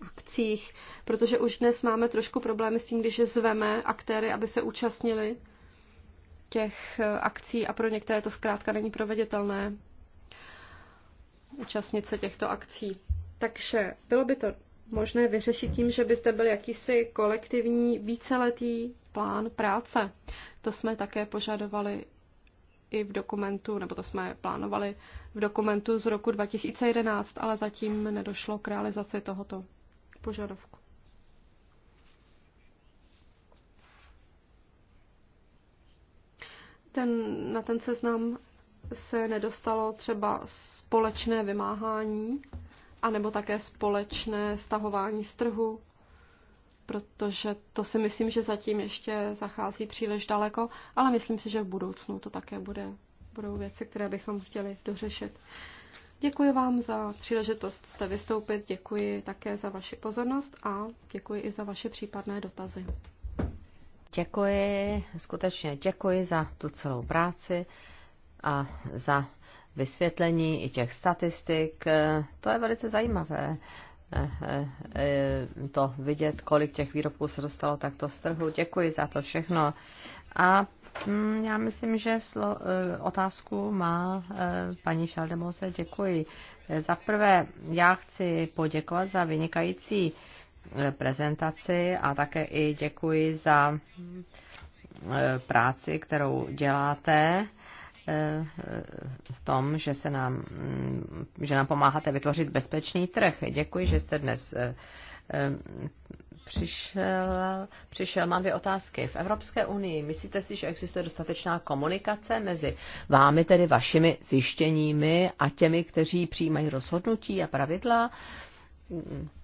akcích, protože už dnes máme trošku problémy s tím, když zveme aktéry, aby se účastnili těch akcí a pro některé to zkrátka není proveditelné účastnit se těchto akcí. Takže bylo by to možné vyřešit tím, že by zde byl jakýsi kolektivní víceletý plán práce. To jsme také požadovali i v dokumentu, nebo to jsme plánovali v dokumentu z roku 2011, ale zatím nedošlo k realizaci tohoto požadavku. Ten, na ten seznam se nedostalo třeba společné vymáhání, anebo také společné stahování z trhu, protože to si myslím, že zatím ještě zachází příliš daleko, ale myslím si, že v budoucnu to také bude, budou věci, které bychom chtěli dořešit. Děkuji vám za příležitost zde vystoupit, děkuji také za vaši pozornost a děkuji i za vaše případné dotazy. Děkuji, skutečně děkuji za tu celou práci a za vysvětlení i těch statistik. Eh, to je velice zajímavé eh, eh, to vidět, kolik těch výrobků se dostalo takto z trhu. Děkuji za to všechno. A mm, já myslím, že slo- otázku má paní Šaldemose. Děkuji. Za prvé, já chci poděkovat za vynikající prezentaci a také i děkuji za mm, práci, kterou děláte Eh, v tom, že, se nám, mm, že nám pomáháte vytvořit bezpečný trh. Děkuji, že jste dnes eh, eh, přišel, přišel. Mám dvě otázky. V Evropské unii myslíte si, že existuje dostatečná komunikace mezi vámi, tedy vašimi zjištěními a těmi, kteří přijímají rozhodnutí a pravidla?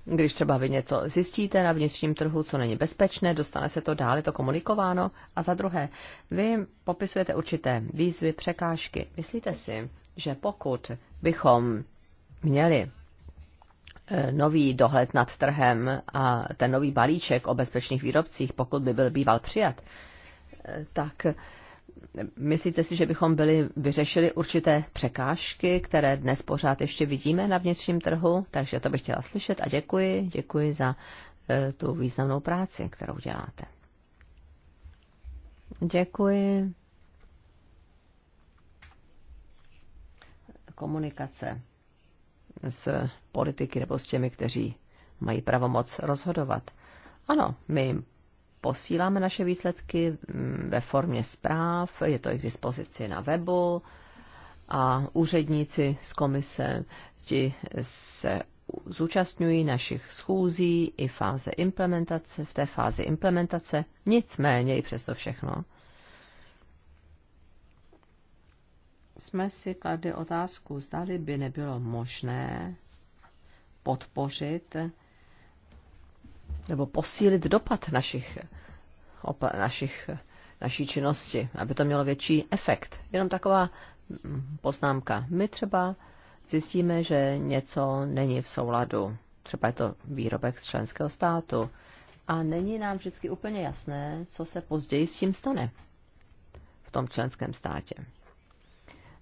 když třeba vy něco zjistíte na vnitřním trhu, co není bezpečné, dostane se to dále, to komunikováno. A za druhé, vy popisujete určité výzvy, překážky. Myslíte si, že pokud bychom měli eh, nový dohled nad trhem a ten nový balíček o bezpečných výrobcích, pokud by byl býval přijat, eh, tak myslíte si, že bychom byli vyřešili určité překážky, které dnes pořád ještě vidíme na vnitřním trhu? Takže to bych chtěla slyšet a děkuji, děkuji za e, tu významnou práci, kterou děláte. Děkuji. Komunikace s politiky nebo s těmi, kteří mají pravomoc rozhodovat. Ano, my jim posíláme naše výsledky mm, ve formě zpráv, je to i k dispozici na webu a úředníci z komise ti se zúčastňují našich schůzí i fáze implementace, v té fázi implementace, nicméně i přesto všechno. Jsme si kladli otázku, zdali by nebylo možné podpořit nebo posílit dopad našich, opa, našich, naší činnosti, aby to mělo větší efekt. Jenom taková mm, poznámka. My třeba zjistíme, že něco není v souladu. Třeba je to výrobek z členského státu. A není nám vždycky úplně jasné, co se později s tím stane v tom členském státě.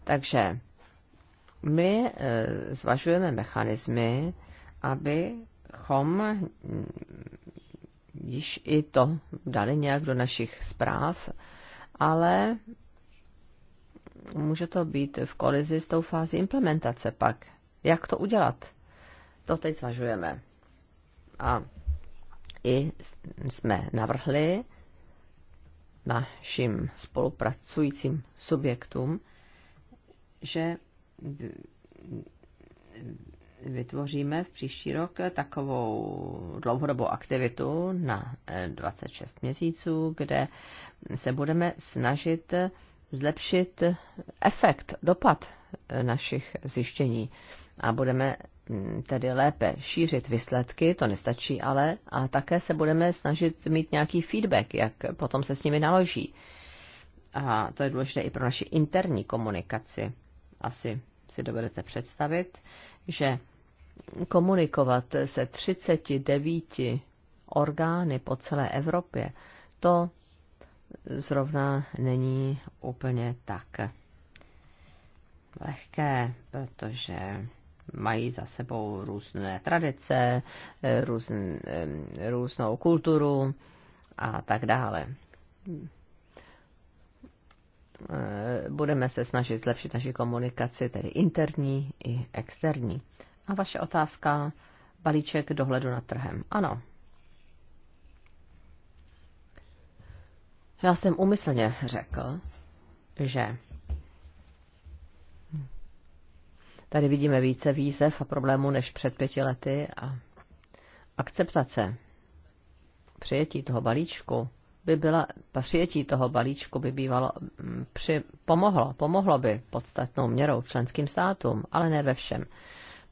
Takže my eh, zvažujeme mechanismy, aby bychom již i to dali nějak do našich zpráv, ale může to být v kolizi s tou fází implementace pak. Jak to udělat? To teď zvažujeme. A i jsme navrhli našim spolupracujícím subjektům, že vytvoříme v příští rok takovou dlouhodobou aktivitu na 26 eh, měsíců, kde se budeme snažit zlepšit efekt, dopad eh, našich zjištění a budeme mm, tedy lépe šířit výsledky, to nestačí ale, a také se budeme snažit mít nějaký feedback, jak potom se s nimi naloží. A to je důležité i pro naši interní komunikaci. Asi si dovedete představit, že komunikovat se 39 orgány po celé Evropě, to zrovna není úplně tak lehké, protože mají za sebou různé tradice, různ, různou kulturu a tak dále. Budeme se snažit zlepšit naši komunikaci, tedy interní i externí. A vaše otázka, balíček dohledu nad trhem. Ano. Já jsem umyslně řekl, že tady vidíme více výzev a problémů než před pěti lety a akceptace přijetí toho balíčku by byla, přijetí toho balíčku by bývalo, mm, při, pomohlo, pomohlo by podstatnou měrou členským státům, ale ne ve všem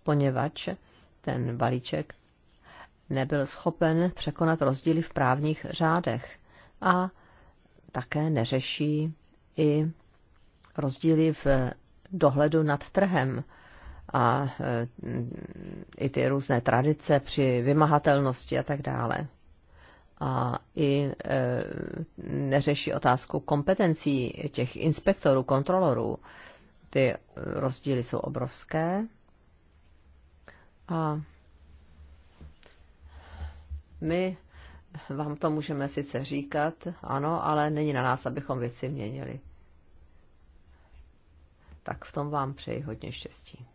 poněvadž ten balíček nebyl schopen překonat rozdíly v právních řádech a také neřeší i rozdíly v dohledu nad trhem a e, i ty různé tradice při vymahatelnosti a tak dále. A i e, neřeší otázku kompetencí těch inspektorů, kontrolorů. Ty rozdíly jsou obrovské a my vám to můžeme sice říkat, ano, ale není na nás, abychom věci měnili. Tak v tom vám přeji hodně štěstí.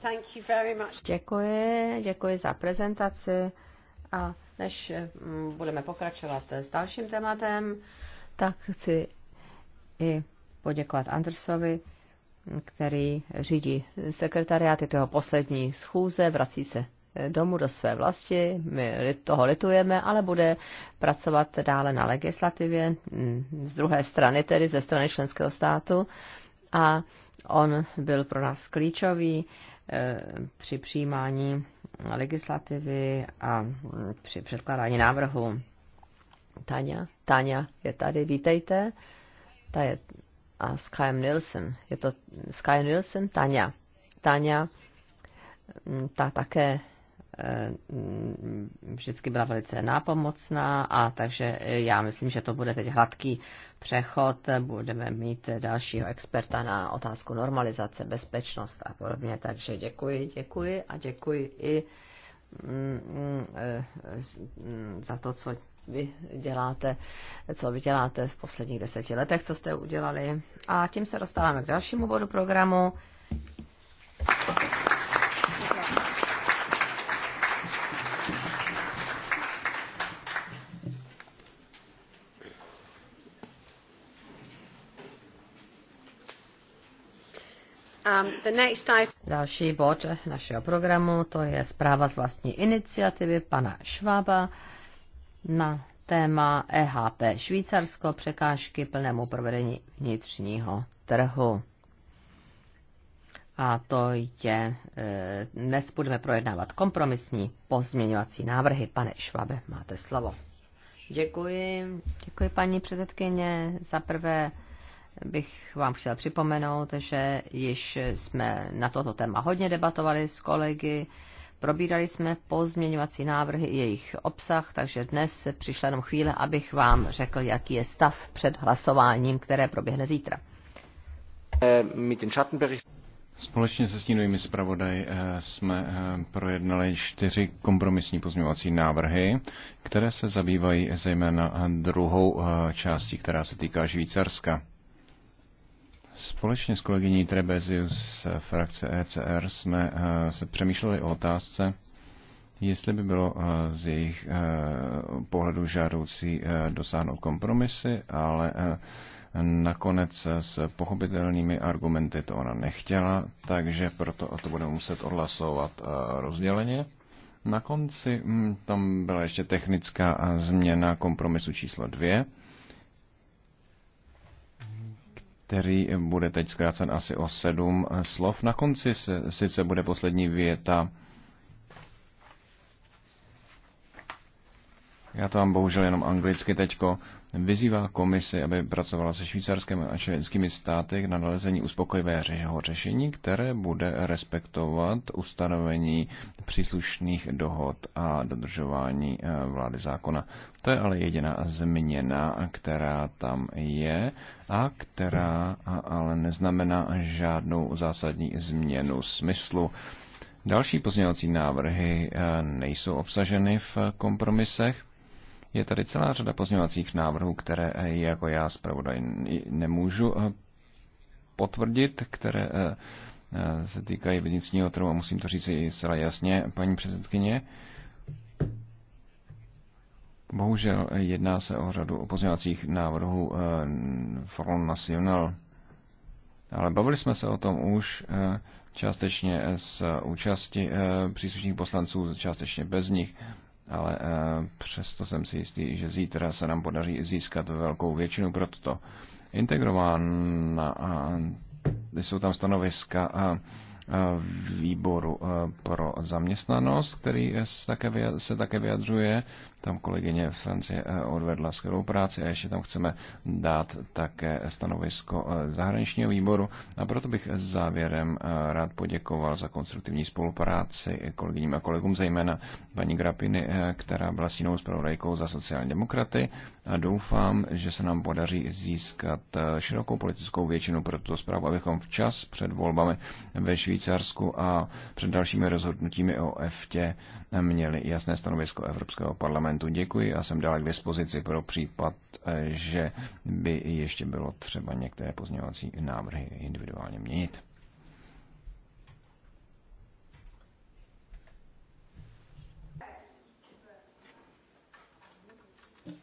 Thank you very much. Děkuji, děkuji za prezentaci a než mm, budeme pokračovat s dalším tématem, tak chci i poděkovat Andersovi který řídí sekretariát, je to jeho poslední schůze, vrací se eh, domů do své vlasti, my toho litujeme, ale bude pracovat dále na legislativě, mm, z druhé strany tedy, ze strany členského státu. A on byl pro nás klíčový eh, při přijímání legislativy a mm, při předkládání návrhu. Tania, Tania je tady, vítejte. Ta je a s Kajem Nielsen. Je to s Kajem Nielsen? Tania. Tania, mm, ta také eh, mm, vždycky byla velice nápomocná a takže eh, já myslím, že to bude teď hladký přechod. Budeme mít dalšího experta na otázku normalizace, bezpečnost a podobně. Takže děkuji, děkuji a děkuji i za to, co vy děláte, co vy děláte v posledních deseti letech, co jste udělali. A tím se dostáváme k dalšímu bodu programu. Další bod našeho programu, to je zpráva z vlastní iniciativy pana Švába na téma EHP Švýcarsko překážky plnému provedení vnitřního trhu. A to je, e, dnes budeme projednávat kompromisní pozměňovací návrhy. Pane Švabe, máte slovo. Děkuji, děkuji paní předsedkyně. Za prvé bych vám chtěl připomenout, že již jsme na toto téma hodně debatovali s kolegy, probírali jsme pozměňovací návrhy i jejich obsah, takže dnes přišla jenom chvíle, abych vám řekl, jaký je stav před hlasováním, které proběhne zítra. Společně se stínovými zpravodaj eh, jsme eh, projednali čtyři kompromisní pozměňovací návrhy, které se zabývají zejména druhou eh, částí, která se týká Švýcarska. Společně s kolegyní Trebezius z frakce ECR jsme eh, se přemýšleli o otázce, jestli by bylo eh, z jejich eh, pohledu žádoucí dosáhnout kompromisy, ale nakonec s pochopitelnými argumenty to ona nechtěla, takže proto to budeme muset odhlasovat rozděleně. Na konci hm, tam byla ještě technická změna kompromisu číslo dvě. který bude teď zkrácen asi o sedm slov. Na konci sice bude poslední věta. Já to mám bohužel jenom anglicky teďko vyzývá komisi, aby pracovala se švýcarským a švédskými státy na nalezení uspokojivého řešení, které bude respektovat ustanovení příslušných dohod a dodržování eh, vlády zákona. To je ale jediná změna, která tam je a která ale neznamená žádnou zásadní změnu smyslu. Další pozměňovací návrhy eh, nejsou obsaženy v kompromisech je tady celá řada pozměňovacích návrhů, které eh, jako já zpravodaj nemůžu eh, potvrdit, které eh, se týkají vnitřního trhu a musím to říct i zcela jasně, paní předsedkyně. Bohužel jedná se o řadu pozměňovacích návrhů Front National, ale bavili jsme se o tom už částečně s účasti příslušných poslanců, částečně bez nich ale eh, přesto jsem si jistý, že zítra se nám podaří získat velkou většinu pro toto. a, jsou tam stanoviska a eh, eh, výboru pro zaměstnanost, který se také, se také vyjadřuje. Tam kolegyně v Francie eh, odvedla skvělou práci a ještě tam chceme dát také stanovisko eh, zahraničního výboru. A proto bych závěrem eh, rád poděkoval za konstruktivní spolupráci kolegyním a kolegům, zejména paní Grapiny, která byla stínou zpravodajkou za sociální demokraty. A doufám, že se nám podaří získat širokou politickou většinu pro tuto zprávu, abychom včas před volbami ve Švýcarsku a před dalšími rozhodnutími o EFTě měli jasné stanovisko Evropského parlamentu momentu Děkuji a jsem dále k dispozici pro případ, eh, že by ještě bylo třeba některé pozměňovací návrhy individuálně měnit.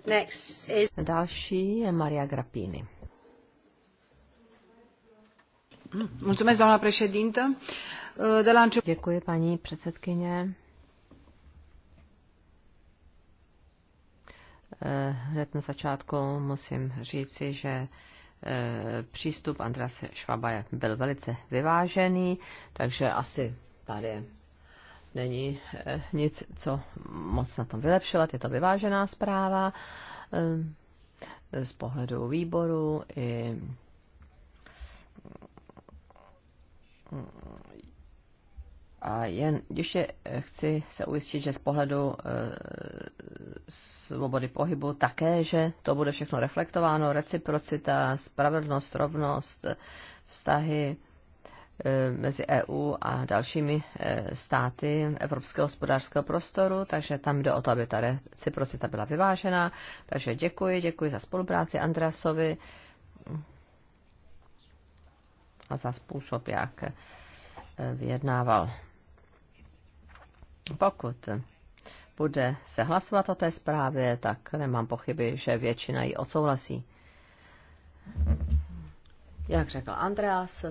Next is... Další je Maria Grappini. Děkuji, paní předsedkyně. Eh, hned na začátku musím říci, že eh, přístup Andrase Švaba byl velice vyvážený, takže asi tady není eh, nic, co moc na tom vylepšovat. Je to vyvážená zpráva z pohledu výboru i a jen je, eh, chci se ujistit, že z pohledu eh, svobody pohybu také, že to bude všechno reflektováno, reciprocita, spravedlnost, rovnost, vztahy eh, mezi EU a dalšími státy Evropského hospodářského prostoru, takže tam jde o to, aby ta reciprocita byla vyvážená. Takže děkuji, děkuji za spolupráci Andreasovi a za způsob, jak vyjednával. Pokud bude se hlasovat o té zprávě, tak nemám pochyby, že většina ji odsouhlasí. Jak řekl Andreas,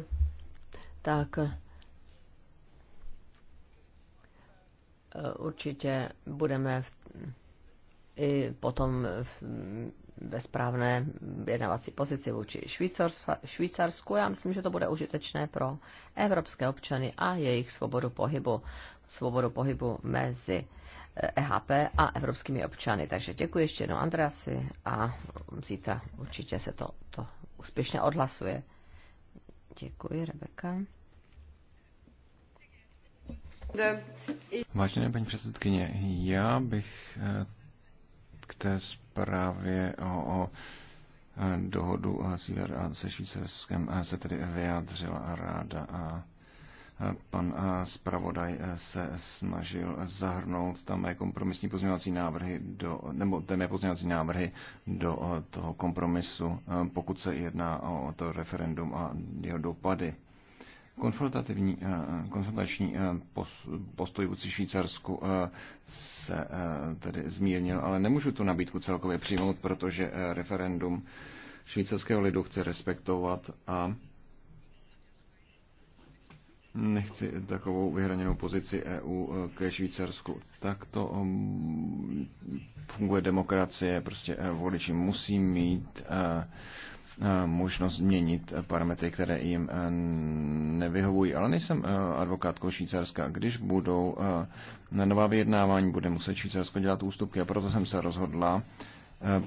tak eh, určitě budeme i potom ve správné vyjednavací pozici vůči Švýcarsku. Já myslím, že to bude užitečné pro evropské občany a jejich svobodu pohybu, svobodu pohybu mezi EHP e a evropskými občany. Takže děkuji ještě jednou Andrasi a zítra určitě se to, to úspěšně odhlasuje. Děkuji, Rebeka. Vážené paní předsedkyně, já bych eh, k té zprávě o, o e, dohodu a e, e, se Švýcarskem se tedy vyjádřila ráda a pan zpravodaj se snažil zahrnout tam mé kompromisní pozměňovací návrhy do, nebo ty mé pozměňovací návrhy do toho kompromisu, pokud se jedná o to referendum a jeho dopady konfrontativní, eh, konfrontační eh, postoj vůči Švýcarsku eh, se tedy zmírnil, ale nemůžu tu nabídku celkově přijmout, protože referendum švýcarského lidu chce respektovat a nechci takovou vyhraněnou pozici EU ke Švýcarsku. Tak to mm, funguje demokracie, prostě voliči musí mít Eh, možnost změnit parametry, které jim eh, nevyhovují. Ale nejsem eh, advokátkou Švýcarska. Když budou nová vyjednávání, bude muset Švýcarsko dělat ústupky a proto jsem se rozhodla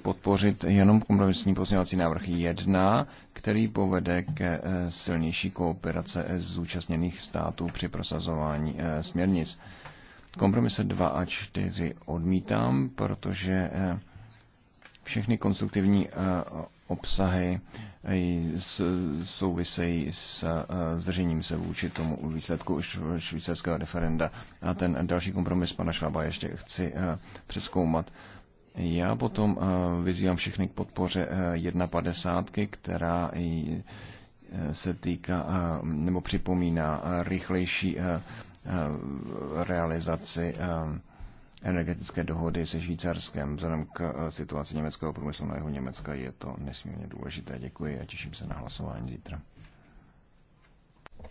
podpořit jenom kompromisní pozměňovací návrh 1, který povede ke silnější kooperace zúčastněných států při prosazování směrnic. Kompromise 2 a 4 odmítám, protože všechny konstruktivní obsahy souvisejí s eh, zdržením se vůči tomu výsledku švýcarského referenda. A ten další kompromis pana Švába ještě chci eh, přeskoumat. Já potom eh, vyzývám všechny k podpoře 1.50, která se týká nebo připomíná rychlejší realizaci energetické dohody se Švýcarskem. Vzhledem k eh, situaci německého průmyslu na jihu Německa je to nesmírně důležité. Děkuji a těším se na hlasování zítra.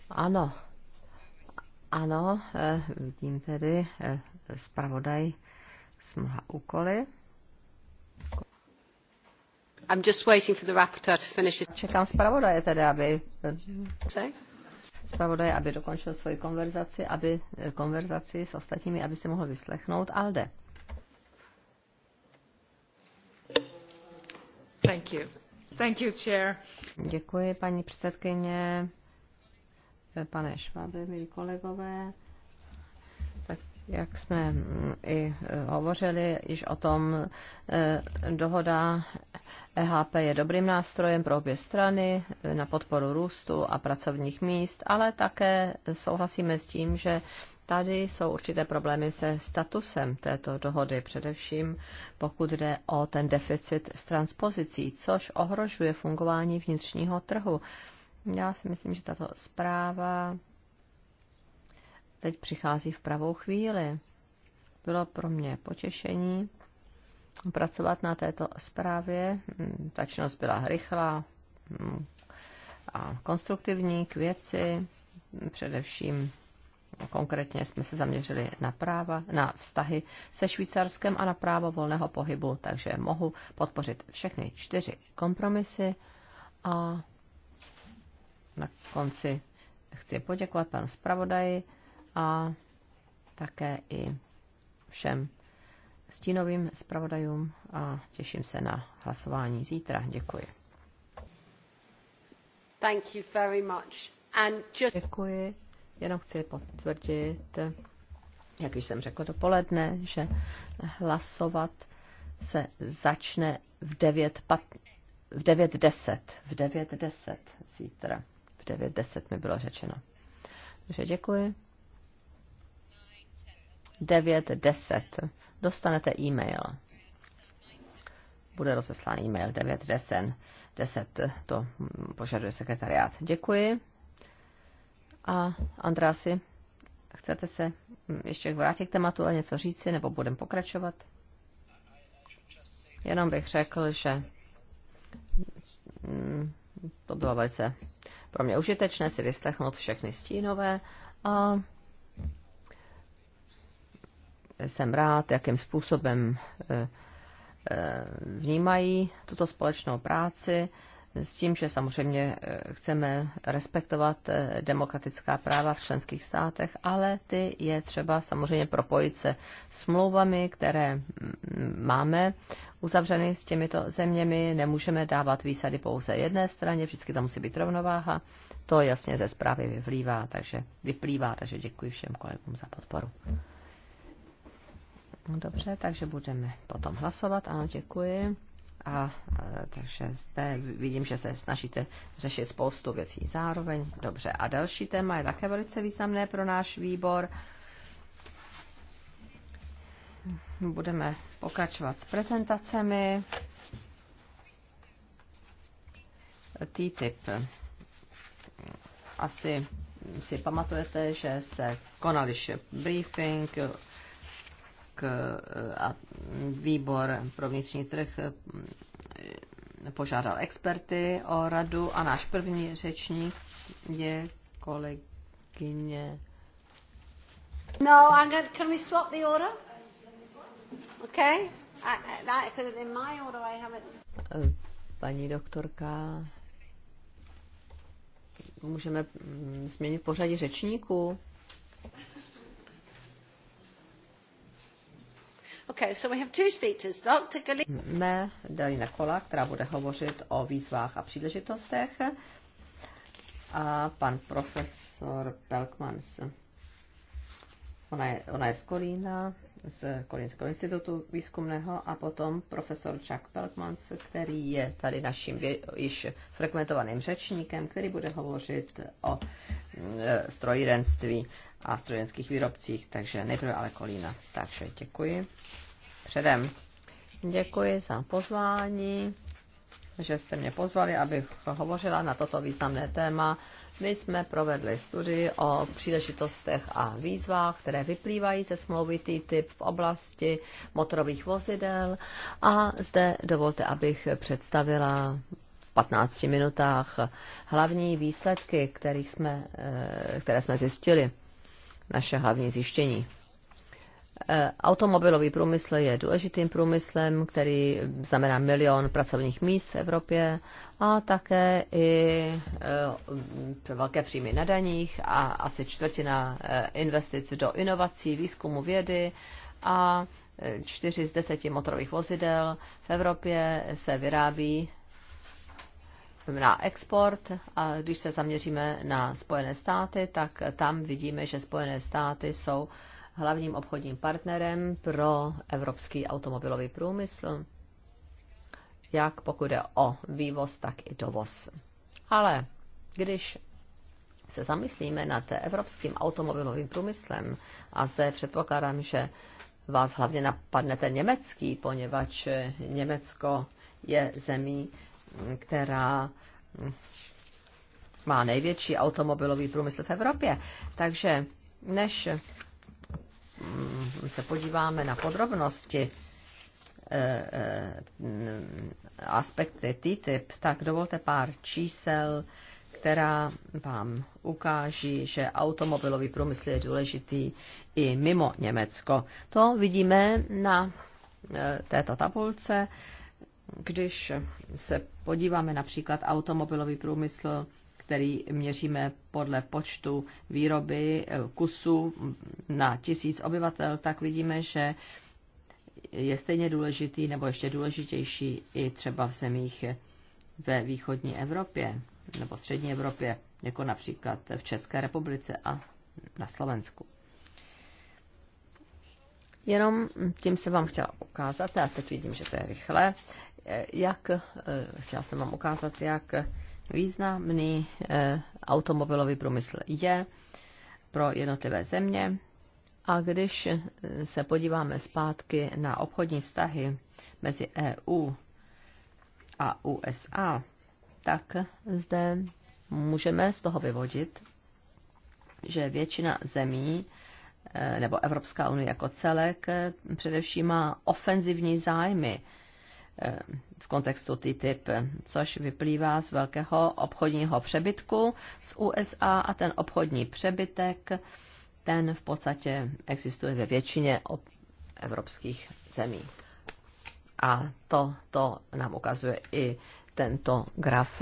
Ano. Ano, eh, vidím tedy eh, zpravodaj s mnoha úkoly. I'm just waiting for the rapporteur to finish his... Čekám zpravodaje tedy, aby zpravodaje, aby dokončil svoji konverzaci, aby eh, konverzaci s ostatními, aby si mohl vyslechnout Alde. Thank you. Thank you, chair. Děkuji, paní předsedkyně, pane Švábe, milí kolegové jak jsme mm, i e, hovořili již o tom, e, dohoda EHP je dobrým nástrojem pro obě strany e, na podporu růstu a pracovních míst, ale také souhlasíme s tím, že tady jsou určité problémy se statusem této dohody, především pokud jde o ten deficit s transpozicí, což ohrožuje fungování vnitřního trhu. Já si myslím, že tato zpráva teď přichází v pravou chvíli. Bylo pro mě potěšení pracovat na této zprávě. Ta činnost byla rychlá a konstruktivní k věci. Především konkrétně jsme se zaměřili na práva, na vztahy se Švýcarskem a na právo volného pohybu, takže mohu podpořit všechny čtyři kompromisy a na konci chci poděkovat panu zpravodaji a také i všem stínovým zpravodajům a těším se na hlasování zítra. Děkuji. Thank you very much. And just... Děkuji. Jenom chci potvrdit, jak už jsem řekl dopoledne, že hlasovat se začne v 9.10. V 9.10 v 9.10 zítra. V 9.10 mi bylo řečeno. Takže děkuji. 910. Dostanete e-mail. Bude rozeslán e-mail 910. 10. To požaduje sekretariát. Děkuji. A Andrasi, chcete se ještě vrátit k tématu a něco říci, nebo budeme pokračovat? Jenom bych řekl, že mm, to bylo velice pro mě užitečné si vyslechnout všechny stínové a jsem rád, jakým způsobem eh, eh, vnímají tuto společnou práci s tím, že samozřejmě eh, chceme respektovat demokratická práva v členských státech, ale ty je třeba samozřejmě propojit se smlouvami, které mm, máme uzavřeny s těmito zeměmi. Nemůžeme dávat výsady pouze jedné straně, vždycky tam musí být rovnováha. To jasně ze zprávy vyplývá, takže, vyplývá, takže děkuji všem kolegům za podporu. No dobře, takže budeme potom hlasovat. Ano, děkuji. A, a e, takže zde vidím, že se snažíte řešit spoustu věcí zároveň. Dobře, a další téma je také velice významné pro náš výbor. Budeme pokračovat s prezentacemi. TTIP. Asi si pamatujete, že se konal briefing a výbor pro vnitřní trh požádal experty o radu a náš první řečník je kolegyně. No, I'm gonna, can we swap the order? Okay. I, that, in my order I haven't... Paní doktorka, můžeme mm, změnit pořadí řečníků? Okay, so we have two speakers. Dr. Mé Dalina Kola, která bude hovořit o výzvách a příležitostech a pan profesor Pelkmans. Ona je, ona je z Kolína, z Kolínského institutu výzkumného a potom profesor Chuck Pelkmans, který je tady naším již frekventovaným řečníkem, který bude hovořit o e, strojírenství a strojenských výrobcích, takže nejprve ale kolína. Takže děkuji předem. Děkuji za pozvání, že jste mě pozvali, abych hovořila na toto významné téma. My jsme provedli studii o příležitostech a výzvách, které vyplývají ze smlouvy TTIP v oblasti motorových vozidel a zde dovolte, abych představila v 15 minutách hlavní výsledky, jsme, eh, které jsme zjistili naše hlavní zjištění. E, automobilový průmysl je důležitým průmyslem, který znamená milion pracovních míst v Evropě a také i e, velké příjmy na daních a asi čtvrtina e, investic do inovací, výzkumu vědy a čtyři z deseti motorových vozidel v Evropě se vyrábí znamená export a když se zaměříme na Spojené státy, tak tam vidíme, že Spojené státy jsou hlavním obchodním partnerem pro evropský automobilový průmysl, jak pokud jde o vývoz, tak i dovoz. Ale když se zamyslíme nad evropským automobilovým průmyslem, a zde předpokládám, že vás hlavně napadne ten německý, poněvadž Německo je zemí, která má největší automobilový průmysl v Evropě. Takže než mm, se podíváme na podrobnosti eh, eh, aspekty TTIP, tak dovolte pár čísel, která vám ukáží, že automobilový průmysl je důležitý i mimo Německo. To vidíme na eh, této tabulce. Když se podíváme například automobilový průmysl, který měříme podle počtu výroby eh, kusů na tisíc obyvatel, tak vidíme, že je stejně důležitý nebo ještě důležitější i třeba v zemích ve východní Evropě nebo střední Evropě, jako například v České republice a na Slovensku. Jenom tím se vám chtěla ukázat, a teď vidím, že to je rychle, jak, eh, chtěla jsem vám ukázat, jak významný eh, automobilový průmysl je pro jednotlivé země. A když se podíváme zpátky na obchodní vztahy mezi EU a USA, tak zde můžeme z toho vyvodit, že většina zemí eh, nebo Evropská unie jako celek především má ofenzivní zájmy v kontextu TTIP, což vyplývá z velkého obchodního přebytku z USA a ten obchodní přebytek, ten v podstatě existuje ve většině evropských zemí. A to, to nám ukazuje i tento graf.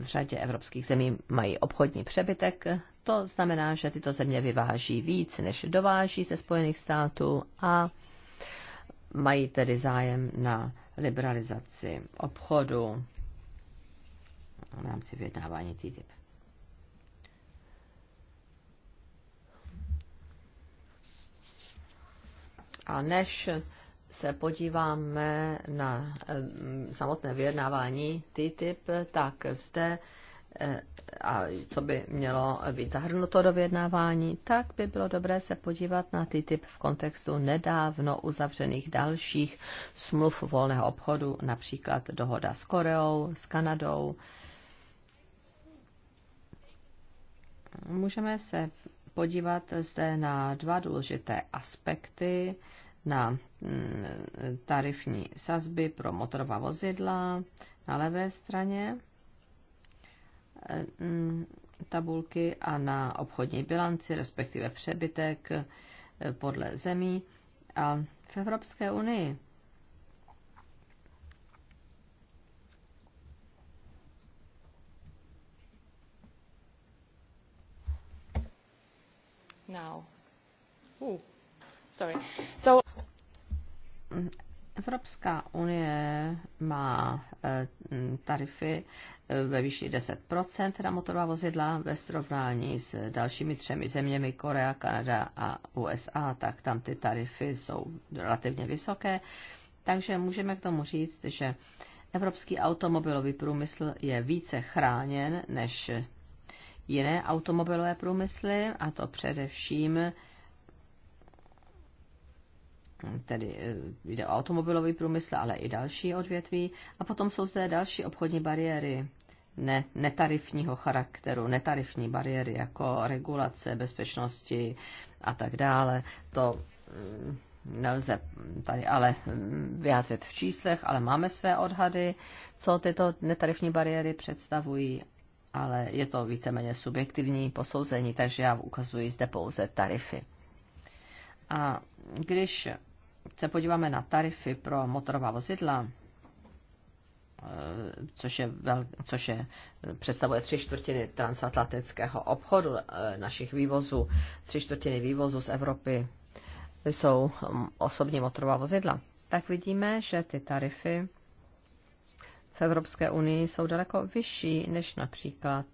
V řadě evropských zemí mají obchodní přebytek, to znamená, že tyto země vyváží víc, než dováží ze Spojených států a mají tedy zájem na liberalizaci obchodu v rámci vyjednávání TTIP. A než se podíváme na eh, samotné vyjednávání TTIP, tak zde Eh, a co by mělo být zahrnuto do vyjednávání, tak by bylo dobré se podívat na ty typ v kontextu nedávno uzavřených dalších smluv volného obchodu, například dohoda s Koreou, s Kanadou. Můžeme se podívat zde na dva důležité aspekty, na mm, tarifní sazby pro motorová vozidla na levé straně Eh, mm, tabulky a na obchodní bilanci, respektive přebytek eh, podle zemí. A v Evropské unii Now. Ooh. Sorry. So... Mm, Evropská unie má eh, tarify eh, ve výši 10% na motorová vozidla ve srovnání s dalšími třemi zeměmi Korea, Kanada a USA, tak tam ty tarify jsou relativně vysoké. Takže můžeme k tomu říct, že evropský automobilový průmysl je více chráněn než jiné automobilové průmysly, a to především tedy e, jde o automobilový průmysl, ale i další odvětví. A potom jsou zde další obchodní bariéry ne, netarifního charakteru, netarifní bariéry jako regulace bezpečnosti a tak dále. To mm, nelze tady ale mm, vyjádřit v číslech, ale máme své odhady, co tyto netarifní bariéry představují, ale je to víceméně subjektivní posouzení, takže já ukazuji zde pouze tarify. A když se podíváme na tarify pro motorová vozidla, e, což, je vel, což je, představuje tři čtvrtiny transatlantického obchodu e, našich vývozů, tři čtvrtiny vývozu z Evropy jsou osobní motorová vozidla, tak vidíme, že ty tarify v Evropské unii jsou daleko vyšší než například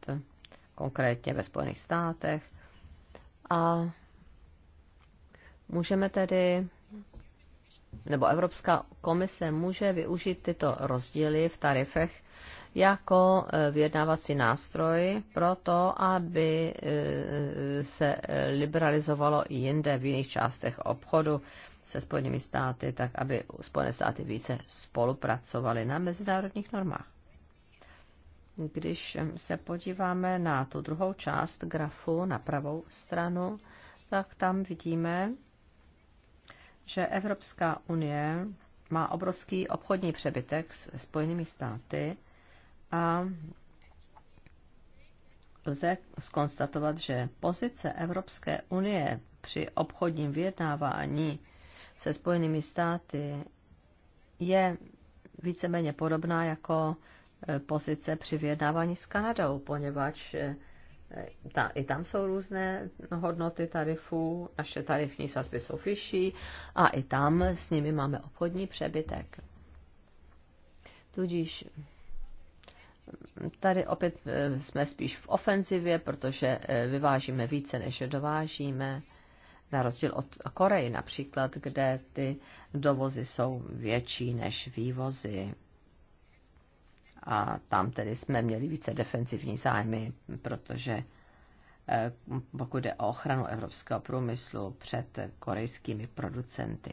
konkrétně ve Spojených státech. A můžeme tedy nebo Evropská komise může využít tyto rozdíly v tarifech jako e, vyjednávací nástroj pro to, aby e, se e, liberalizovalo i jinde v jiných částech obchodu se Spojenými státy, tak aby Spojené státy více spolupracovaly na mezinárodních normách. Když se podíváme na tu druhou část grafu, na pravou stranu, tak tam vidíme, že Evropská unie má obrovský obchodní přebytek s Spojenými státy a lze skonstatovat, že pozice Evropské unie při obchodním vyjednávání se Spojenými státy je víceméně podobná jako e, pozice při vyjednávání s Kanadou, poněvadž e, Eh, ta, i tam jsou různé hodnoty tarifů, naše tarifní sazby jsou vyšší a i tam s nimi máme obchodní přebytek. Tudíž mm, tady opět eh, jsme spíš v ofenzivě, protože eh, vyvážíme více, než dovážíme, na rozdíl od Koreji například, kde ty dovozy jsou větší než vývozy a tam tedy jsme měli více defensivní zájmy, protože eh, pokud jde o ochranu evropského průmyslu před korejskými producenty.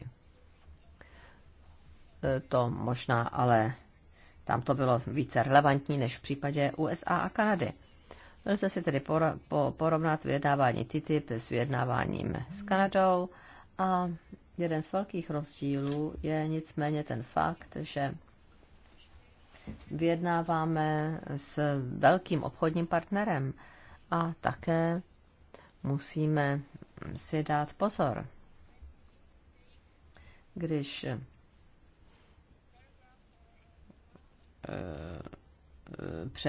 Eh, to možná, ale tam to bylo více relevantní než v případě USA a Kanady. Lze si tedy porovnat vyjednávání TTIP s vyjednáváním s Kanadou a jeden z velkých rozdílů je nicméně ten fakt, že vyjednáváme s velkým obchodním partnerem a také musíme si dát pozor, když eh,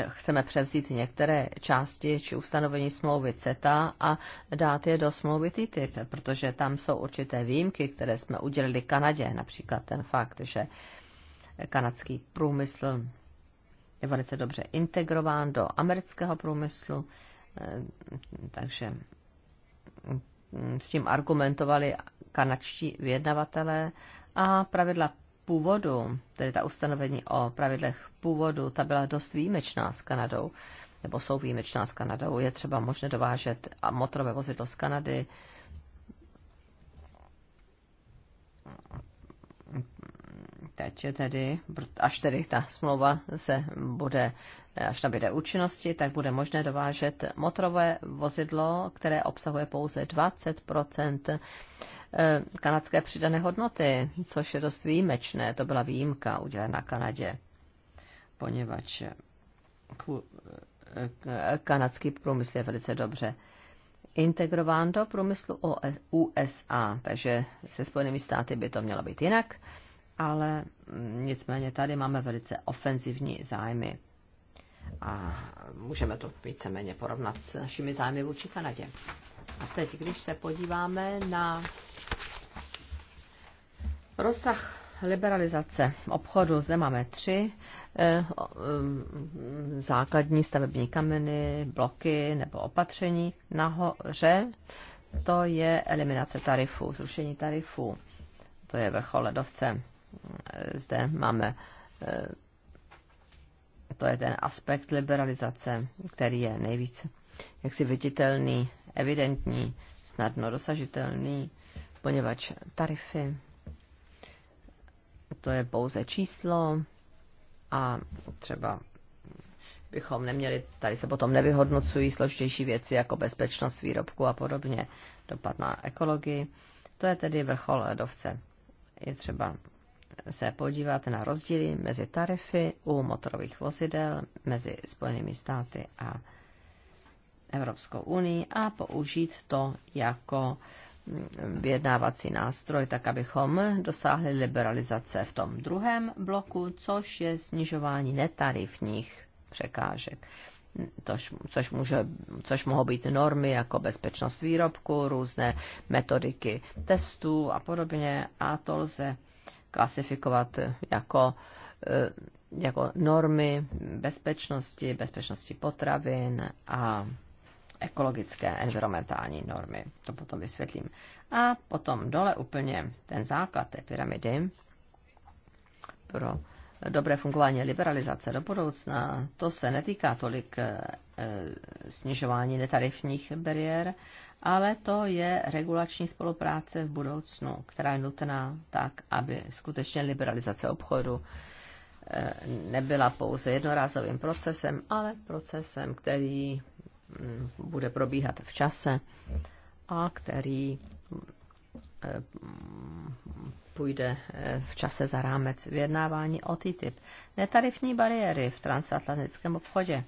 chceme převzít některé části či ustanovení smlouvy CETA a dát je do smlouvy TTIP, protože tam jsou určité výjimky, které jsme udělili Kanadě, například ten fakt, že kanadský průmysl je velice dobře integrován do amerického průmyslu, eh, takže s tím argumentovali kanadští vyjednavatelé a pravidla původu, tedy ta ustanovení o pravidlech původu, ta byla dost výjimečná s Kanadou, nebo jsou výjimečná s Kanadou. Je třeba možné dovážet motorové vozidlo z Kanady, teď tedy, až tedy ta smlouva se bude, až nabíde účinnosti, tak bude možné dovážet motorové vozidlo, které obsahuje pouze 20 eh, kanadské přidané hodnoty, což je dost výjimečné. To byla výjimka udělená Kanadě, poněvadž eh, kanadský průmysl je velice dobře integrován do průmyslu USA, takže se Spojenými státy by to mělo být jinak ale nicméně tady máme velice ofenzivní zájmy a můžeme to víceméně porovnat s našimi zájmy vůči Kanadě. A teď, když se podíváme na rozsah liberalizace obchodu, zde máme tři eh, eh, základní stavební kameny, bloky nebo opatření. Nahoře to je eliminace tarifů, zrušení tarifů. To je vrchol ledovce. Eh, zde máme, eh, to je ten aspekt liberalizace, který je nejvíc jaksi viditelný, evidentní, snadno dosažitelný, poněvadž tarify, to je pouze číslo a třeba bychom neměli, tady se potom nevyhodnocují složitější věci jako bezpečnost výrobku a podobně, dopad na ekologii. To je tedy vrchol ledovce. Je třeba se podívat na rozdíly mezi tarify u motorových vozidel mezi Spojenými státy a Evropskou unii a použít to jako vyjednávací nástroj, tak abychom dosáhli liberalizace v tom druhém bloku, což je snižování netarifních překážek. Tož, což, může, což mohou být normy jako bezpečnost výrobku, různé metodiky testů a podobně. A to lze klasifikovat jako, eh, jako normy bezpečnosti, bezpečnosti potravin a ekologické, environmentální normy. To potom vysvětlím. A potom dole úplně ten základ té pyramidy pro dobré fungování liberalizace do budoucna, to se netýká tolik eh, snižování netarifních bariér, ale to je regulační spolupráce v budoucnu, která je nutná tak, aby skutečně liberalizace obchodu eh, nebyla pouze jednorázovým procesem, ale procesem, který mm, bude probíhat v čase a který Eh, půjde eh, v čase za rámec vyjednávání o TTIP. Netarifní bariéry v transatlantickém obchodě.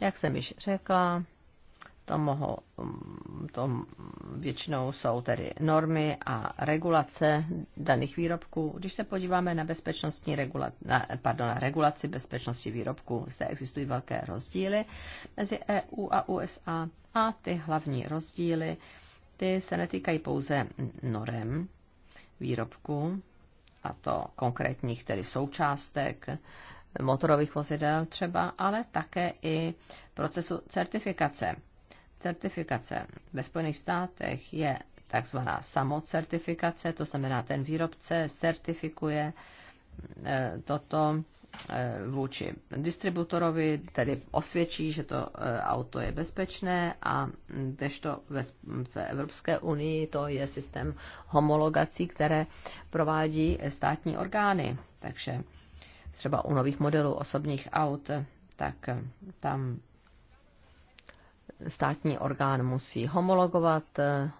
Jak jsem již řekla, to, mohou, mm, to většinou jsou tedy normy a regulace daných výrobků. Když se podíváme na, bezpečnostní regula, na, pardon, na regulaci bezpečnosti výrobků, zde existují velké rozdíly mezi EU a USA a ty hlavní rozdíly eh, ty se netýkají pouze norem výrobku, a to konkrétních tedy součástek motorových vozidel třeba, ale také i procesu certifikace. Certifikace ve Spojených státech je takzvaná samocertifikace, to znamená, ten výrobce certifikuje e, toto Eh, vůči distributorovi, tedy osvědčí, že to eh, auto je bezpečné a kdežto ve, v Evropské unii to je systém homologací, které provádí státní orgány. Takže třeba u nových modelů osobních aut, tak tam státní orgán musí homologovat, eh,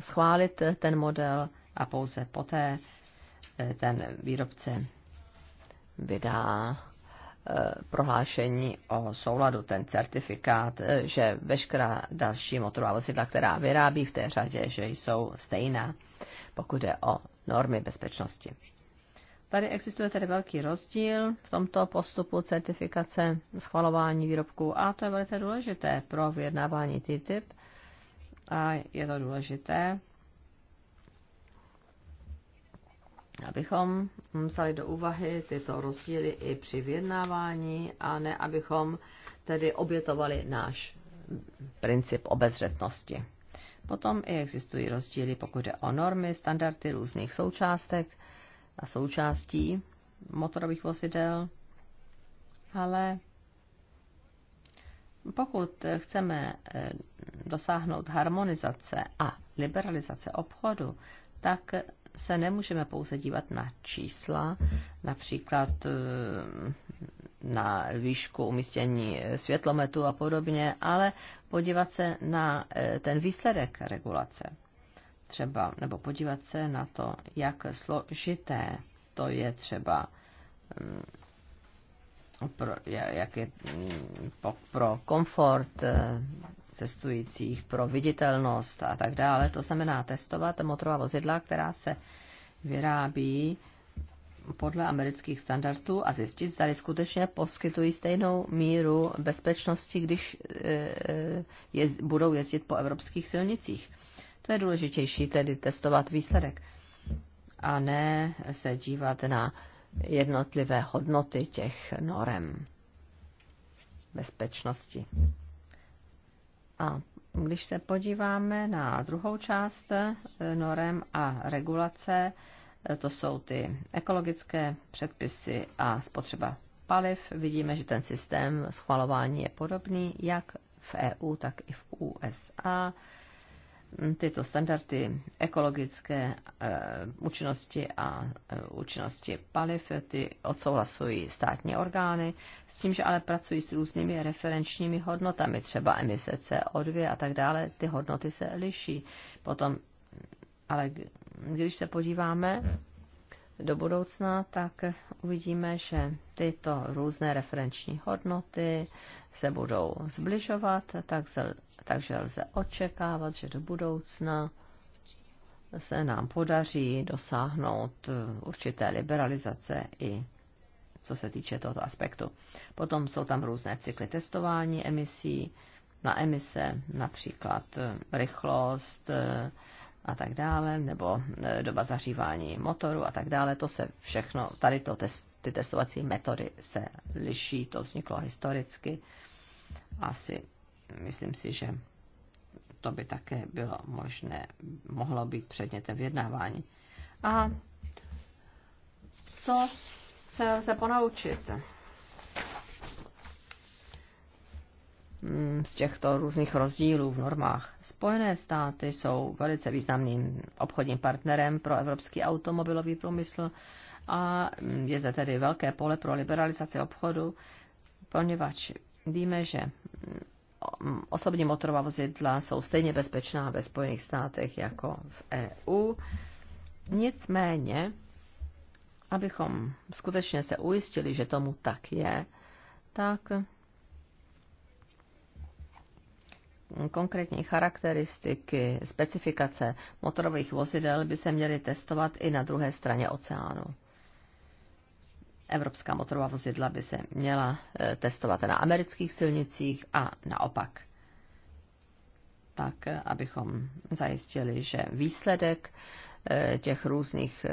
schválit ten model a pouze poté ten výrobce vydá eh, prohlášení o souladu, ten certifikát, eh, že veškerá další motorová vozidla, která vyrábí v té řadě, že jsou stejná, pokud je o normy bezpečnosti. Tady existuje tedy velký rozdíl v tomto postupu certifikace schvalování výrobků a to je velice důležité pro vyjednávání TTIP a je to důležité abychom vzali do úvahy tyto rozdíly i při vyjednávání a ne abychom tedy obětovali náš princip obezřetnosti. Potom i existují rozdíly, pokud jde o normy, standardy různých součástek a součástí motorových vozidel, ale pokud chceme eh, dosáhnout harmonizace a liberalizace obchodu, tak se nemůžeme pouze dívat na čísla, například eh, na výšku umístění světlometu a podobně, ale podívat se na eh, ten výsledek regulace třeba, nebo podívat se na to, jak složité to je třeba, mm, pro, jak je mm, pro komfort eh, cestujících, pro viditelnost a tak dále. To znamená testovat motorová vozidla, která se vyrábí podle amerických standardů a zjistit, zda skutečně poskytují stejnou míru bezpečnosti, když e, e, je, budou jezdit po evropských silnicích. To je důležitější, tedy testovat výsledek a ne se dívat na jednotlivé hodnoty těch norem bezpečnosti. A když se podíváme na druhou část eh, norem a regulace, eh, to jsou ty ekologické předpisy a spotřeba paliv. Vidíme, že ten systém schvalování je podobný jak v EU, tak i v USA tyto standardy ekologické eh, účinnosti a eh, účinnosti paliv, ty odsouhlasují státní orgány, s tím, že ale pracují s různými referenčními hodnotami, třeba emise CO2 a tak dále, ty hodnoty se liší. Potom, ale když se podíváme do budoucna, tak uvidíme, že tyto různé referenční hodnoty se budou zbližovat, tak takže lze očekávat, že do budoucna se nám podaří dosáhnout eh, určité liberalizace i co se týče tohoto aspektu. Potom jsou tam různé cykly testování emisí, na emise, například eh, rychlost eh, a tak dále, nebo doba zahřívání motoru a tak dále. To se všechno, tady to test, ty testovací metody se liší, to vzniklo historicky asi myslím si, že to by také bylo možné, mohlo být předmětem vyjednávání. A co se lze ponaučit hmm, z těchto různých rozdílů v normách? Spojené státy jsou velice významným obchodním partnerem pro evropský automobilový průmysl a je zde tedy velké pole pro liberalizaci obchodu, poněvadž víme, že osobní motorová vozidla jsou stejně bezpečná ve Spojených státech jako v EU. Nicméně, abychom skutečně se ujistili, že tomu tak je, tak konkrétní charakteristiky, specifikace motorových vozidel by se měly testovat i na druhé straně oceánu. Evropská motorová vozidla by se měla eh, testovat na amerických silnicích a naopak. Tak, eh, abychom zajistili, že výsledek eh, těch různých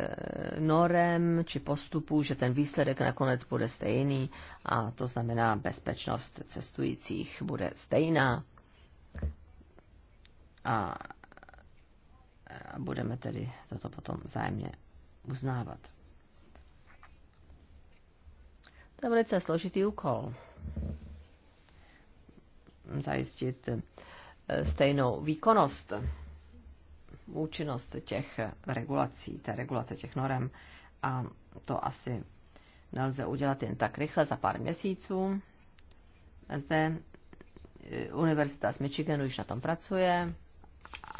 norem či postupů, že ten výsledek nakonec bude stejný a to znamená bezpečnost cestujících bude stejná. A budeme tedy toto potom vzájemně uznávat. To je velice složitý úkol. Zajistit eh, stejnou výkonnost, účinnost těch regulací, té regulace těch norem. A to asi nelze udělat jen tak rychle za pár měsíců. Zde eh, Univerzita z Michiganu již na tom pracuje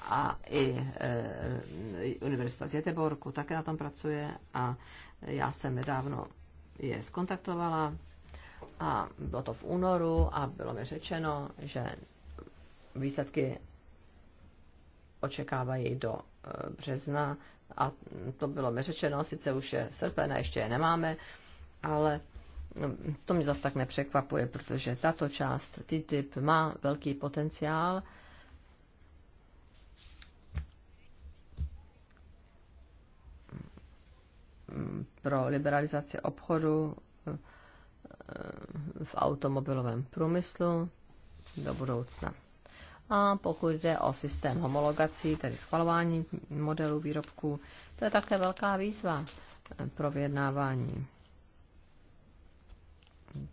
a i e, Univerzita z Jeteborku také na tom pracuje a já jsem nedávno je skontaktovala a bylo to v únoru a bylo mi řečeno, že výsledky očekávají do e, března a to bylo mi řečeno, sice už je srpen a ještě je nemáme, ale mm, to mě zase tak nepřekvapuje, protože tato část TTIP má velký potenciál pro liberalizaci obchodu eh, v automobilovém průmyslu do budoucna. A pokud jde o systém homologací, tedy schvalování modelů výrobků, to je také velká výzva eh, pro vyjednávání.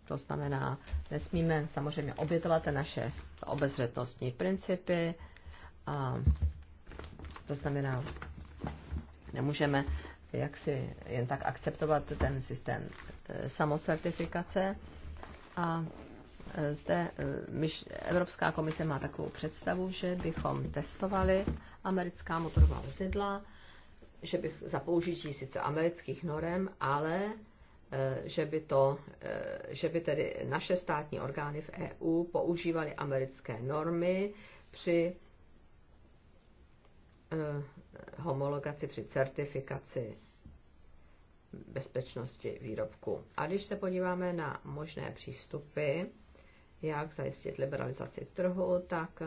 To znamená, nesmíme samozřejmě obětovat naše obezřetnostní principy a to znamená, nemůžeme jak si jen tak akceptovat ten systém e, samocertifikace. A e, zde e, myš, Evropská komise má takovou představu, že bychom testovali americká motorová vozidla, že bych za použití sice amerických norem, ale že by, to, že by tedy naše státní orgány v EU používaly americké normy při homologaci, při certifikaci bezpečnosti výrobku. A když se podíváme na možné přístupy, jak zajistit liberalizaci trhu, tak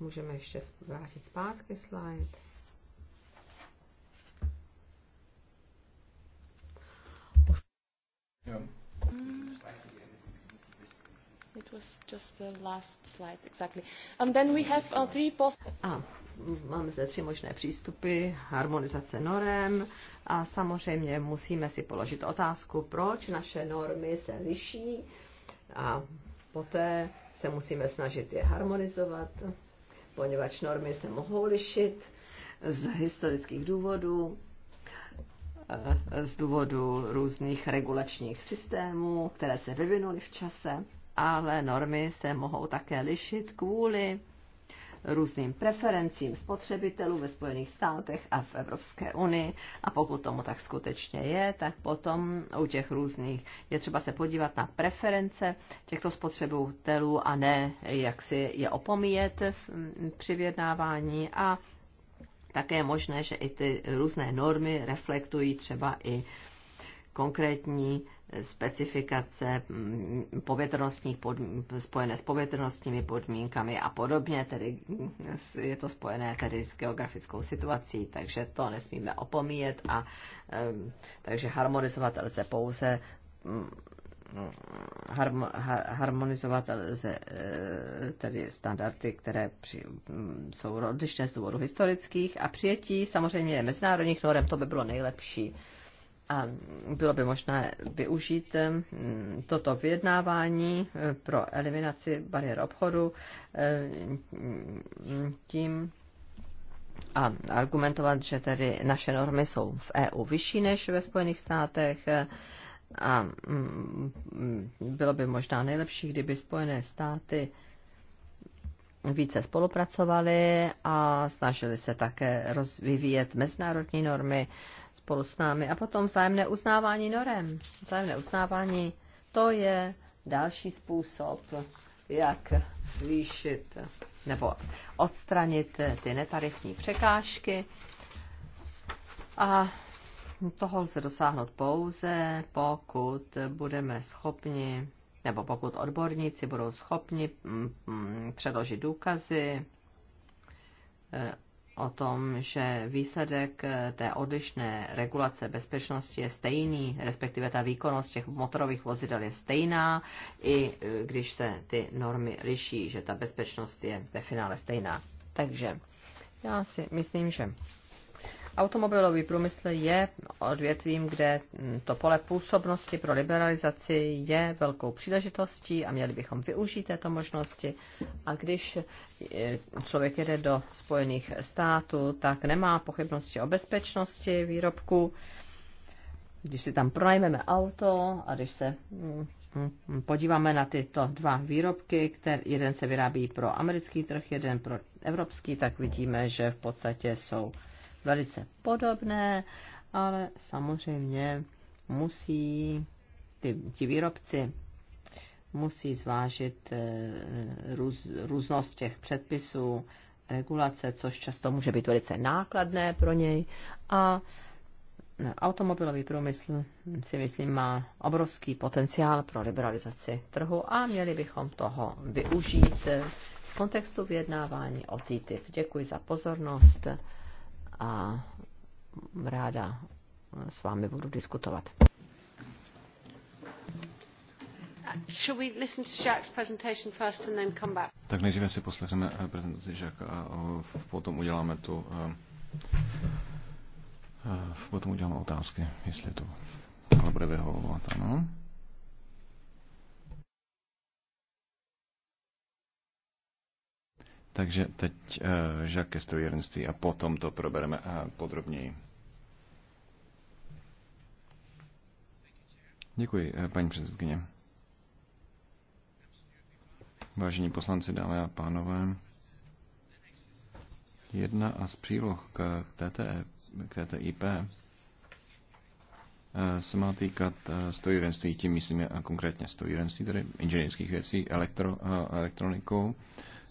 můžeme ještě vrátit zpátky slide. Yeah. It was just the last slide, exactly. And then we have uh, three post... A máme zde tři možné přístupy, harmonizace norem a samozřejmě musíme si položit otázku, proč naše normy se liší a poté se musíme snažit je harmonizovat, poněvadž normy se mohou lišit z historických důvodů, eh, z důvodu různých regulačních systémů, které se vyvinuly v čase ale normy se mohou také lišit kvůli různým preferencím spotřebitelů ve Spojených státech a v Evropské unii. A pokud tomu tak skutečně je, tak potom u těch různých je třeba se podívat na preference těchto spotřebitelů a ne jak si je opomíjet při vyjednávání a také je možné, že i ty různé normy reflektují třeba i konkrétní specifikace mm, povětrnostních pod, spojené s povětrnostními podmínkami a podobně, tedy mm, je to spojené tedy s geografickou situací, takže to nesmíme opomíjet a takže harmonizovat lze pouze mm, harmonizovat lze e, tedy standardy, které při, jsou odlišné z důvodu historických a přijetí samozřejmě mezinárodních norm, to by bylo nejlepší a bylo by možné využít mm, toto vyjednávání eh, pro eliminaci bariér obchodu eh, mm, tím a argumentovat, že tedy naše normy jsou v EU vyšší než ve Spojených státech eh, a mm, bylo by možná nejlepší, kdyby Spojené státy více spolupracovali a snažili se také rozvíjet mezinárodní normy, spolu s námi. A potom vzájemné uznávání norem. Vzájemné uznávání, to je další způsob, jak zvýšit nebo odstranit ty netarifní překážky. A toho lze dosáhnout pouze, pokud budeme schopni, nebo pokud odborníci budou schopni mm, mm, předložit důkazy o tom, že výsledek eh, té odlišné regulace bezpečnosti je stejný, respektive ta výkonnost těch motorových vozidel je stejná, i eh, když se ty normy liší, že ta bezpečnost je ve finále stejná. Takže já si myslím, že Automobilový průmysl je odvětvím, kde to pole působnosti pro liberalizaci je velkou příležitostí a měli bychom využít této možnosti. A když eh, člověk jede do Spojených států, tak nemá pochybnosti o bezpečnosti výrobku. Když si tam pronajmeme auto a když se mm, mm, podíváme na tyto dva výrobky, který, jeden se vyrábí pro americký trh, jeden pro evropský, tak vidíme, že v podstatě jsou velice podobné, ale samozřejmě musí ty, ti výrobci musí zvážit eh, růz, různost těch předpisů, regulace, což často může být velice nákladné pro něj. A automobilový průmysl si myslím má obrovský potenciál pro liberalizaci trhu a měli bychom toho využít v kontextu vyjednávání o TTIP. Děkuji za pozornost a ráda s vámi budu diskutovat. Tak nejdříve si poslechneme eh, prezentaci Žáka a potom uděláme tu eh, eh, potom uděláme otázky, jestli to ale bude vyhovovat, ano. Takže teď Žák eh, ke strojírenství a potom to probereme eh, podrobněji. Děkuji, eh, paní předsedkyně. Vážení poslanci, dámy a pánové, jedna a z příloh k, TTE, k TTIP se má týkat strojírenství, tím a konkrétně strojírenství, tedy inženýrských věcí, elektro, elektronikou,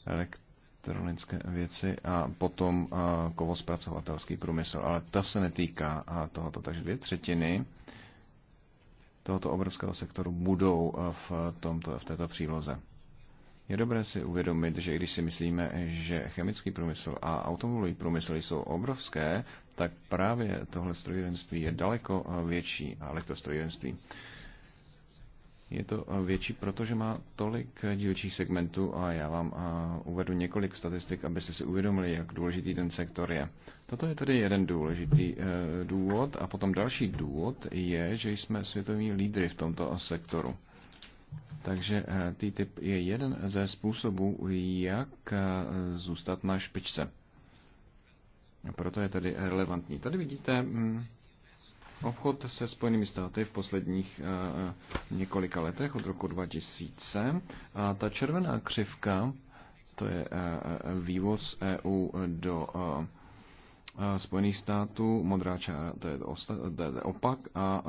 elektronikou, elektronické věci a potom kovospracovatelský průmysl. Ale to se netýká tohoto, takže dvě třetiny tohoto obrovského sektoru budou v, tomto, v této příloze. Je dobré si uvědomit, že když si myslíme, že chemický průmysl a automobilový průmysl jsou obrovské, tak právě tohle strojírenství je daleko větší a elektrostrojírenství. strojírenství je to eh, větší, protože má tolik eh, dílčích segmentů a já vám eh, uvedu několik statistik, abyste si uvědomili, jak důležitý ten sektor je. Toto je tedy jeden důležitý důvod a potom další důvod je, že jsme světoví lídry v tomto sektoru. Takže TTIP je jeden ze způsobů, jak zůstat na špičce. Proto je tedy relevantní. Tady vidíte mm, Obchod se Spojenými státy v posledních eh, eh, několika letech od roku 2000 a ta červená křivka, to je eh, vývoz EU do Spojených států, modrá čára, to je, osta, to je opak a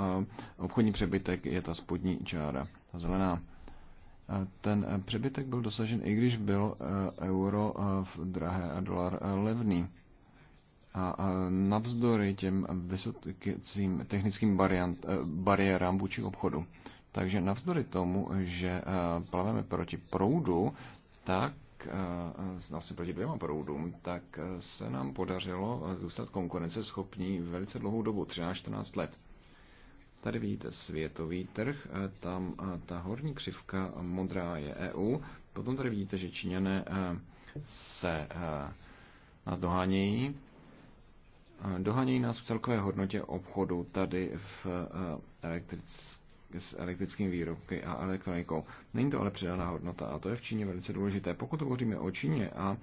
obchodní přebytek je ta spodní čára, ta zelená. Ten přebytek byl dosažen, i když byl euro drahé a dolar levný. A navzdory těm vysokým technickým variant, eh, bariérám vůči obchodu. Takže navzdory tomu, že eh, plaveme proti proudu, tak vlastně proti dvěma proudům, tak se nám podařilo zůstat konkurenceschopní velice dlouhou dobu, 13-14 let. Tady vidíte světový trh, tam ta horní křivka modrá je EU, potom tady vidíte, že Číňané se nás dohánějí, Dohanějí nás v celkové hodnotě obchodu tady v eh, elektric, s elektrickými výrobky a elektronikou. Není to ale přidaná hodnota a to je v Číně velice důležité. Pokud hovoříme o Číně a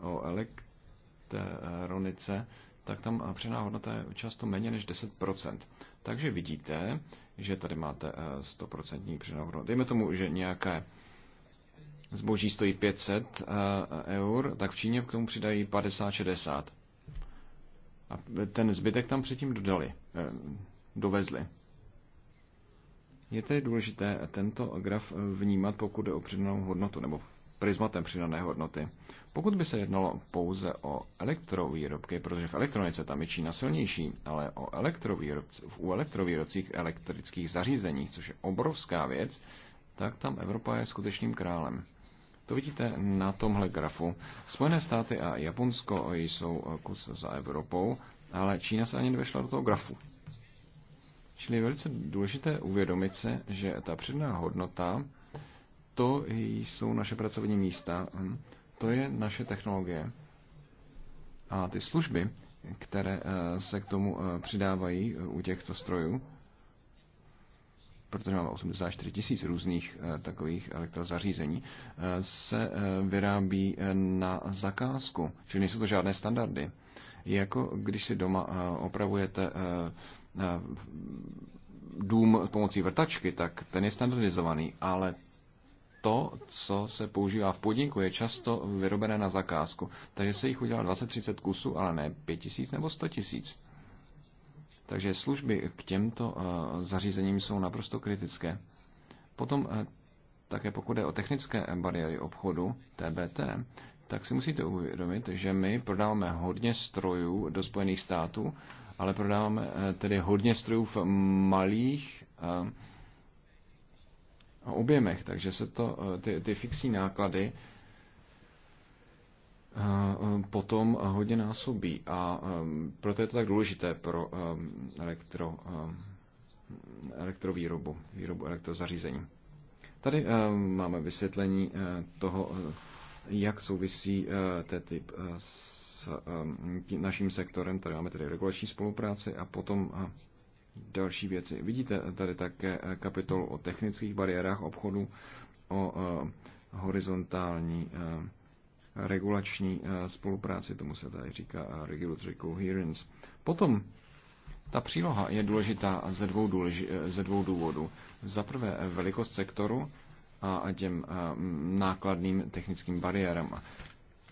o elektronice, tak tam přidaná hodnota je často méně než 10%. Takže vidíte, že tady máte 100% eh, přidanou hodnotu. Dejme tomu, že nějaké zboží stojí 500 eh, eur, tak v Číně k tomu přidají 50-60. A ten zbytek tam předtím dodali, eh, dovezli. Je tedy důležité tento graf eh, vnímat, pokud je o přidanou hodnotu, nebo prismatem přidané hodnoty. Pokud by se jednalo pouze o elektrovýrobky, protože v elektronice tam je Čína silnější, ale o u elektrovýrobcích elektrických zařízení, což je obrovská věc, tak tam Evropa je skutečným králem. To vidíte na tomhle grafu. Spojené státy a Japonsko jsou kus za Evropou, ale Čína se ani nevešla do toho grafu. Čili je velice důležité uvědomit se, že ta předná hodnota, to jsou naše pracovní místa, to je naše technologie. A ty služby, které se k tomu přidávají u těchto strojů, protože máme 84 tisíc různých eh, takových elektrozařízení, eh, se eh, vyrábí na zakázku, čili nejsou to žádné standardy. Jako když si doma opravujete dům pomocí vrtačky, tak ten je standardizovaný, ale to, co se používá v podniku, je často vyrobené na zakázku. Takže se jich udělá 20-30 kusů, ale ne 5 tisíc nebo 100 tisíc. Takže služby k těmto eh, zařízením jsou naprosto kritické. Potom eh, také pokud je o technické bariéry obchodu TBT, tak si musíte uvědomit, že my prodáváme hodně strojů do Spojených států, ale prodáváme eh, tedy hodně strojů v malých objemech, takže se to, ty, ty fixní náklady potom hodně násobí. A um, proto je to tak důležité pro um, elektro, um, elektrovýrobu, výrobu elektrozařízení. Tady máme vysvětlení uh, toho, uh, jak souvisí uh, TTIP s naším sektorem. Tady máme tedy regulační spolupráci a potom další věci. Vidíte tady také kapitolu o technických bariérách obchodu, o horizontální regulační eh, spolupráci, tomu se tady říká eh, regulatory coherence. Potom ta příloha je důležitá ze dvou, důleži, eh, ze dvou důvodů. Za prvé velikost sektoru a těm nákladným technickým bariérám.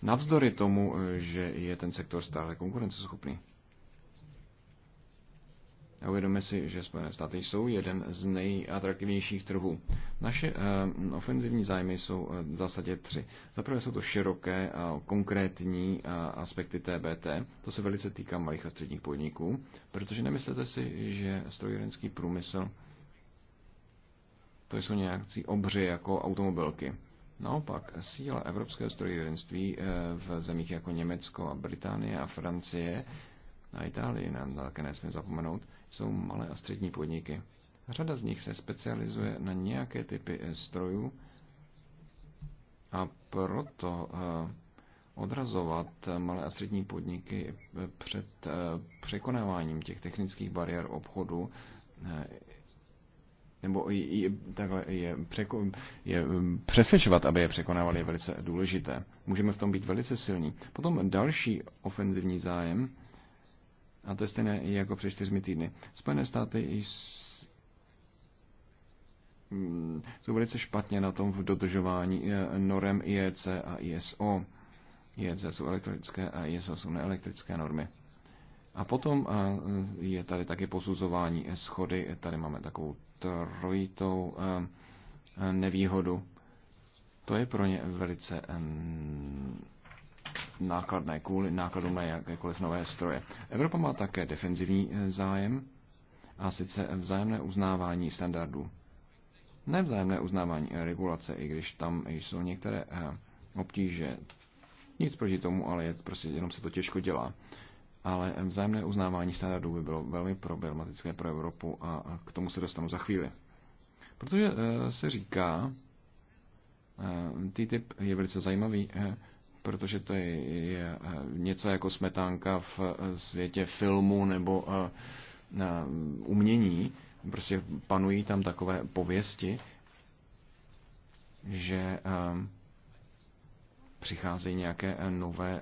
Navzdory tomu, že je ten sektor stále konkurenceschopný. A uvědomme si, že Spojené státy jsou jeden z nejatraktivnějších trhů. Naše uh, ofenzivní zájmy jsou uh, v zásadě tři. Za prvé jsou to široké a konkrétní uh, aspekty TBT. To se velice týká malých a středních podniků, protože nemyslete si, že strojírenský průmysl to jsou nějakcí obři jako automobilky. Naopak, síla evropského strojírenství v zemích jako Německo a Británie a Francie a Itálii, nám také nesmím zapomenout, jsou malé a střední podniky. Řada z nich se specializuje na nějaké typy eh, strojů a proto eh, odrazovat eh, malé a střední podniky před překonáváním těch technických bariér obchodu nebo je, takhle je, překo, je mm, přesvědčovat, aby je překonávali, je velice důležité. Můžeme v tom být velice silní. Potom další ofenzivní zájem a to je stejné i jako před čtyřmi týdny. Spojené státy mm, jsou velice špatně na tom v dodržování eh, norem IEC a ISO. IEC jsou elektrické a ISO jsou neelektrické normy. A potom eh, je tady taky posuzování schody. Tady máme takovou trojitou eh, nevýhodu. To je pro ně velice nákladné kvůli nákladům na jakékoliv nové stroje. Evropa má také defenzivní eh, zájem, a sice vzájemné uznávání standardů. Nevzájemné uznávání eh, regulace, i když tam jsou některé eh, obtíže. Nic proti tomu, ale je, prostě jenom se to těžko dělá. Ale vzájemné uznávání standardů by bylo velmi problematické pro Evropu a k tomu se dostanu za chvíli. Protože se říká, TTIP je velice zajímavý protože to je eh, něco jako smetánka v eh, světě filmu nebo eh, umění. Prostě panují tam takové pověsti, že přicházejí nějaké nové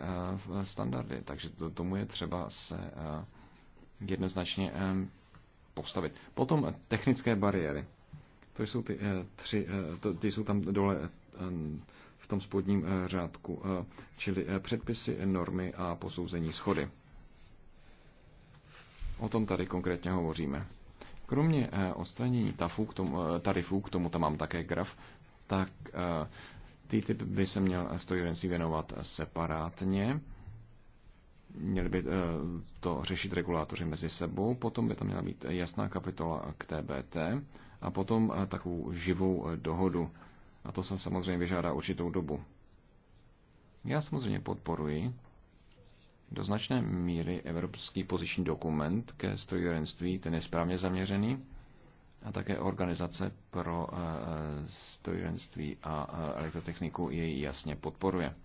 standardy. Takže to, tomu je třeba se jednoznačně postavit. Potom technické bariéry. To jsou ty tři, to, ty jsou tam dole Eh, v tom spodním eh, řádku, eh, čili předpisy, normy a posouzení schody. O tom tady konkrétně hovoříme. Kromě odstranění tarifů k, tomu, tam mám také graf, tak TTIP by se měl strojírenství věnovat separátně. Měli by to řešit regulátoři mezi sebou, potom by tam měla být jasná kapitola k TBT a potom takovou živou dohodu a to jsem samozřejmě vyžádá určitou dobu. Já samozřejmě podporuji do značné míry evropský poziční dokument ke strojírenství, ten je správně zaměřený, a také organizace pro eh, strojírenství a eh, elektrotechniku jej jasně podporuje.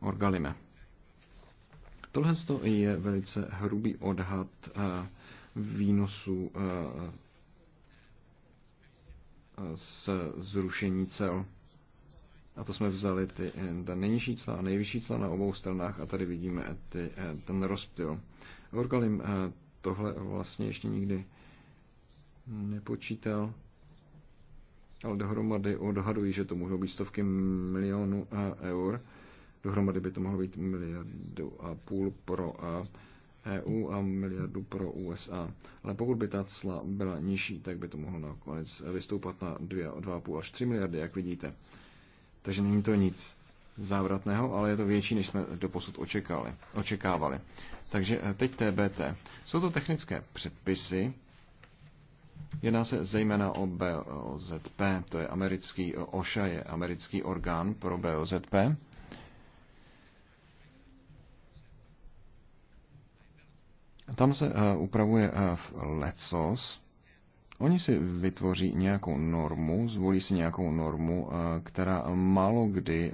Orgalime. Tohle je velice hrubý odhad eh, výnosů z zrušení cel. A to jsme vzali ty, ten nejnižší cla a nejvyšší cla na obou stranách a tady vidíme ty, ten rozptyl. Orgalim eh, tohle vlastně ještě nikdy nepočítal, ale dohromady odhadují, že to můžou být stovky milionů eh, eur. Dohromady by to mohlo být miliardu a půl pro a eh, EU a miliardu pro USA. Ale pokud by ta cla byla nižší, tak by to mohlo nakonec vystoupat na 2,5 až 3 miliardy, jak vidíte. Takže není to nic závratného, ale je to větší, než jsme doposud očekali, očekávali. Takže e, teď TBT. Jsou to technické předpisy. Jedná se zejména o BOZP, to je americký, OSHA je americký orgán pro BOZP. Tam se eh, upravuje eh, v lecos. Oni si vytvoří nějakou normu, zvolí si nějakou normu, eh, která málo kdy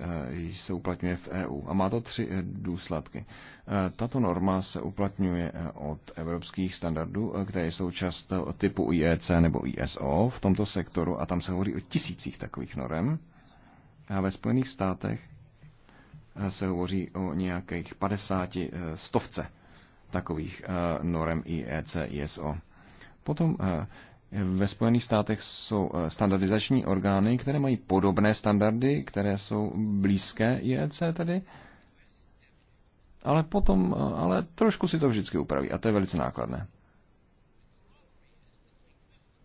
se uplatňuje v EU. A má to tři důsledky. Tato norma se uplatňuje od evropských standardů, které jsou často typu IEC nebo ISO v tomto sektoru a tam se hovoří o tisících takových norem. A ve Spojených státech se hovoří o nějakých 50 stovce takových eh, norem IEC, ISO. Potom eh, ve Spojených státech jsou eh, standardizační orgány, které mají podobné standardy, které jsou blízké IEC tedy, ale potom, ale trošku si to vždycky upraví a to je velice nákladné.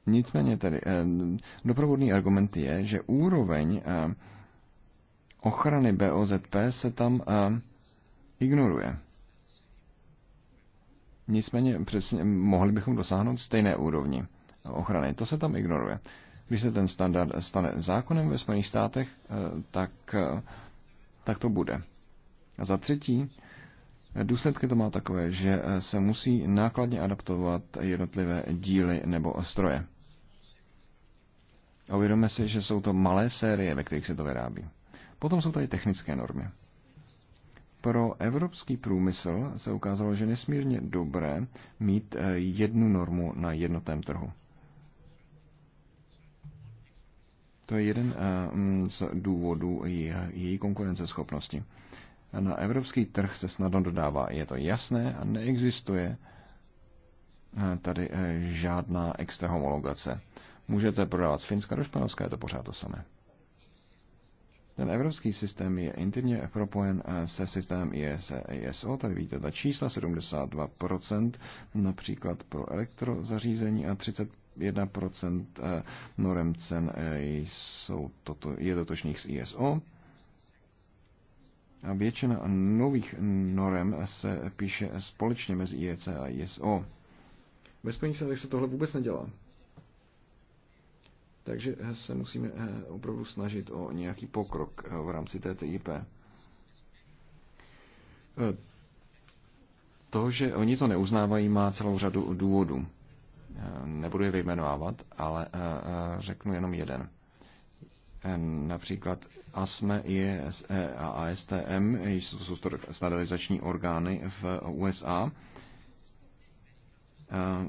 Nicméně tedy, doprovodný argument je, že úroveň ochrany BOZP se tam ignoruje. Nicméně přesně mohli bychom dosáhnout stejné úrovni ochrany. To se tam ignoruje. Když se ten standard stane zákonem ve Spojených státech, eh, tak, eh, tak to bude. A za třetí, důsledky to má takové, že eh, se musí nákladně adaptovat jednotlivé díly nebo stroje. A uvědomme si, že jsou to malé série, ve kterých se to vyrábí. Potom jsou tady technické normy pro evropský průmysl se ukázalo, že nesmírně dobré mít eh, jednu normu na jednotném trhu. To je jeden eh, z důvodů její konkurenceschopnosti. Na evropský trh se snadno dodává. Je to jasné a neexistuje eh, tady žádná extra homologace. Můžete prodávat z Finska do Španělska, je to pořád to samé. Ten evropský systém je intimně propojen eh, se systémem ISO. Tady vidíte ta čísla 72% například pro elektrozařízení a 31% eh, norem cen eh, jsou toto, je dotočných s ISO. A většina nových norem se píše společně mezi IEC a ISO. Ve Spojených státech se tohle vůbec nedělá. Takže eh, se musíme eh, opravdu snažit o nějaký pokrok eh, v rámci TTIP. To, že oni to neuznávají, má celou řadu důvodů. Nebudu je vyjmenovávat, ale řeknu jenom jeden. Například ASME, ISE a ASTM e e jsou standardizační orgány v USA,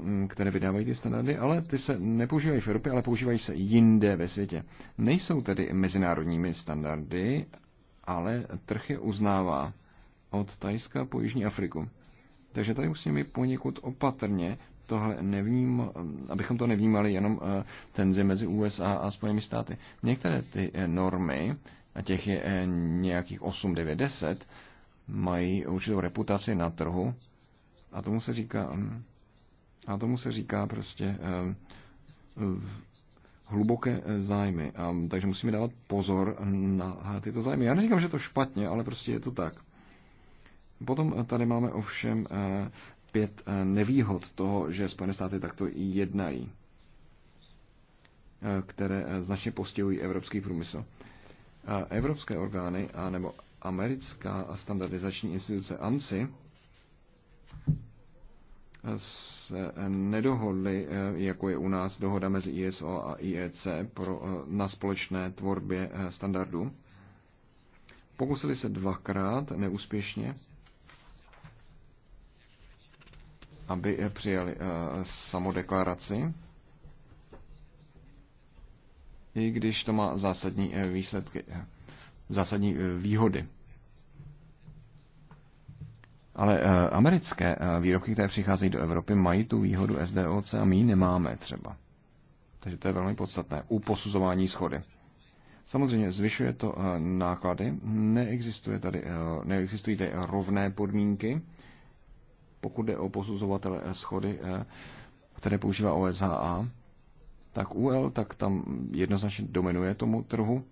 Mm, které vydávají ty standardy, ale ty se nepoužívají v Evropě, ale používají se jinde ve světě. Nejsou tedy mezinárodními standardy, ale trh je uznává od Tajska po Jižní Afriku. Takže tady musíme být poněkud opatrně, tohle nevním, abychom to nevnímali jenom e, tenzi mezi USA a Spojenými státy. Některé ty e, normy, a těch je e, nějakých 8, 9, 10, mají určitou reputaci na trhu a tomu se říká mm, a tomu se říká prostě ehm, hluboké eh, zájmy. A, takže musíme dávat pozor na tyto zájmy. Já neříkám, že to špatně, ale prostě je to tak. Potom tady máme ovšem eh, pět eh, nevýhod toho, že Spojené státy takto jednají, které značně postihují evropský průmysl. Evropské orgány nebo americká standardizační instituce ANSI se nedohodli, eh, jako je u nás dohoda mezi ISO a IEC pro, eh, na společné tvorbě eh, standardů. Pokusili se dvakrát neúspěšně, aby přijali samodeklaraci, i když to má zásadní výsledky, zásadní výhody. Ale eh, americké eh, výrobky, které přicházejí do Evropy, mají tu výhodu SDOC a my ji nemáme třeba. Takže to je velmi podstatné u posuzování schody. Samozřejmě zvyšuje to eh, náklady, neexistuje tady, neexistují tady rovné podmínky, pokud jde o posuzovatele schody, které používá OSHA, tak UL, tak tam jednoznačně dominuje tomu trhu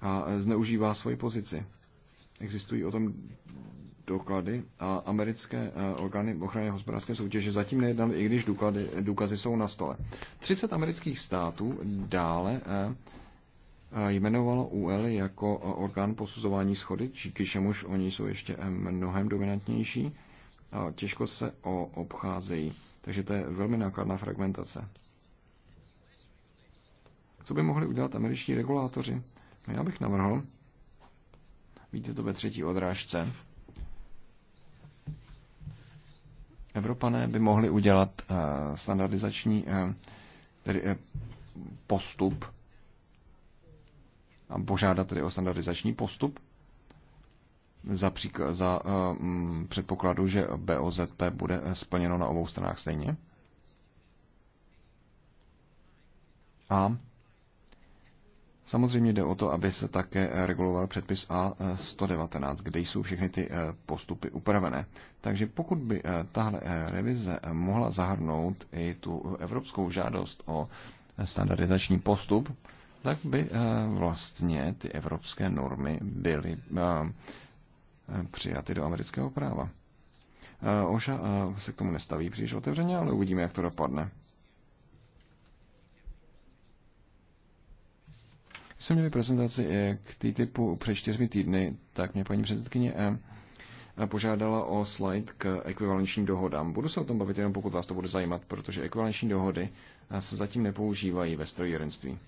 a e, zneužívá svoji pozici. Existují o tom doklady a americké e, orgány ochrany hospodářské soutěže zatím nejednaly, i když důklady, důkazy jsou na stole. 30 amerických států dále e, jmenovalo UL jako orgán posuzování schody, díky čemuž oni jsou ještě mnohem dominantnější a těžko se o obcházejí. Takže to je velmi nákladná fragmentace. Co by mohli udělat američtí regulátoři? Já bych navrhl, víte to ve třetí odrážce, Evropané by mohli udělat eh, standardizační eh, tedy, eh, postup a požádat tedy o standardizační postup za, příklad, za m, mm, předpokladu, že BOZP bude splněno na obou stranách stejně. A Samozřejmě jde o to, aby se také eh, reguloval předpis A119, eh, kde jsou všechny ty eh, postupy upravené. Takže pokud by tahle revize mohla zahrnout i tu evropskou žádost o standardizační postup, tak by vlastně ty evropské normy byly přijaty do amerického práva. Oša se k tomu nestaví příliš otevřeně, ale uvidíme, jak to dopadne. Když jsme měli prezentaci eh, k té typu před čtyřmi týdny, tak mě paní předsedkyně eh, eh, požádala o slide k ekvivalenčním dohodám. Budu se o tom bavit jenom pokud vás to bude zajímat, protože ekvivalenční dohody se zatím nepoužívají ve strojírenství.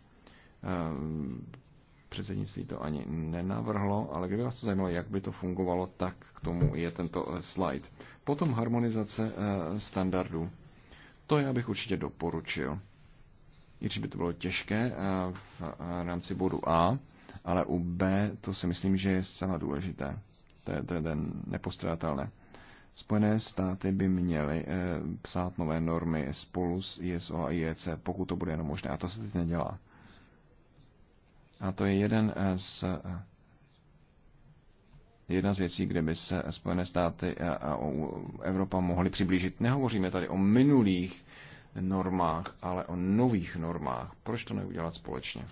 Předsednictví to ani nenavrhlo, ale kdyby vás to zajímalo, jak by to fungovalo, tak k tomu je tento slide. Potom harmonizace standardů. To já bych určitě doporučil i když by to bylo těžké eh, v eh, rámci bodu A, ale u B to si myslím, že je zcela důležité. To je, to je nepostradatelné. Spojené státy by měly eh, psát nové normy spolu s ISO a IEC, pokud to bude jenom možné. A to se teď nedělá. A to je jeden z, jedna z věcí, kde by se Spojené státy a, a Evropa mohly přiblížit. Nehovoříme tady o minulých normách, ale o nových normách. Proč to neudělat společně?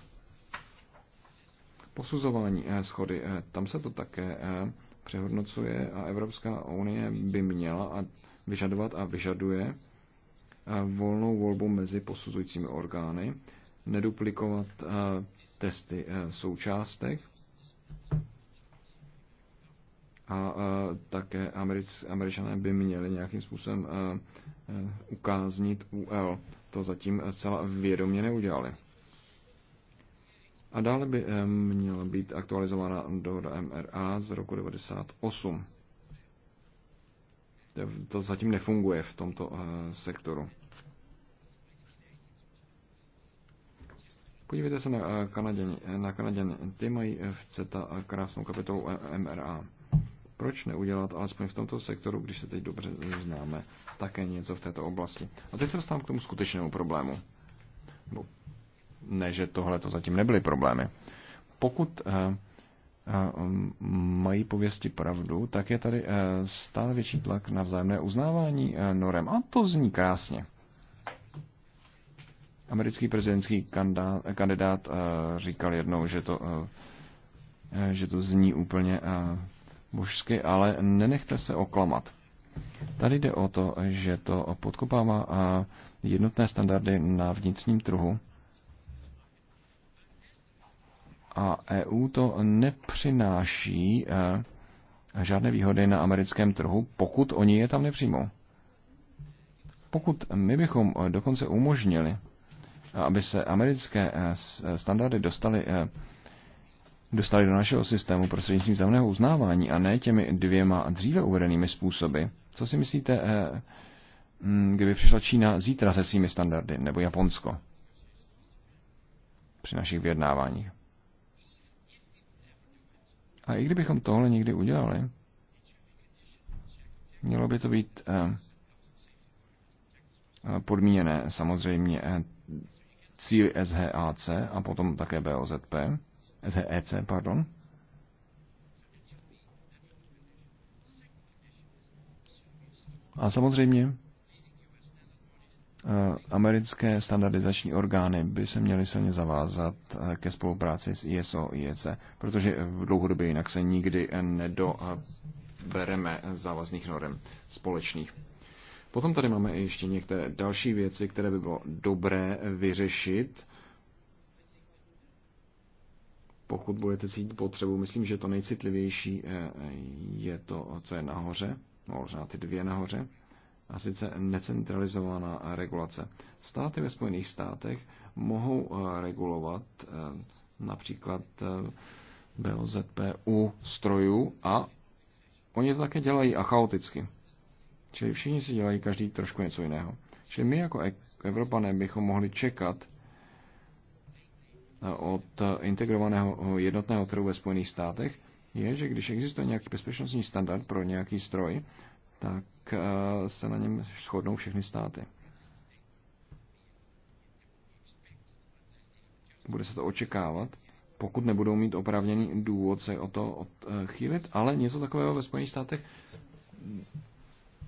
Posuzování eh, schody, eh, tam se to také eh, přehodnocuje a Evropská unie by měla a vyžadovat a vyžaduje volnou volbu mezi posuzujícími orgány, neduplikovat testy součástek a také Americ, američané by měli nějakým způsobem ukáznit UL. To zatím zcela vědomě neudělali. A dále by eh, měla být aktualizována dohoda MRA z roku 1998. To zatím nefunguje v tomto eh, sektoru. Podívejte se na eh, Kanaděny. Na Kanaděny. Ty mají v CETA krásnou kapitolu MRA. Proč neudělat alespoň v tomto sektoru, když se teď dobře známe, také něco v této oblasti? A teď se dostávám k tomu skutečnému problému. Bo ne, že tohle to zatím nebyly problémy. Pokud eh, eh, mají pověsti pravdu, tak je tady eh, stále větší tlak na vzájemné uznávání norem. A to zní krásně. Americký prezidentský kandidát říkal jednou, že to, že to zní úplně mužsky, ale nenechte se oklamat. Tady jde o to, že to podkopává jednotné standardy na vnitřním trhu a EU to nepřináší žádné výhody na americkém trhu, pokud oni je tam nepřijmou. Pokud my bychom dokonce umožnili, aby se americké standardy dostaly dostali do našeho systému prostřednictvím zemného uznávání a ne těmi dvěma dříve uvedenými způsoby. Co si myslíte, eh, mm, kdyby přišla Čína zítra se svými standardy, nebo Japonsko při našich vyjednáváních? A i kdybychom tohle někdy udělali, mělo by to být eh, eh, podmíněné samozřejmě cíly SHAC a potom také BOZP. EC, pardon. A samozřejmě eh, americké standardizační orgány by se měly silně zavázat eh, ke spolupráci s ISO, IEC, protože v dlouhodobě jinak se nikdy nedobereme závazných norm společných. Potom tady máme ještě některé další věci, které by bylo dobré vyřešit pokud budete cítit potřebu. Myslím, že to nejcitlivější eh, eh, je to, co je nahoře, no, možná ty dvě nahoře, a sice necentralizovaná regulace. Státy ve Spojených státech mohou eh, regulovat například BOZP u strojů a oni to také dělají a chaoticky. Čili všichni si dělají každý trošku něco jiného. Čili my jako e- Evropané bychom mohli čekat, od integrovaného jednotného trhu ve Spojených státech, je, že když existuje nějaký bezpečnostní standard pro nějaký stroj, tak eh, se na něm shodnou všechny státy. Bude se to očekávat, pokud nebudou mít oprávněný důvod se o to odchýlit, eh, ale něco takového ve Spojených státech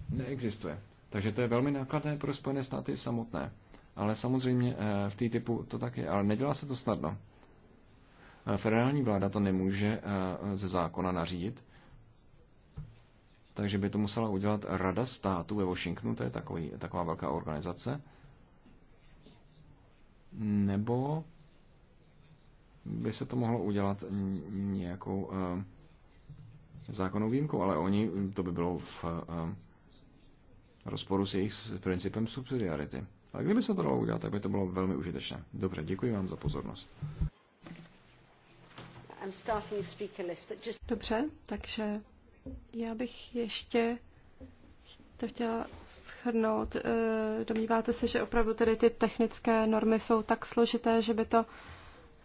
neexistuje. Takže to je velmi nákladné pro Spojené státy samotné. Ale samozřejmě eh, v té typu to tak je. Ale nedělá se to snadno. Eh, federální vláda to nemůže eh, ze zákona nařídit, takže by to musela udělat Rada států ve Washingtonu, to je takový, taková velká organizace, nebo by se to mohlo udělat nějakou zákonnou výjimkou, ale oni, to by bylo v rozporu s jejich principem subsidiarity. A kdyby se to dalo udělat, tak by to bylo velmi užitečné. Dobře, děkuji vám za pozornost. Dobře, takže já bych ještě to chtěla shrnout. Eh, domníváte se, že opravdu tedy ty technické normy jsou tak složité, že by to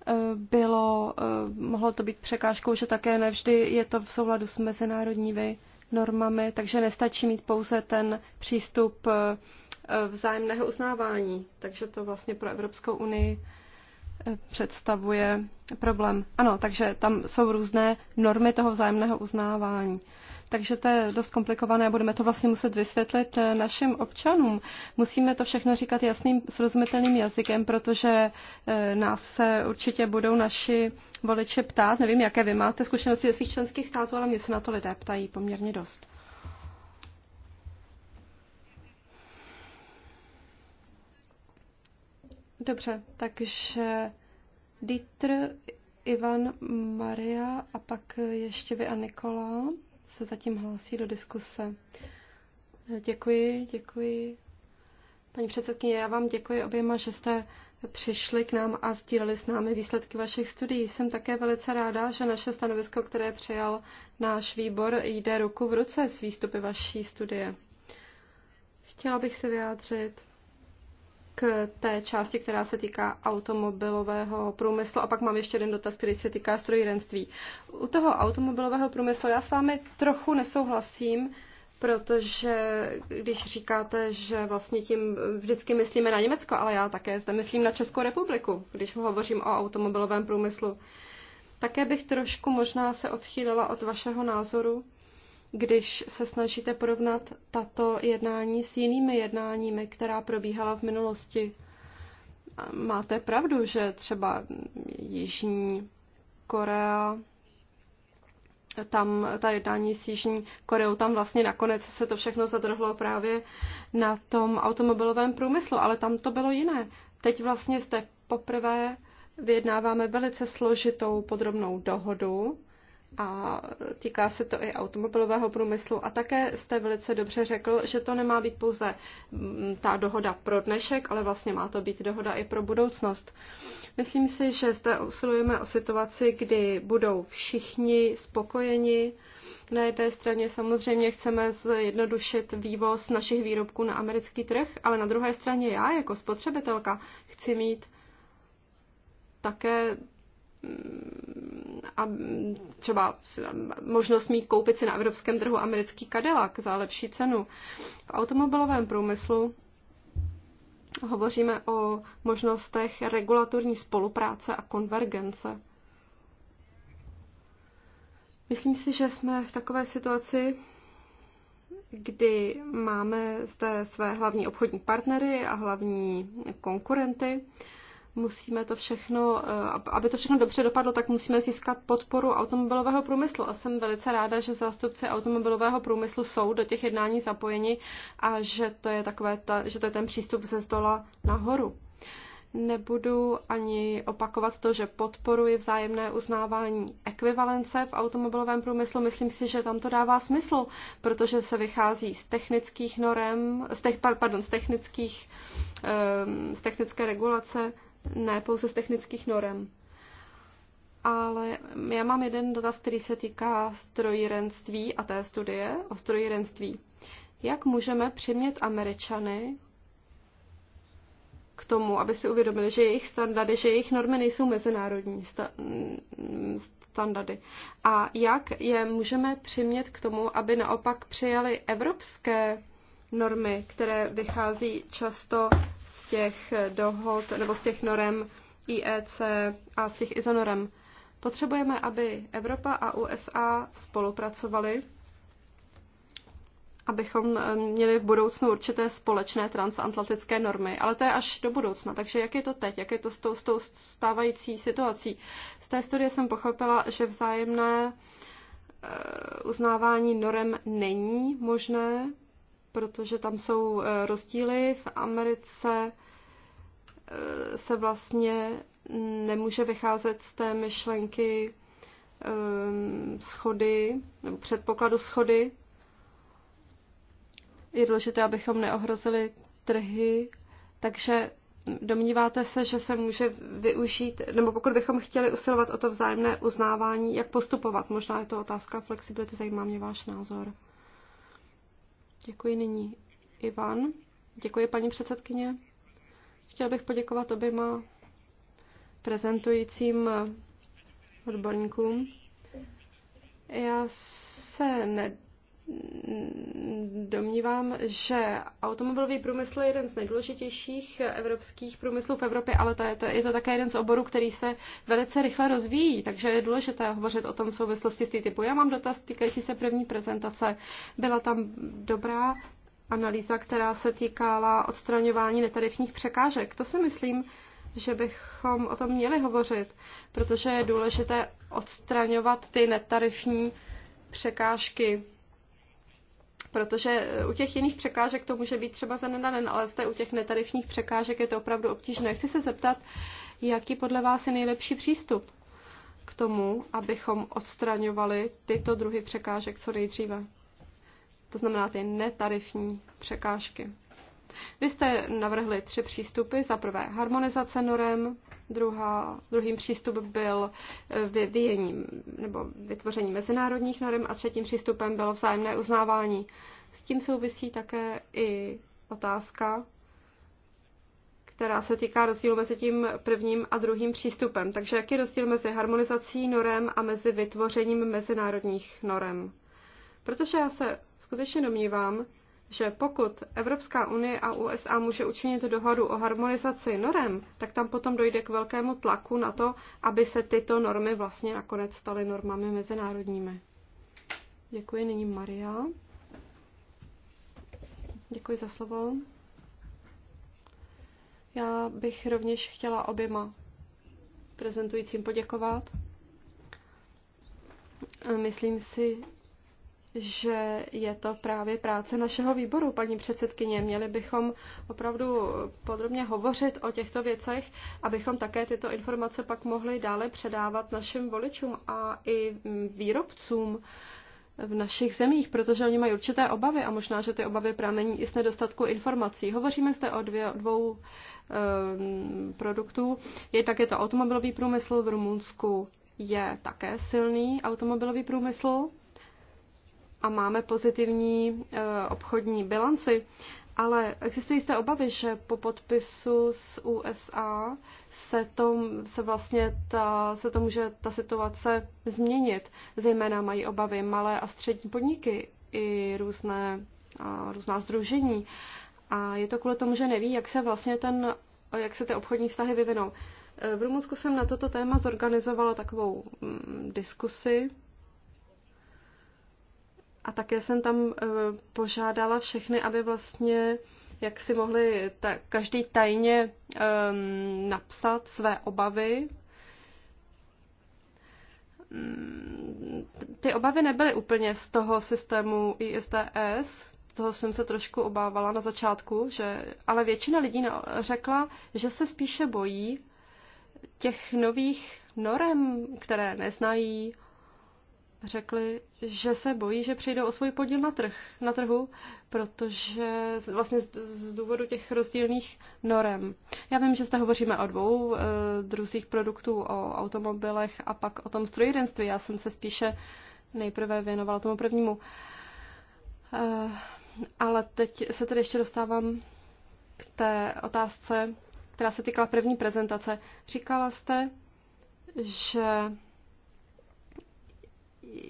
eh, bylo, eh, mohlo to být překážkou, že také nevždy je to v souladu s mezinárodními normami, takže nestačí mít pouze ten přístup vzájemného uznávání. Takže to vlastně pro Evropskou unii eh, představuje problém. Ano, takže tam jsou různé normy toho vzájemného uznávání. Takže to je dost komplikované a budeme to vlastně muset vysvětlit eh, našim občanům. Musíme to všechno říkat jasným, srozumitelným jazykem, protože eh, nás se určitě budou naši voliče ptát. Nevím, jaké vy máte zkušenosti ze svých členských států, ale mě se na to lidé ptají poměrně dost. Dobře, takže Dieter, Ivan, Maria a pak ještě vy a Nikola se zatím hlásí do diskuse. Děkuji, děkuji. Paní předsedkyně, já vám děkuji oběma, že jste přišli k nám a sdíleli s námi výsledky vašich studií. Jsem také velice ráda, že naše stanovisko, které přijal náš výbor, jde ruku v ruce s výstupy vaší studie. Chtěla bych se vyjádřit k té části, která se týká automobilového průmyslu. A pak mám ještě jeden dotaz, který se týká strojírenství. U toho automobilového průmyslu já s vámi trochu nesouhlasím, protože když říkáte, že vlastně tím vždycky myslíme na Německo, ale já také zde myslím na Českou republiku, když hovořím o automobilovém průmyslu. Také bych trošku možná se odchýlila od vašeho názoru když se snažíte porovnat tato jednání s jinými jednáními, která probíhala v minulosti. Máte pravdu, že třeba Jižní Korea, tam ta jednání s Jižní Koreou, tam vlastně nakonec se to všechno zadrhlo právě na tom automobilovém průmyslu, ale tam to bylo jiné. Teď vlastně jste poprvé vyjednáváme velice složitou podrobnou dohodu, a týká se to i automobilového průmyslu. A také jste velice dobře řekl, že to nemá být pouze mm, ta dohoda pro dnešek, ale vlastně má to být dohoda i pro budoucnost. Myslím si, že zde usilujeme o situaci, kdy budou všichni spokojeni. Na jedné straně samozřejmě chceme zjednodušit vývoz našich výrobků na americký trh, ale na druhé straně já jako spotřebitelka chci mít také a třeba možnost mít koupit si na evropském trhu americký Cadillac za lepší cenu. V automobilovém průmyslu hovoříme o možnostech regulatorní spolupráce a konvergence. Myslím si, že jsme v takové situaci, kdy máme zde své hlavní obchodní partnery a hlavní konkurenty musíme to všechno, eh, aby to všechno dobře dopadlo, tak musíme získat podporu automobilového průmyslu. A jsem velice ráda, že zástupci automobilového průmyslu jsou do těch jednání zapojeni a že to je, takové ta, že to je ten přístup ze zdola nahoru. Nebudu ani opakovat to, že podporuji vzájemné uznávání ekvivalence v automobilovém průmyslu. Myslím si, že tam to dává smysl, protože se vychází z technických norem, z, te, pardon, z, technických, ehm, z technické regulace ne pouze z technických norem. Ale já mám jeden dotaz, který se týká strojírenství a té studie o strojírenství. Jak můžeme přimět Američany k tomu, aby si uvědomili, že jejich standardy, že jejich normy nejsou mezinárodní mm, standardy. A jak je můžeme přimět k tomu, aby naopak přijali evropské normy, které vychází často těch dohod nebo z těch norem IEC a z těch izonorem. Potřebujeme, aby Evropa a USA spolupracovaly, abychom eh, měli v budoucnu určité společné transatlantické normy, ale to je až do budoucna. Takže jak je to teď, jak je to s tou, s tou stávající situací? Z té studie jsem pochopila, že vzájemné eh, uznávání norem není možné, protože tam jsou eh, rozdíly. V Americe eh, se vlastně nemůže vycházet z té myšlenky eh, schody nebo předpokladu schody. Je důležité, abychom neohrozili trhy, takže domníváte se, že se může využít, nebo pokud bychom chtěli usilovat o to vzájemné uznávání, jak postupovat? Možná je to otázka flexibility, zajímá mě váš názor. Děkuji nyní Ivan. Děkuji paní předsedkyně. Chtěl bych poděkovat oběma prezentujícím odborníkům. Já se ne, domnívám, že automobilový průmysl je jeden z nejdůležitějších evropských průmyslů v Evropě, ale to je, to, je to také jeden z oborů, který se velice rychle rozvíjí, takže je důležité hovořit o tom v souvislosti s typu. Já mám dotaz týkající se první prezentace. Byla tam dobrá analýza, která se týkala odstraňování netarifních překážek. To si myslím, že bychom o tom měli hovořit, protože je důležité odstraňovat ty netarifní překážky protože eh, u těch jiných překážek to může být třeba zanedanen, ale zde u těch netarifních překážek je to opravdu obtížné. Chci se zeptat, jaký podle vás je nejlepší přístup k tomu, abychom odstraňovali tyto druhy překážek co nejdříve. To znamená ty netarifní překážky. Vy jste navrhli tři přístupy. Za prvé harmonizace norem, druhá, druhým přístup byl eh, vyvíjení nebo vytvoření mezinárodních norem a třetím přístupem bylo vzájemné uznávání. S tím souvisí také i otázka, která se týká rozdílu mezi tím prvním a druhým přístupem. Takže jaký je rozdíl mezi harmonizací norem a mezi vytvořením mezinárodních norem? Protože já se skutečně domnívám, že pokud Evropská unie a USA může učinit dohodu o harmonizaci norem, tak tam potom dojde k velkému tlaku na to, aby se tyto normy vlastně nakonec staly normami mezinárodními. Děkuji, nyní Maria. Děkuji za slovo. Já bych rovněž chtěla oběma prezentujícím poděkovat. Myslím si, že je to právě práce našeho výboru, paní předsedkyně. Měli bychom opravdu podrobně hovořit o těchto věcech, abychom také tyto informace pak mohli dále předávat našim voličům a i výrobcům v našich zemích, protože oni mají určité obavy a možná, že ty obavy pramení i z nedostatku informací. Hovoříme zde o dvě, dvou um, produktů. Jednak je to automobilový průmysl v Rumunsku, je také silný automobilový průmysl, a máme pozitivní eh, obchodní bilanci, ale existují zde obavy, že po podpisu z USA se to, se vlastně ta, se to může ta situace změnit. Zejména mají obavy malé a střední podniky i různé, a různá združení. A je to kvůli tomu, že neví, jak se vlastně ten, jak se ty obchodní vztahy vyvinou. Eh, v Rumunsku jsem na toto téma zorganizovala takovou mm, diskusi a také jsem tam eh, požádala všechny, aby vlastně jak si mohli ta, každý tajně um, napsat své obavy. Mm, ty obavy nebyly úplně z toho systému ISDS, toho jsem se trošku obávala na začátku, že, ale většina lidí řekla, že se spíše bojí těch nových norem, které neznají, řekli, že se bojí, že přijdou o svůj podíl na, trh, na trhu, protože vlastně z, z důvodu těch rozdílných norem. Já vím, že zde hovoříme o dvou e, druzích produktů, o automobilech a pak o tom strojírenství. Já jsem se spíše nejprve věnovala tomu prvnímu. E, ale teď se tedy ještě dostávám k té otázce, která se týkala první prezentace. Říkala jste, že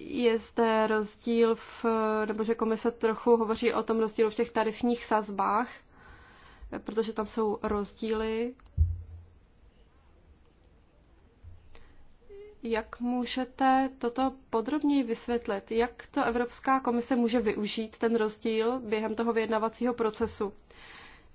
je zde rozdíl, v, nebo že komise trochu hovoří o tom rozdílu v těch tarifních sazbách, protože tam jsou rozdíly. Jak můžete toto podrobněji vysvětlit? Jak to Evropská komise může využít ten rozdíl během toho vyjednavacího procesu?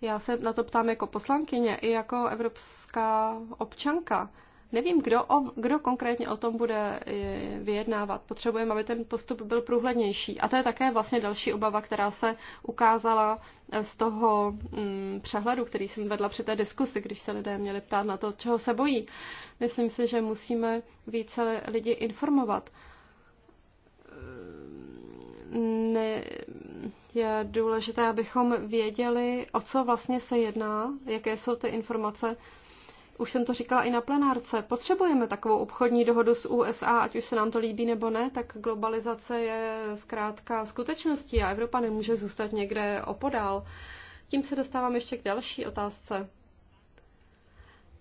Já se na to ptám jako poslankyně i jako evropská občanka. Nevím, kdo, o, kdo konkrétně o tom bude eh, vyjednávat. Potřebujeme, aby ten postup byl průhlednější. A to je také vlastně další obava, která se ukázala eh, z toho mm, přehledu, který jsem vedla při té diskusi, když se lidé měli ptát na to, čeho se bojí. Myslím si, že musíme více lidi informovat. Eh, ne, je důležité, abychom věděli, o co vlastně se jedná, jaké jsou ty informace, už jsem to říkala i na plenárce. Potřebujeme takovou obchodní dohodu s USA, ať už se nám to líbí nebo ne, tak globalizace je zkrátka skutečností a Evropa nemůže zůstat někde opodál. Tím se dostávám ještě k další otázce.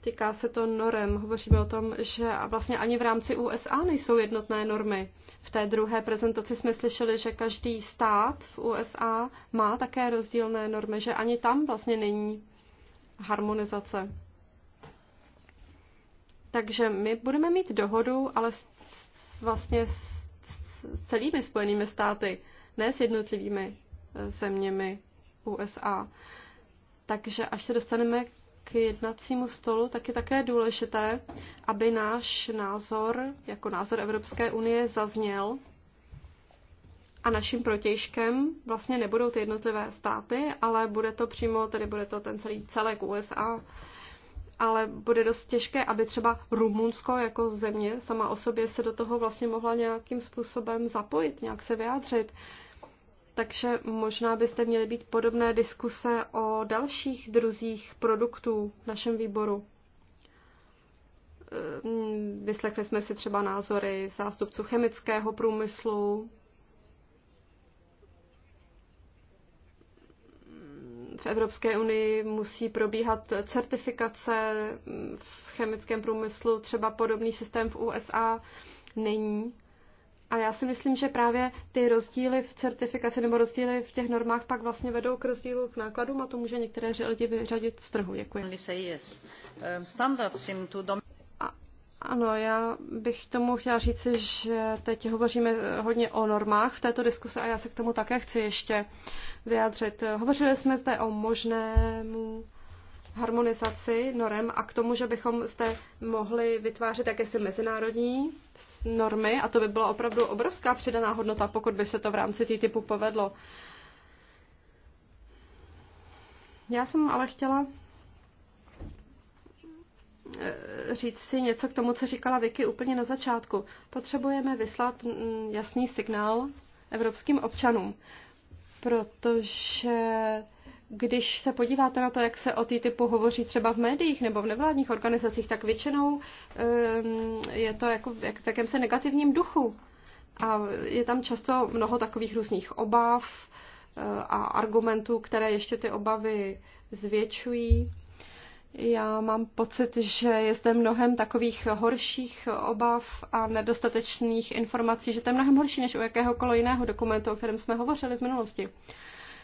Týká se to norem. Hovoříme o tom, že vlastně ani v rámci USA nejsou jednotné normy. V té druhé prezentaci jsme slyšeli, že každý stát v USA má také rozdílné normy, že ani tam vlastně není harmonizace. Takže my budeme mít dohodu, ale s, vlastně s, s celými Spojenými státy, ne s jednotlivými eh, zeměmi USA. Takže až se dostaneme k jednacímu stolu, tak je také důležité, aby náš názor, jako názor Evropské unie, zazněl. A naším protějškem vlastně nebudou ty jednotlivé státy, ale bude to přímo, tedy bude to ten celý celek USA, ale bude dost těžké, aby třeba Rumunsko jako země sama o sobě se do toho vlastně mohla nějakým způsobem zapojit, nějak se vyjádřit. Takže možná byste měli být podobné diskuse o dalších druzích produktů v našem výboru. Ehm, vyslechli jsme si třeba názory zástupců chemického průmyslu, v Evropské unii musí probíhat certifikace v chemickém průmyslu, třeba podobný systém v USA není. A já si myslím, že právě ty rozdíly v certifikaci nebo rozdíly v těch normách pak vlastně vedou k rozdílu k nákladům a to může některé lidi vyřadit z trhu. Děkuji. Ano, já bych tomu chtěla říci, že teď hovoříme hodně o normách v této diskuse a já se k tomu také chci ještě vyjádřit. Hovořili jsme zde o možnému harmonizaci norem a k tomu, že bychom zde mohli vytvářet jakési mezinárodní normy a to by byla opravdu obrovská přidaná hodnota, pokud by se to v rámci té typu povedlo. Já jsem ale chtěla Eh, říct si něco k tomu, co říkala Vicky úplně na začátku. Potřebujeme vyslat mm, jasný signál evropským občanům, protože když se podíváte na to, jak se o TTIPu hovoří třeba v médiích nebo v nevládních organizacích, tak většinou ehm, je to jako v jakémsi negativním duchu. A je tam často mnoho takových různých obav eh, a argumentů, které ještě ty obavy zvětšují. Já mám pocit, že je zde mnohem takových horších obav a nedostatečných informací, že to je mnohem horší než u jakéhokoliv jiného dokumentu, o kterém jsme hovořili v minulosti.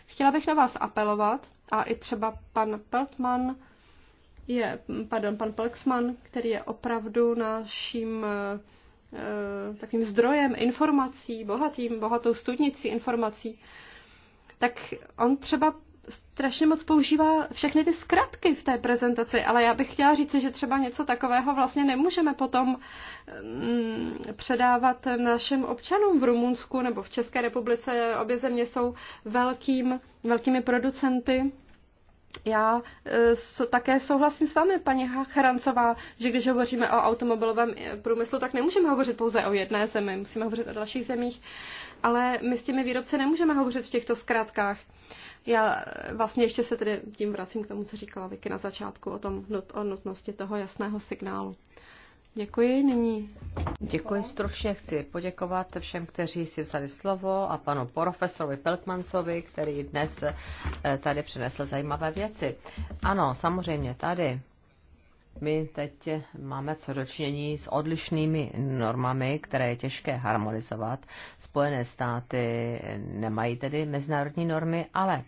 Chtěla bych na vás apelovat a i třeba pan Peltman je, pardon, pan Pelksman, který je opravdu naším eh, eh, takovým zdrojem informací, bohatým, bohatou studnicí informací, tak on třeba strašně moc používá všechny ty zkratky v té prezentaci, ale já bych chtěla říct, že třeba něco takového vlastně nemůžeme potom mm, předávat našim občanům v Rumunsku nebo v České republice. Obě země jsou velkým, velkými producenty. Já e, so, také souhlasím s vámi, paní Charancová, že když hovoříme o automobilovém e, průmyslu, tak nemůžeme hovořit pouze o jedné zemi, musíme hovořit o dalších zemích, ale my s těmi výrobci nemůžeme hovořit v těchto zkratkách. Uh, já vlastně ještě se tedy tím vracím k tomu, co říkala Vicky na začátku o, tom, o nutnosti toho jasného signálu. Děkuji, nyní. Děkuji stručně, chci poděkovat všem, kteří si vzali slovo a panu profesorovi Pelkmancovi, který dnes eh, tady přinesl zajímavé věci. Ano, samozřejmě tady my teď máme co dočinění s odlišnými normami, které je těžké harmonizovat. Spojené státy nemají tedy mezinárodní normy, ale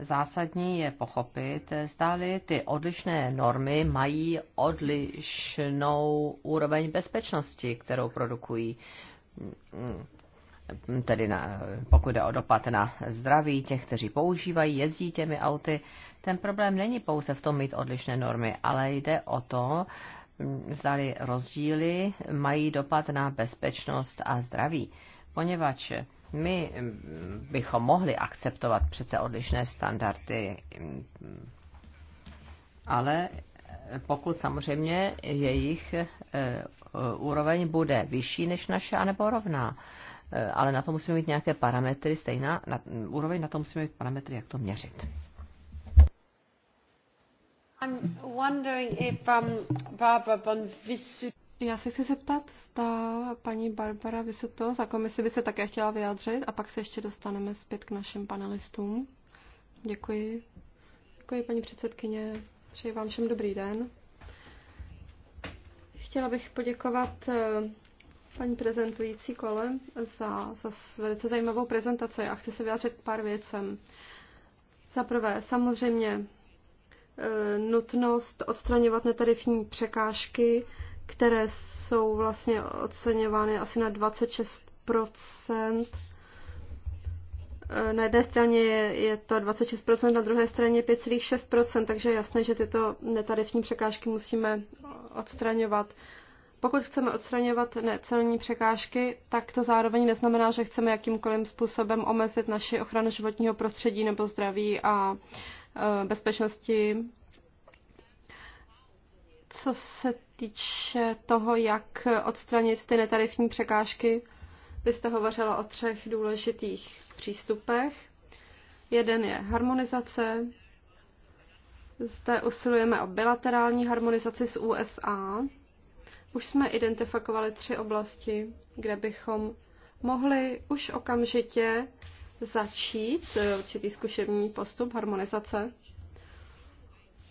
zásadní je pochopit, zdali ty odlišné normy mají odlišnou úroveň bezpečnosti, kterou produkují tedy na, pokud jde o dopad na zdraví těch, kteří používají, jezdí těmi auty. Ten problém není pouze v tom mít odlišné normy, ale jde o to, zdali rozdíly mají dopad na bezpečnost a zdraví, poněvadž my bychom mohli akceptovat přece odlišné standardy, ale pokud samozřejmě jejich eh, eh, úroveň bude vyšší než naše, anebo rovná. Eh, ale na to musíme mít nějaké parametry, stejná na, úroveň, na to musíme mít parametry, jak to měřit. I'm wondering if um, Barbara von já se chci zeptat, zda paní Barbara Vysoto za komisi by se také chtěla vyjádřit a pak se ještě dostaneme zpět k našim panelistům. Děkuji. Děkuji, paní předsedkyně. Přeji vám všem dobrý den. Chtěla bych poděkovat eh, paní prezentující kolem za, za velice zajímavou prezentaci a chci se vyjádřit pár věcem. Za prvé, samozřejmě eh, nutnost odstraňovat netarifní překážky které jsou vlastně oceňovány asi na 26 na jedné straně je to 26%, na druhé straně 5,6%, takže je jasné, že tyto netarifní překážky musíme odstraňovat. Pokud chceme odstraňovat necelní překážky, tak to zároveň neznamená, že chceme jakýmkoliv způsobem omezit naši ochranu životního prostředí nebo zdraví a e, bezpečnosti. Co se týče toho, jak odstranit ty netarifní překážky, vy jste hovořila o třech důležitých přístupech. Jeden je harmonizace. Zde usilujeme o bilaterální harmonizaci s USA. Už jsme identifikovali tři oblasti, kde bychom mohli už okamžitě začít eh, určitý zkušební postup harmonizace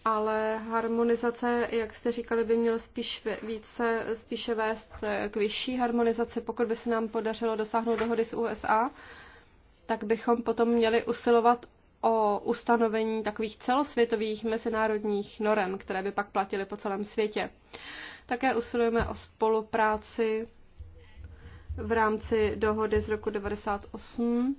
ale harmonizace, jak jste říkali, by měl spíš více, spíše vést eh, k vyšší harmonizaci. Pokud by se nám podařilo dosáhnout dohody s USA, tak bychom potom měli usilovat o ustanovení takových celosvětových mezinárodních norem, které by pak platily po celém světě. Také usilujeme o spolupráci v rámci dohody z roku 1998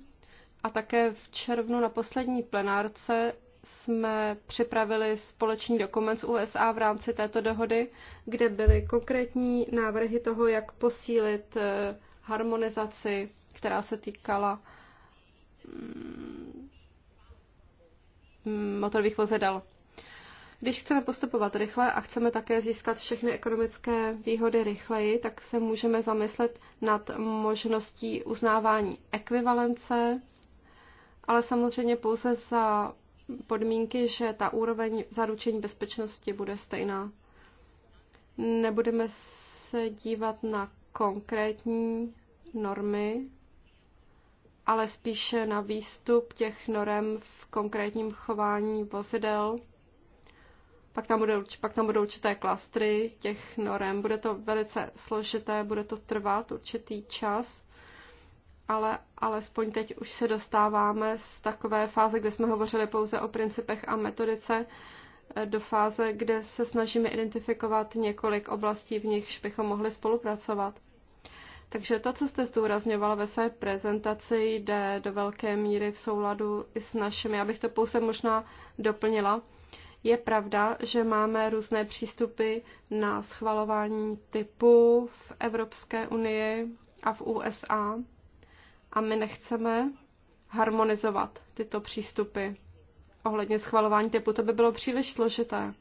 a také v červnu na poslední plenárce jsme připravili společný dokument z USA v rámci této dohody, kde byly konkrétní návrhy toho, jak posílit eh, harmonizaci, která se týkala mm, mm, motorových vozidel. Když chceme postupovat rychle a chceme také získat všechny ekonomické výhody rychleji, tak se můžeme zamyslet nad možností uznávání ekvivalence, ale samozřejmě pouze za podmínky, že ta úroveň zaručení bezpečnosti bude stejná. Nebudeme se dívat na konkrétní normy, ale spíše na výstup těch norem v konkrétním chování vozidel. Pak tam, bude, pak tam budou určité klastry těch norem. Bude to velice složité, bude to trvat určitý čas ale alespoň teď už se dostáváme z takové fáze, kde jsme hovořili pouze o principech a metodice, do fáze, kde se snažíme identifikovat několik oblastí, v nichž bychom mohli spolupracovat. Takže to, co jste zdůrazňoval ve své prezentaci, jde do velké míry v souladu i s našimi. Já bych to pouze možná doplnila. Je pravda, že máme různé přístupy na schvalování typu v Evropské unii a v USA a my nechceme harmonizovat tyto přístupy. Ohledně schvalování typu to by bylo příliš složité.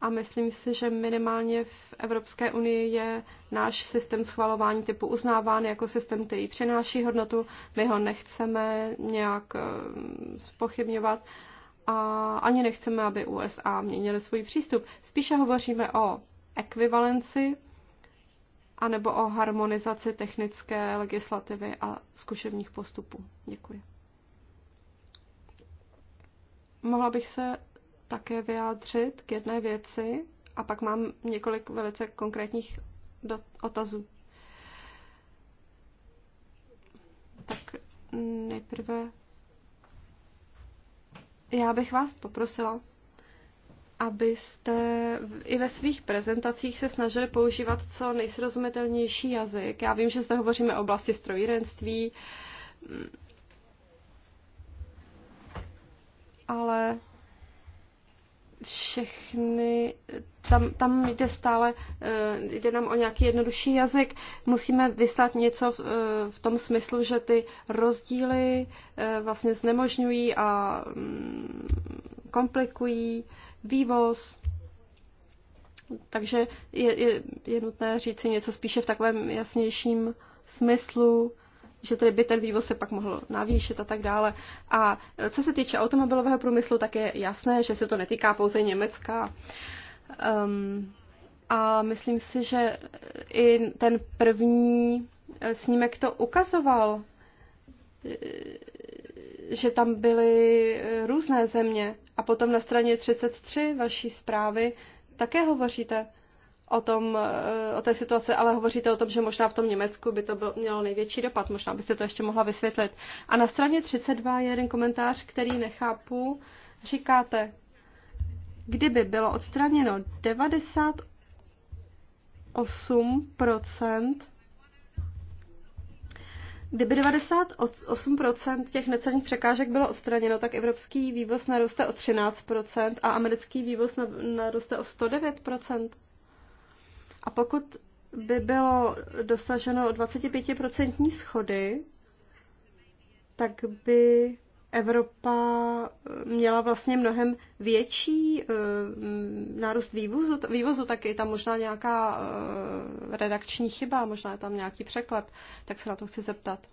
A myslím si, že minimálně v Evropské unii je náš systém schvalování typu uznáván jako systém, který přináší hodnotu. My ho nechceme nějak eh, spochybňovat a ani nechceme, aby USA měnili svůj přístup. Spíše hovoříme o ekvivalenci anebo o harmonizaci technické legislativy a zkušebních postupů. Děkuji. Mohla bych se také vyjádřit k jedné věci a pak mám několik velice konkrétních otazů. Tak nejprve já bych vás poprosila, abyste i ve svých prezentacích se snažili používat co nejsrozumitelnější jazyk. Já vím, že zde hovoříme o oblasti strojírenství, mm, ale všechny, tam, tam jde stále, eh, jde nám o nějaký jednodušší jazyk, musíme vyslat něco v, eh, v tom smyslu, že ty rozdíly eh, vlastně znemožňují a mm, komplikují vývoz. Takže je, je, je nutné si něco spíše v takovém jasnějším smyslu, že tedy by ten vývoz se pak mohl navýšit a tak dále. A co se týče automobilového průmyslu, tak je jasné, že se to netýká pouze Německa. Um, a myslím si, že i ten první eh, snímek to ukazoval, eh, že tam byly eh, různé země a potom na straně 33 vaší zprávy také hovoříte o, tom, eh, o té situaci, ale hovoříte o tom, že možná v tom Německu by to bylo, mělo největší dopad. Možná byste to ještě mohla vysvětlit. A na straně 32 je jeden komentář, který nechápu. Říkáte, kdyby bylo odstraněno 98 Kdyby 98% těch necelních překážek bylo odstraněno, tak evropský vývoz naroste o 13% a americký vývoz naroste o 109%. A pokud by bylo dosaženo 25% schody, tak by Evropa eh, měla vlastně mnohem větší eh, nárůst vývozu, vývozu, tak je tam možná nějaká eh, redakční chyba, možná je tam nějaký překlep, tak se na to chci zeptat.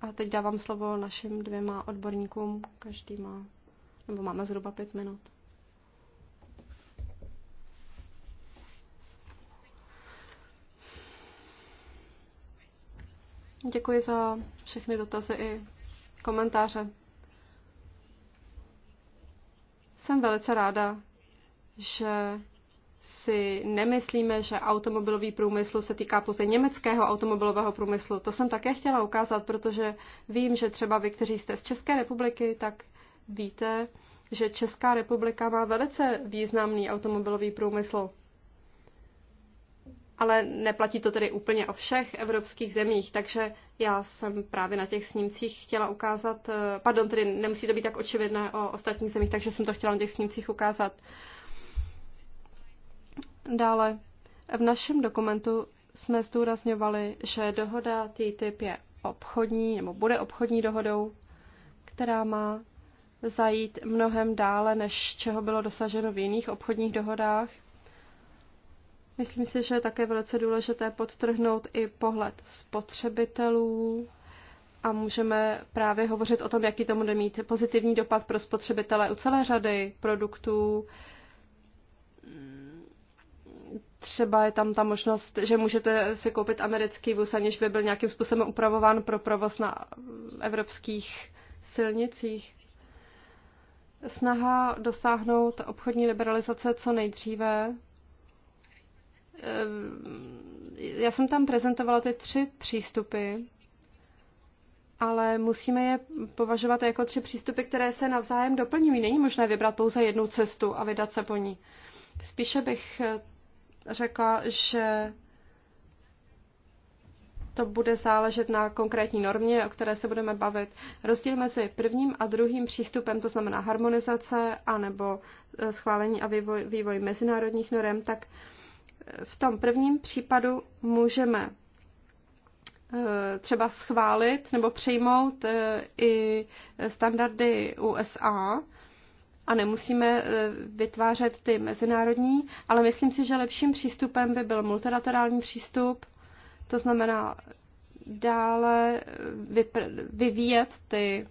A teď dávám slovo našim dvěma odborníkům, každý má, nebo máme zhruba pět minut. Děkuji za všechny dotazy i komentáře. Jsem velice ráda, že si nemyslíme, že automobilový průmysl se týká pouze německého automobilového průmyslu. To jsem také chtěla ukázat, protože vím, že třeba vy, kteří jste z České republiky, tak víte, že Česká republika má velice významný automobilový průmysl ale neplatí to tedy úplně o všech evropských zemích, takže já jsem právě na těch snímcích chtěla ukázat, eh, pardon, tedy nemusí to být tak očividné o ostatních zemích, takže jsem to chtěla na těch snímcích ukázat. Dále, v našem dokumentu jsme zdůrazňovali, že dohoda TTIP je obchodní, nebo bude obchodní dohodou, která má zajít mnohem dále, než čeho bylo dosaženo v jiných obchodních dohodách. Myslím si, že je také velice důležité podtrhnout i pohled spotřebitelů a můžeme právě hovořit o tom, jaký to bude mít pozitivní dopad pro spotřebitele u celé řady produktů. Třeba je tam ta možnost, že můžete si koupit americký vůz, aniž by byl nějakým způsobem upravován pro provoz na evropských silnicích. Snaha dosáhnout obchodní liberalizace co nejdříve Ehm, já jsem tam prezentovala ty tři přístupy, ale musíme je považovat jako tři přístupy, které se navzájem doplňují. Není možné vybrat pouze jednu cestu a vydat se po ní. Spíše bych eh, řekla, že to bude záležet na konkrétní normě, o které se budeme bavit. Rozdíl mezi prvním a druhým přístupem, to znamená harmonizace anebo eh, schválení a vývoj, vývoj mezinárodních norm, tak v tom prvním případu můžeme eh, třeba schválit nebo přejmout eh, i standardy USA a nemusíme eh, vytvářet ty mezinárodní, ale myslím si, že lepším přístupem by byl multilaterální přístup, to znamená dále vyvíjet ty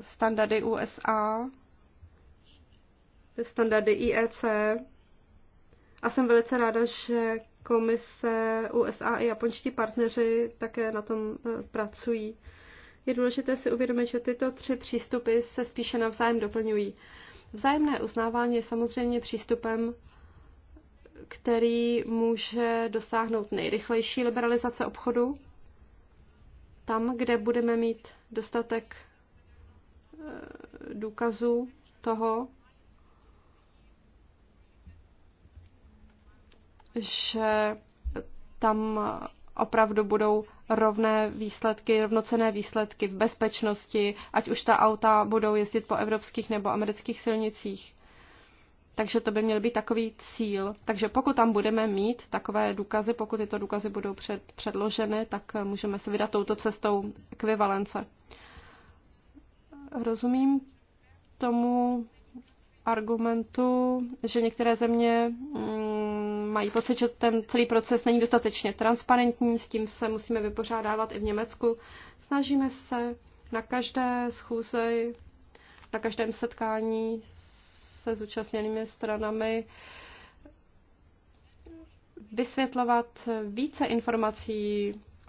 standardy USA, standardy IEC, a jsem velice ráda, že komise USA i japonští partneři také na tom eh, pracují. Je důležité si uvědomit, že tyto tři přístupy se spíše navzájem doplňují. Vzájemné uznávání je samozřejmě přístupem, který může dosáhnout nejrychlejší liberalizace obchodu, tam, kde budeme mít dostatek eh, důkazů toho, že tam opravdu budou rovné výsledky, rovnocené výsledky v bezpečnosti, ať už ta auta budou jezdit po evropských nebo amerických silnicích. Takže to by měl být takový cíl. Takže pokud tam budeme mít takové důkazy, pokud tyto důkazy budou před, předloženy, tak můžeme se vydat touto cestou ekvivalence. Rozumím tomu argumentu, že některé země mm, mají pocit, že ten celý proces není dostatečně transparentní, s tím se musíme vypořádávat i v Německu. Snažíme se na každé schůze, na každém setkání se zúčastněnými stranami vysvětlovat více informací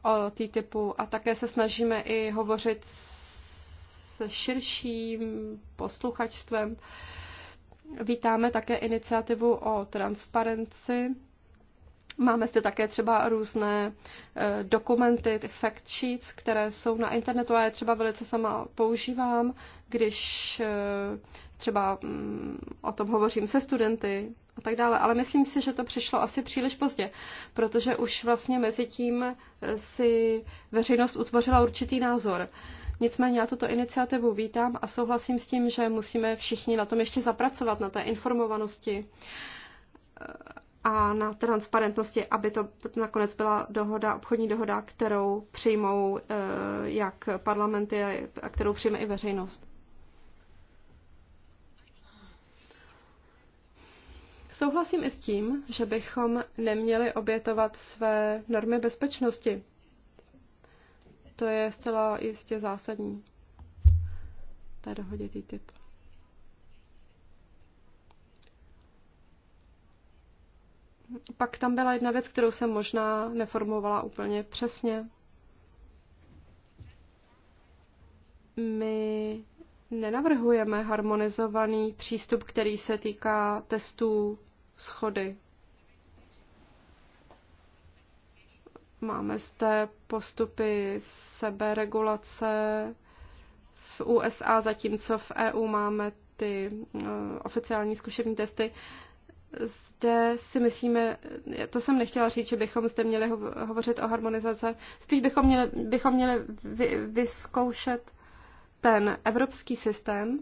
o TTIPu a také se snažíme i hovořit se širším posluchačstvem. Uh, Vítáme také iniciativu o transparenci. Máme zde také třeba různé eh, dokumenty, ty fact sheets, které jsou na internetu a já třeba velice sama používám, když eh, třeba mm, o tom hovořím se studenty a tak dále. Ale myslím si, že to přišlo asi příliš pozdě, protože už vlastně mezi tím eh, si veřejnost utvořila určitý názor. Uh, Nicméně já tuto iniciativu vítám a souhlasím s tím, že musíme všichni na tom ještě zapracovat, na té informovanosti eh, a na transparentnosti, aby to nakonec byla dohoda, obchodní dohoda, kterou přijmou eh, jak parlamenty a kterou přijme i veřejnost. Souhlasím i s tím, že bychom neměli obětovat své normy bezpečnosti. To je zcela jistě zásadní Ta dohodě TTIP. Pak tam byla jedna věc, kterou jsem možná neformovala úplně přesně. My nenavrhujeme harmonizovaný přístup, který se týká testů schody. Máme zde postupy seberegulace v USA, zatímco v EU máme ty eh, oficiální zkušební testy. Zde si myslíme, to jsem nechtěla říct, že bychom zde měli hovořit o harmonizace, spíš bychom měli, bychom měli vy, vyzkoušet ten evropský systém,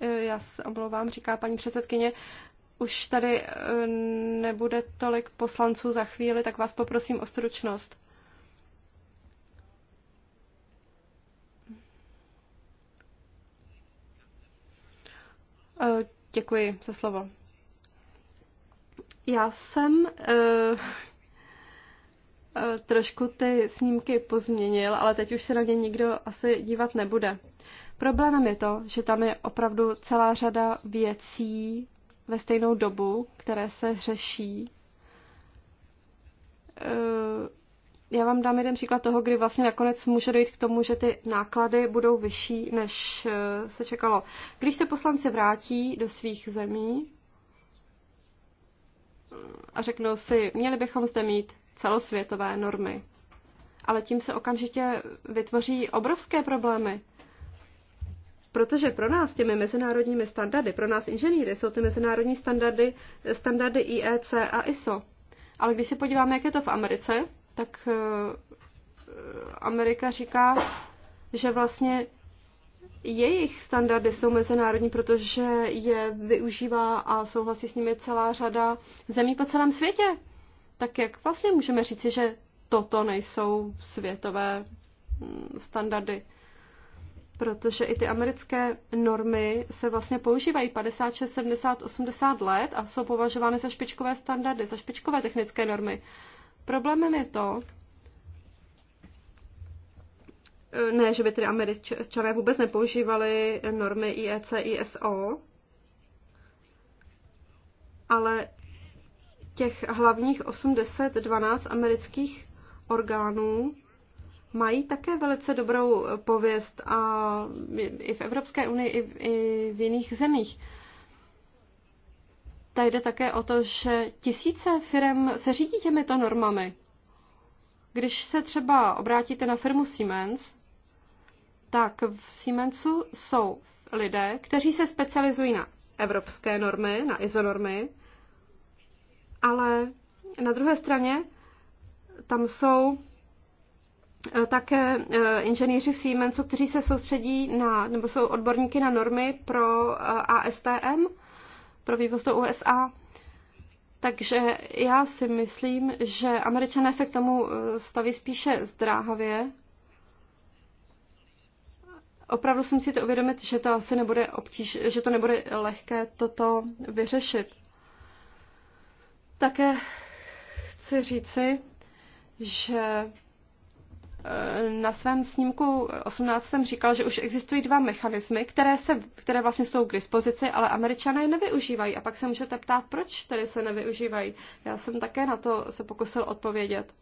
eh, já se omlouvám, říká paní předsedkyně, už tady eh, nebude tolik poslanců za chvíli, tak vás poprosím o stručnost. Eh, děkuji za slovo. Já jsem eh, trošku ty snímky pozměnil, ale teď už se na ně nikdo asi dívat nebude. Problémem je to, že tam je opravdu celá řada věcí, ve stejnou dobu, které se řeší. Eh, já vám dám jeden příklad toho, kdy vlastně nakonec může dojít k tomu, že ty náklady budou vyšší, než eh, se čekalo. Když se poslanci vrátí do svých zemí eh, a řeknou si, měli bychom zde mít celosvětové normy, ale tím se okamžitě vytvoří obrovské problémy Protože pro nás těmi mezinárodními standardy, pro nás inženýry jsou ty mezinárodní standardy, standardy IEC a ISO. Ale když se podíváme, jak je to v Americe, tak eh, Amerika říká, že vlastně jejich standardy jsou mezinárodní, protože je využívá a souhlasí s nimi celá řada zemí po celém světě. Tak jak vlastně můžeme říci, že toto nejsou světové mm, standardy? protože i ty americké normy se vlastně používají 56, 70, 80 let a jsou považovány za špičkové standardy, za špičkové technické normy. Problémem je to, eh, ne, že by tedy američané vůbec nepoužívali normy IEC, ISO, ale těch hlavních 80 12 amerických orgánů mají také velice dobrou pověst a i v Evropské unii, i v, i v jiných zemích. Ta jde také o to, že tisíce firm se řídí těmito normami. Když se třeba obrátíte na firmu Siemens, tak v Siemensu jsou lidé, kteří se specializují na evropské normy, na izonormy, ale na druhé straně tam jsou Eh, také eh, inženýři v Siemensu, kteří se soustředí na, nebo jsou odborníky na normy pro eh, ASTM, pro vývoz do USA. Takže já si myslím, že američané se k tomu staví spíše zdráhavě. Opravdu si musíte uvědomit, že to asi nebude obtíž, že to nebude lehké toto vyřešit. Také chci říci, že Eh, na svém snímku 18 jsem říkal, že už existují dva mechanismy, které, se, které vlastně jsou k dispozici, ale američané je nevyužívají. A pak se můžete ptát, proč tedy se nevyužívají. Já jsem také na to se pokusil odpovědět.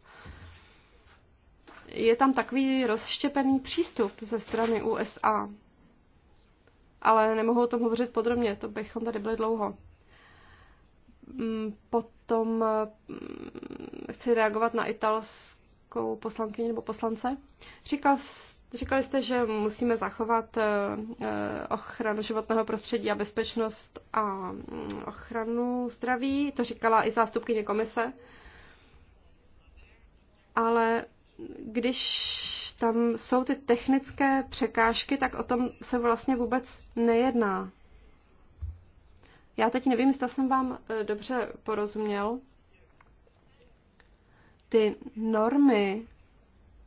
Je tam takový rozštěpený přístup ze strany USA. Ale nemohu o tom hovořit podrobně, to bychom tady byli dlouho. Mm, potom eh, chci reagovat na italské nějakou poslankyni nebo poslance. Říkal, říkali jste, že musíme zachovat eh, eh, ochranu životného prostředí a bezpečnost a mm, ochranu zdraví. To říkala i zástupkyně komise. Ale když tam jsou ty technické překážky, tak o tom se vlastně vůbec nejedná. Já teď nevím, jestli jsem vám eh, dobře porozuměl ty normy,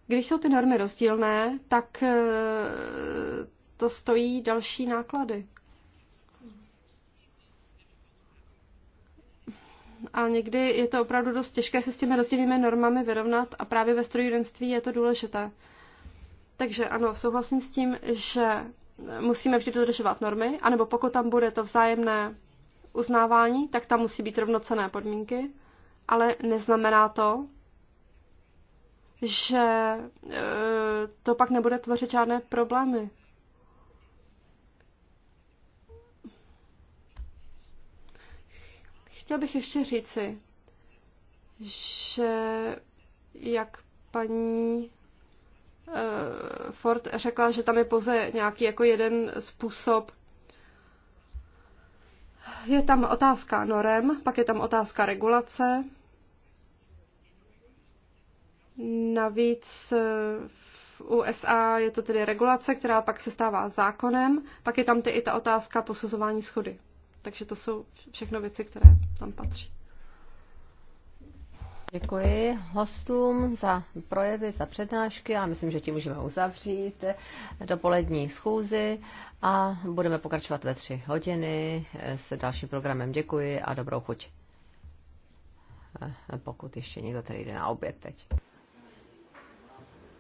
když jsou ty normy rozdílné, tak eh, to stojí další náklady. A někdy je to opravdu dost těžké se s těmi rozdílnými normami vyrovnat a právě ve strojírenství je to důležité. Takže ano, souhlasím s tím, že musíme vždy dodržovat normy, anebo pokud tam bude to vzájemné uznávání, tak tam musí být rovnocené podmínky, ale neznamená to, že e, to pak nebude tvořit žádné problémy. Chtěl bych ještě říci, že jak paní e, Ford řekla, že tam je pouze nějaký jako jeden způsob. Je tam otázka norem, pak je tam otázka regulace, Navíc eh, v USA je to tedy regulace, která pak se stává zákonem, pak je tam ty, i ta otázka posuzování schody. Takže to jsou všechno věci, které tam patří. Děkuji hostům za projevy, za přednášky. a myslím, že tím můžeme uzavřít dopolední schůzi a budeme pokračovat ve tři hodiny se dalším programem. Děkuji a dobrou chuť, eh, pokud ještě někdo tady jde na oběd teď.